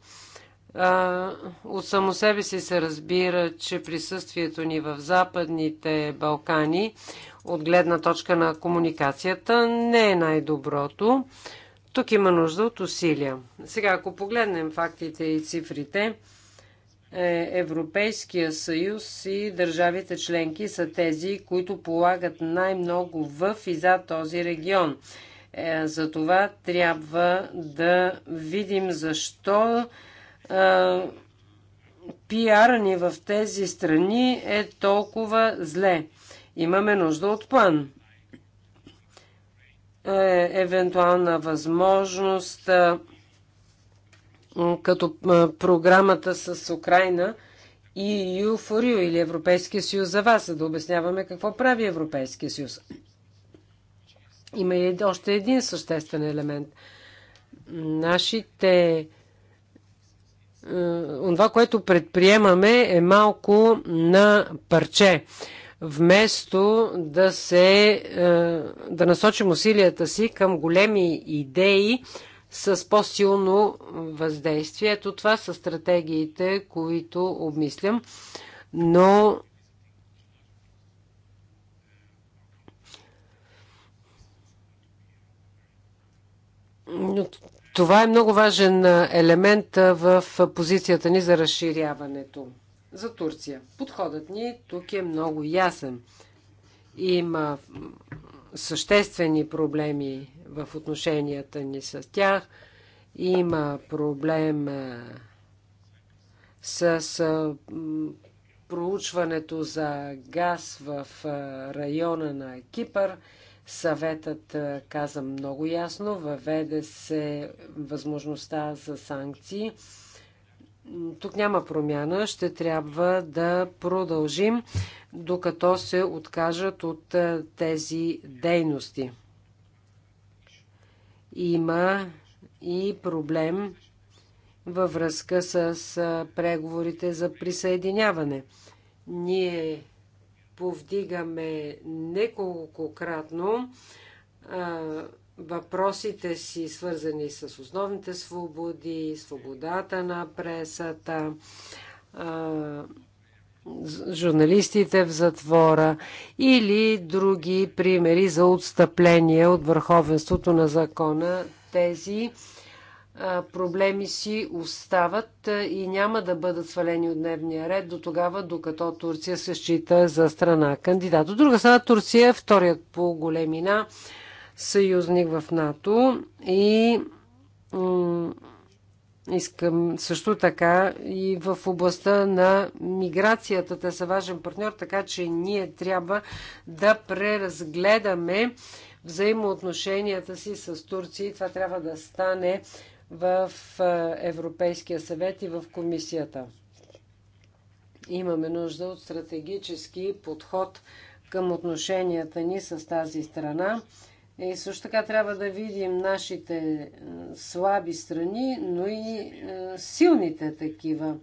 От само себе си се разбира, че присъствието ни в Западните Балкани от гледна точка на комуникацията не е най-доброто. Тук има нужда от усилия. Сега, ако погледнем фактите и цифрите, е, Европейския съюз и държавите членки са тези, които полагат най-много в и за този регион. Е, за това трябва да видим защо е, пиара ни в тези страни е толкова зле. Имаме нужда от план. Е, евентуална възможност е, като е, програмата с Украина и EU for You или Европейския съюз за вас, за да обясняваме какво прави Европейския съюз. Има и още един съществен елемент. Нашите. Това, е, което предприемаме, е малко на парче. Вместо да, се, е, да насочим усилията си към големи идеи, с по-силно въздействие. Ето това са стратегиите, които обмислям. Но Това е много важен елемент в позицията ни за разширяването. За Турция. Подходът ни тук е много ясен. Има съществени проблеми в отношенията ни с тях. Има проблем с проучването за газ в района на Кипър – Съветът каза много ясно, въведе се възможността за санкции. Тук няма промяна. Ще трябва да продължим, докато се откажат от тези дейности. Има и проблем във връзка с преговорите за присъединяване. Ние повдигаме неколкократно въпросите си, свързани с основните свободи, свободата на пресата, журналистите в затвора или други примери за отстъпление от върховенството на закона. Тези проблеми си остават и няма да бъдат свалени от дневния ред до тогава, докато Турция се счита за страна кандидат. От друга страна, Турция е вторият по големина съюзник в НАТО и искам също така и в областта на миграцията. Те са важен партньор, така че ние трябва да преразгледаме взаимоотношенията си с Турция и това трябва да стане в Европейския съвет и в комисията. Имаме нужда от стратегически подход към отношенията ни с тази страна. И също така трябва да видим нашите слаби страни, но и силните такива.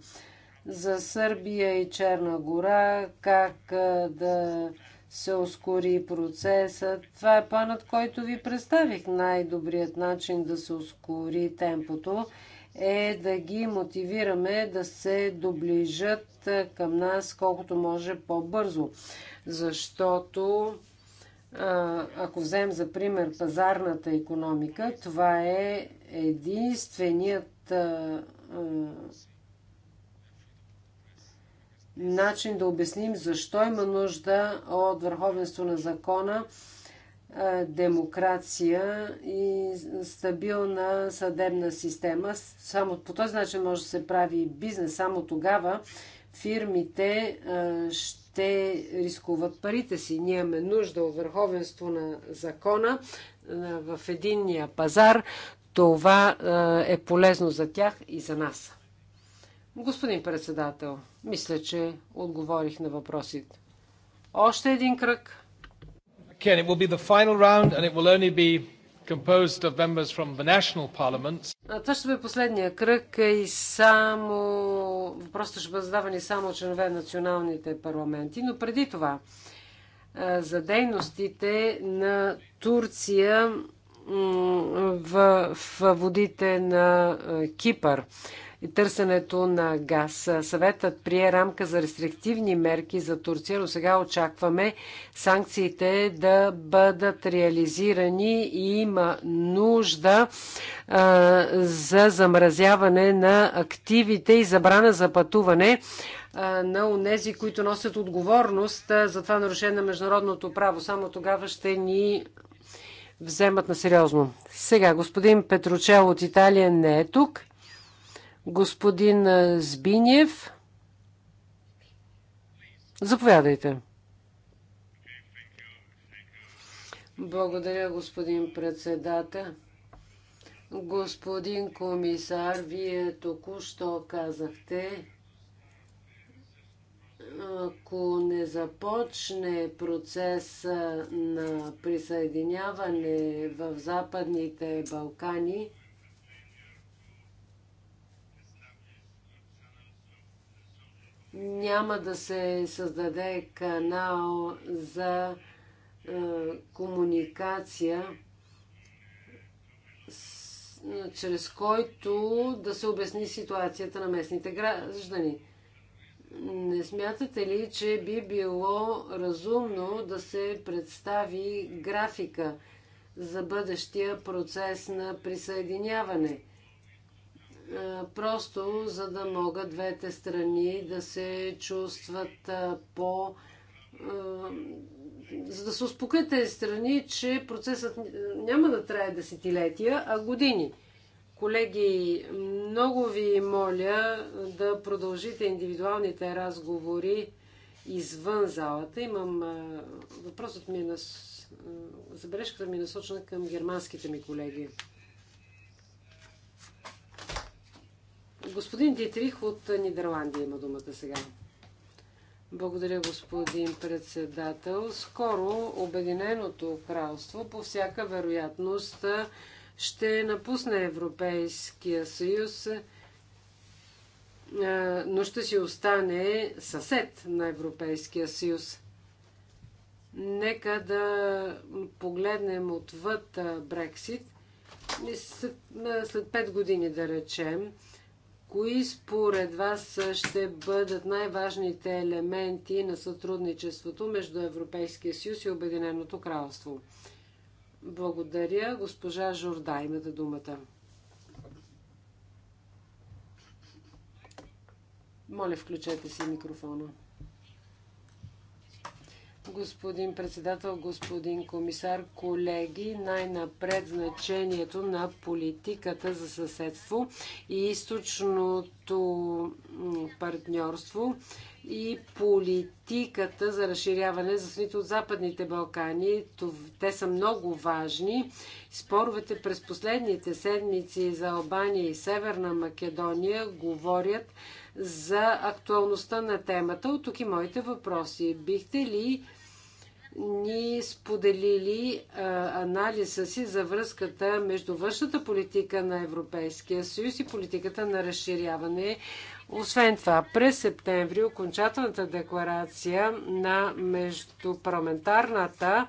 За Сърбия и Черна гора, как да се ускори процесът. Това е планът, който ви представих. Най-добрият начин да се ускори темпото е да ги мотивираме да се доближат към нас колкото може по-бързо. Защото ако вземем за пример пазарната економика, това е единственият начин да обясним защо има нужда от върховенство на закона, е, демокрация и стабилна съдебна система. Само по този начин може да се прави бизнес. Само тогава фирмите е, ще рискуват парите си. Ние имаме нужда от върховенство на закона е, в единния пазар. Това е полезно за тях и за нас. Господин председател, мисля, че отговорих на въпросите. Още един кръг. it will be the final round and it will only be composed of members from the national parliaments. А това ще бъде последния кръг е и само въпросите ще бъдат задавани само членове на националните парламенти. Но преди това, за дейностите на Турция в, в водите на Кипър и търсенето на газ. Съветът прие рамка за рестриктивни мерки за Турция, но сега очакваме санкциите да бъдат реализирани и има нужда а, за замразяване на активите и забрана за пътуване на унези, които носят отговорност за това нарушение на международното право. Само тогава ще ни вземат на сериозно. Сега, господин Петручел от Италия не е тук. Господин Збиниев, заповядайте. Благодаря, господин председател. Господин комисар, вие току-що казахте, ако не започне процес на присъединяване в Западните Балкани, няма да се създаде канал за е, комуникация, чрез който да се обясни ситуацията на местните граждани. Не смятате ли, че би било разумно да се представи графика за бъдещия процес на присъединяване? Просто за да могат двете страни да се чувстват по за да се успокоят тези страни, че процесът няма да трае десетилетия, а години. Колеги, много ви моля да продължите индивидуалните разговори извън залата. Имам въпросът ми е на забележката ми е насочена към германските ми колеги. Господин Дитрих от Нидерландия има думата сега. Благодаря, господин председател. Скоро Обединеното кралство по всяка вероятност ще напусне Европейския съюз, е, но ще си остане съсед на Европейския съюз. Нека да погледнем отвъд е, Брексит след 5 е, години да речем. Кои според вас ще бъдат най-важните елементи на сътрудничеството между Европейския съюз и Обединеното кралство? Благодаря. Госпожа Жорда, имате думата. Моля, включете си микрофона. Господин председател, господин комисар, колеги, най-напред значението на политиката за съседство и източното партньорство и политиката за разширяване за страните от Западните Балкани. Те са много важни. Споровете през последните седмици за Албания и Северна Македония говорят за актуалността на темата. От тук и моите въпроси. Бихте ли ни споделили а, анализа си за връзката между външната политика на Европейския съюз и политиката на разширяване. Освен това, през септември окончателната декларация на междупарламентарната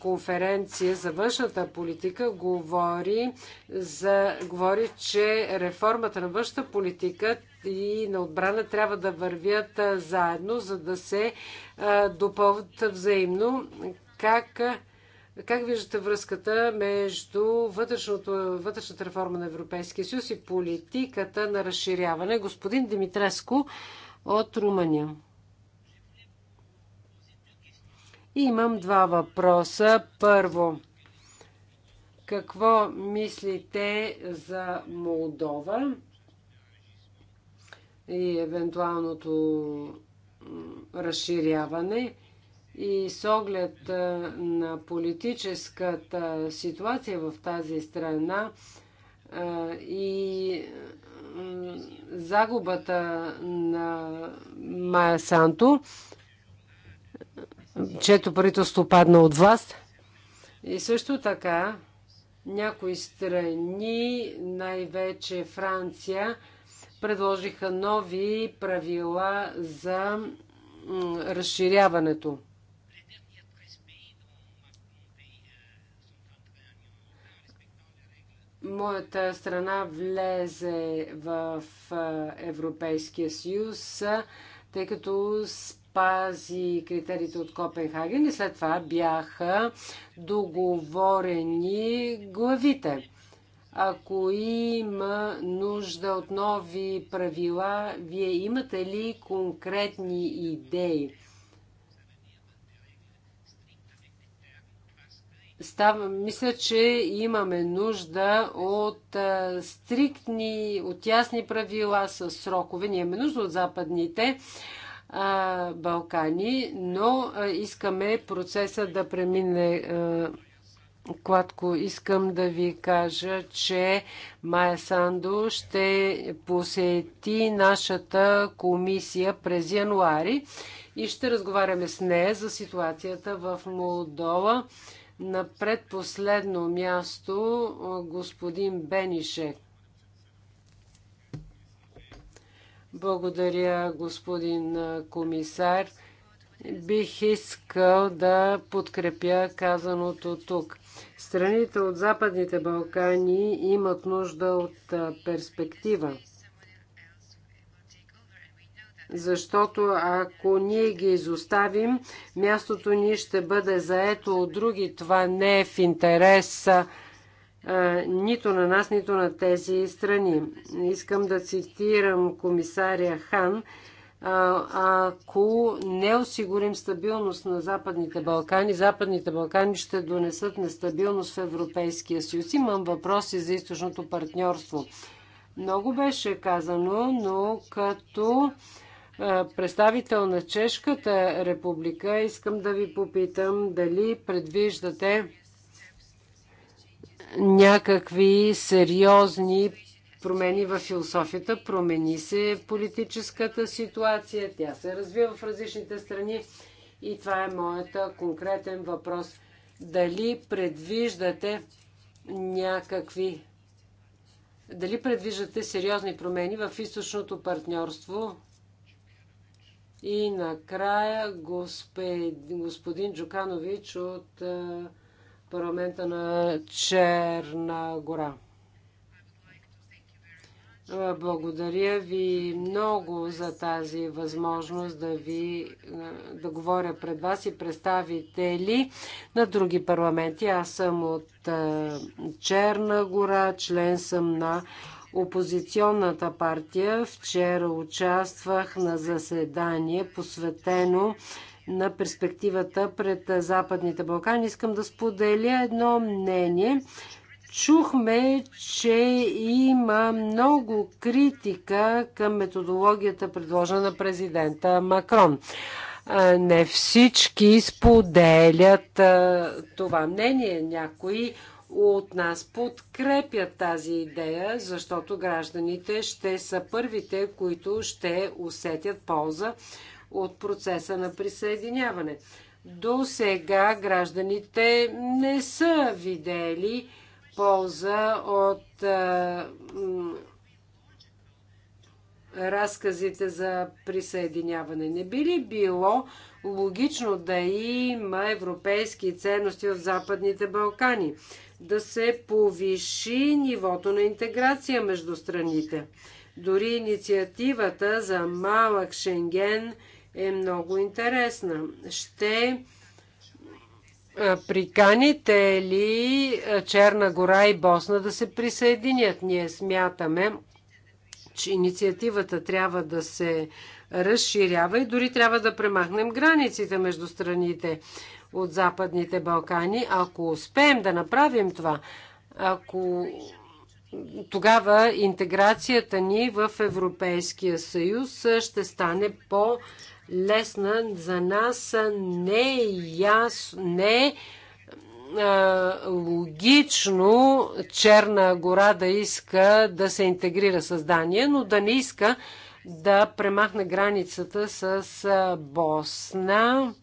конференция за външната политика говори, за, говори че реформата на външната политика и на отбрана трябва да вървят заедно, за да се допълват взаимно. Как как виждате връзката между вътрешната реформа на Европейския съюз и политиката на разширяване? Господин Димитреско от Румъния имам два въпроса. Първо, какво мислите за Молдова и евентуалното разширяване? И с оглед на политическата ситуация в тази страна и загубата на Майя Санто, чето правителство падна от власт. И също така някои страни, най-вече Франция, предложиха нови правила за разширяването. Моята страна влезе в Европейския съюз, тъй като спази критериите от Копенхаген и след това бяха договорени главите. Ако има нужда от нови правила, вие имате ли конкретни идеи? Става, мисля, че имаме нужда от а, стриктни, от ясни правила с срокове. Ние имаме нужда от западните Балкани, но искаме процеса да премине Кладко, искам да ви кажа, че Майя Сандо ще посети нашата комисия през януари и ще разговаряме с нея за ситуацията в Молдова. На предпоследно място господин Бенишек Благодаря, господин комисар. Бих искал да подкрепя казаното тук. Страните от Западните Балкани имат нужда от перспектива. Защото ако ние ги изоставим, мястото ни ще бъде заето от други. Това не е в интереса нито на нас, нито на тези страни. Искам да цитирам комисаря Хан. Ако не осигурим стабилност на Западните Балкани, Западните Балкани ще донесат нестабилност в Европейския съюз. Имам въпроси за източното партньорство. Много беше казано, но като представител на Чешката република искам да ви попитам дали предвиждате някакви сериозни промени в философията, промени се политическата ситуация, тя се развива в различните страни и това е моята конкретен въпрос. Дали предвиждате някакви дали предвиждате сериозни промени в източното партньорство? И накрая господин, господин Джуканович от парламента на Черна гора. Благодаря ви много за тази възможност да ви да говоря пред вас и представители на други парламенти. Аз съм от е, Черна гора, член съм на опозиционната партия. Вчера участвах на заседание посветено на перспективата пред Западните Балкани. Искам да споделя едно мнение. Чухме, че има много критика към методологията, предложена на президента Макрон. Не всички споделят това мнение. Някои от нас подкрепят тази идея, защото гражданите ще са първите, които ще усетят полза от процеса на присъединяване. До сега гражданите не са видели полза от разказите за присъединяване. Не би ли било логично да има европейски ценности в Западните Балкани? Да се повиши нивото на интеграция между страните. Дори инициативата за малък Шенген – е много интересна. Ще приканите ли Черна гора и Босна да се присъединят? Ние смятаме, че инициативата трябва да се разширява и дори трябва да премахнем границите между страните от Западните Балкани. Ако успеем да направим това, ако тогава интеграцията ни в Европейския съюз ще стане по- лесна. За нас не е ясно, не е логично Черна гора да иска да се интегрира с Дания, но да не иска да премахне границата с Босна.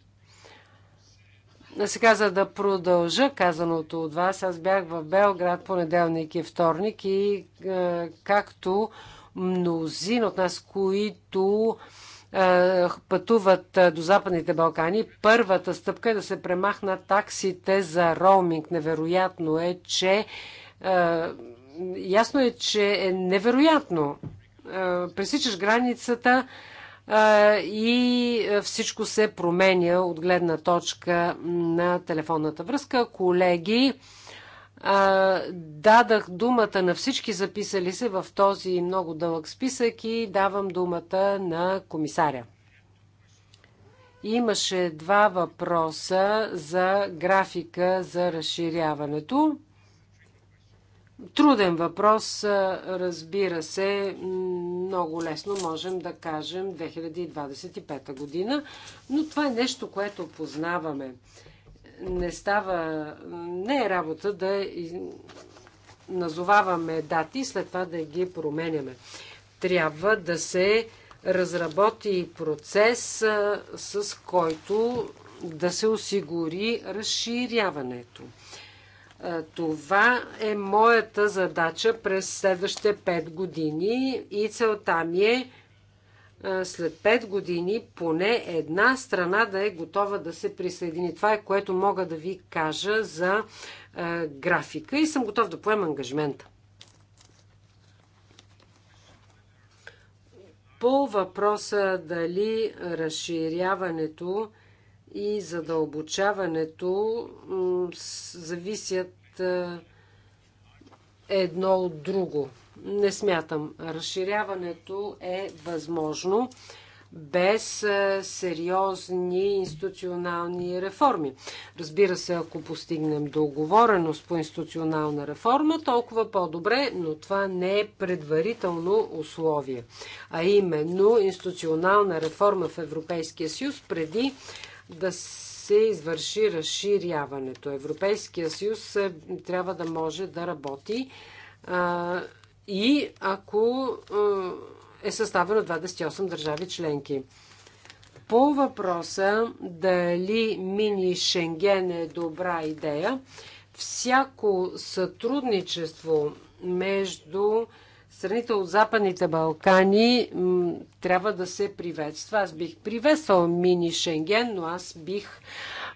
Сега, за да продължа казаното от вас, аз бях в Белград понеделник и вторник и както мнозин от нас, които е, пътуват е, до Западните Балкани, първата стъпка е да се премахнат таксите за роуминг. Невероятно е, че е, ясно е, че е невероятно. Пресичаш границата и всичко се променя от гледна точка на телефонната връзка. Колеги, а, дадах думата на всички записали се в този много дълъг списък и давам думата на комисаря. Имаше два въпроса за графика за разширяването. Труден въпрос, разбира се, много лесно можем да кажем 2025 година, но това е нещо, което познаваме не става, не е работа да назоваваме дати и след това да ги променяме. Трябва да се разработи процес, с който да се осигури разширяването. Това е моята задача през следващите 5 години и целта ми е след 5 години поне една страна да е готова да се присъедини. Това е което мога да ви кажа за графика и съм готов да поема ангажмента. По въпроса дали разширяването и задълбочаването зависят едно от друго. Не смятам. Разширяването е възможно без е, сериозни институционални реформи. Разбира се, ако постигнем договореност по институционална реформа, толкова по-добре, но това не е предварително условие. А именно институционална реформа в Европейския съюз преди да се извърши разширяването. Европейския съюз е, трябва да може да работи е, и ако е съставен от 28 държави членки. По въпроса дали мини Шенген е добра идея, всяко сътрудничество между страните от Западните Балкани трябва да се приветства. Аз бих приветствал мини Шенген, но аз бих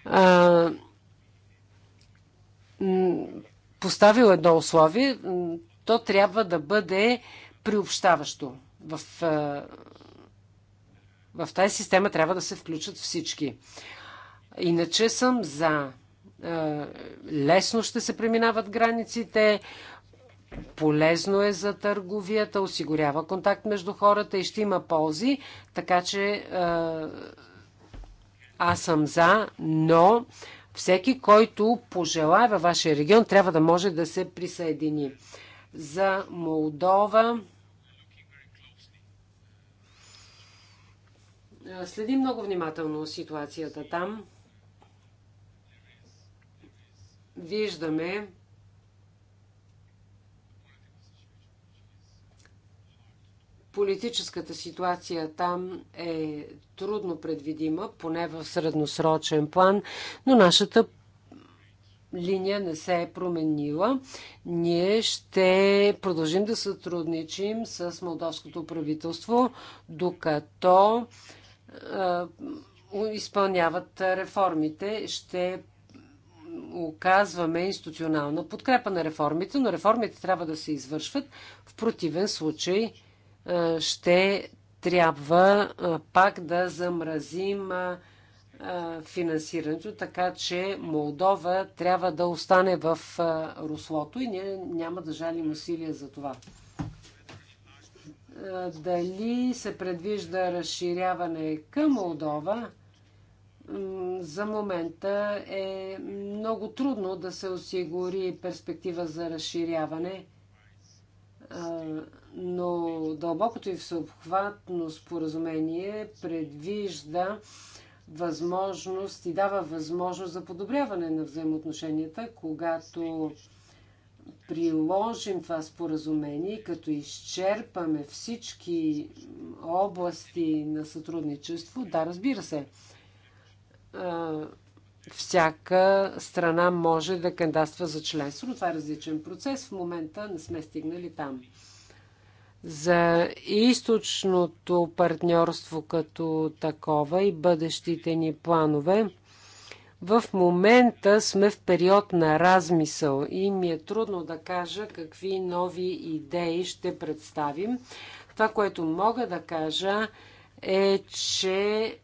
а, поставил едно условие то трябва да бъде приобщаващо. В, е, в тази система трябва да се включат всички. Иначе съм за. Е, лесно ще се преминават границите, полезно е за търговията, осигурява контакт между хората и ще има ползи, така че е, аз съм за, но всеки, който пожелая във вашия регион, трябва да може да се присъедини за Молдова. Следи много внимателно ситуацията там. Виждаме политическата ситуация там е трудно предвидима, поне в средносрочен план, но нашата линия не се е променила. Ние ще продължим да сътрудничим с молдовското правителство, докато изпълняват реформите. Ще оказваме институционална подкрепа на реформите, но реформите трябва да се извършват. В противен случай ще трябва пак да замразим финансирането, така че Молдова трябва да остане в руслото и ние няма да жалим усилия за това. Дали се предвижда разширяване към Молдова? За момента е много трудно да се осигури перспектива за разширяване, но дълбокото и всеобхватно споразумение предвижда възможност и дава възможност за подобряване на взаимоотношенията, когато приложим това споразумение, като изчерпаме всички области на сътрудничество, да, разбира се, всяка страна може да кандаства за членство, но това е различен процес. В момента не сме стигнали там за източното партньорство като такова и бъдещите ни планове. В момента сме в период на размисъл и ми е трудно да кажа какви нови идеи ще представим. Това, което мога да кажа е, че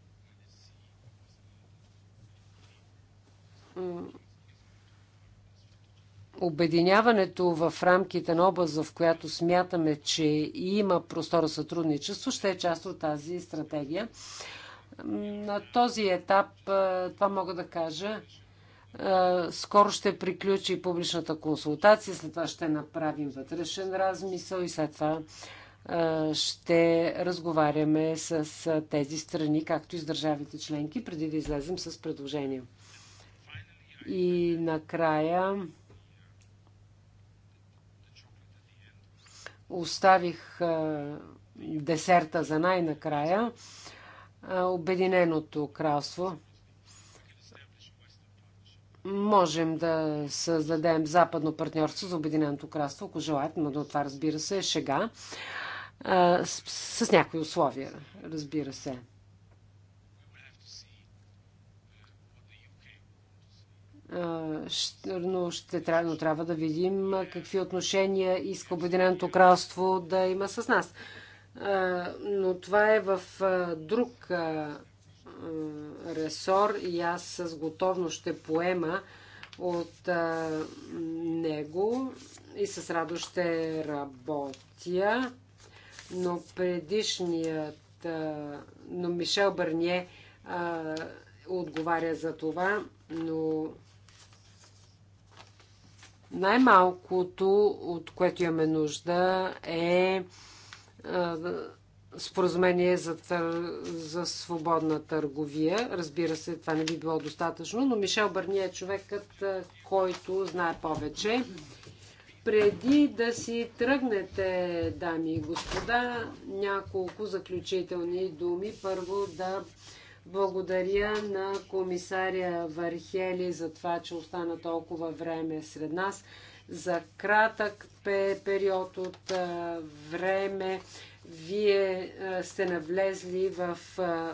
Обединяването в рамките на област, в която смятаме, че има простора сътрудничество, ще е част от тази стратегия. На този етап, това мога да кажа, скоро ще приключи публичната консултация, след това ще направим вътрешен размисъл и след това ще разговаряме с тези страни, както и с държавите членки, преди да излезем с предложение. И накрая оставих десерта за най-накрая. Обединеното кралство. Можем да създадем западно партньорство за Обединеното кралство, ако желаят, но това разбира се е шега. С, с някои условия, разбира се. но, ще, но трябва да видим какви отношения иска Обединеното кралство да има с нас. Но това е в друг ресор и аз с готовност ще поема от него и с радост ще работя. Но предишният, но Мишел Бърние отговаря за това, но най-малкото, от което имаме нужда, е споразумение за, тър... за свободна търговия. Разбира се, това не би било достатъчно, но Мишел Бърни е човекът, който знае повече. Преди да си тръгнете, дами и господа, няколко заключителни думи. Първо да благодаря на комисаря Вархели за това, че остана толкова време сред нас. За кратък период от време вие сте навлезли в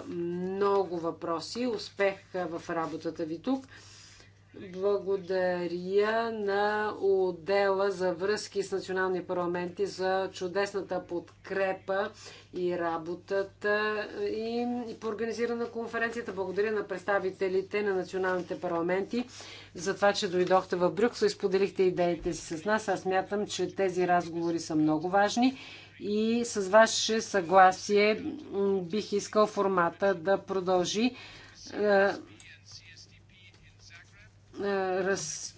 много въпроси. Успех в работата ви тук. Благодаря на отдела за връзки с национални парламенти за чудесната подкрепа и работата и по организиране на конференцията. Благодаря на представителите на националните парламенти за това, че дойдохте в Брюксел и споделихте идеите си с нас. Аз мятам, че тези разговори са много важни и с ваше съгласие бих искал формата да продължи е, е, раз...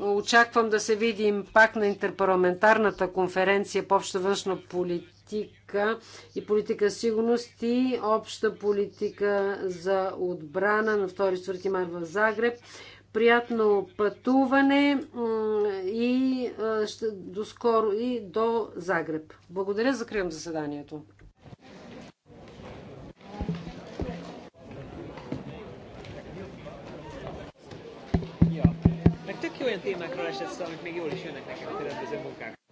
Очаквам да се видим пак на интерпарламентарната конференция по обща външна политика и политика сигурност и обща политика за отбрана на 2-4 май в Загреб. Приятно пътуване и, е, доскоро, и до Загреб. Благодаря, закривам заседанието. olyan témákról esett szó, amik még jól is jönnek nekem a különböző munkák.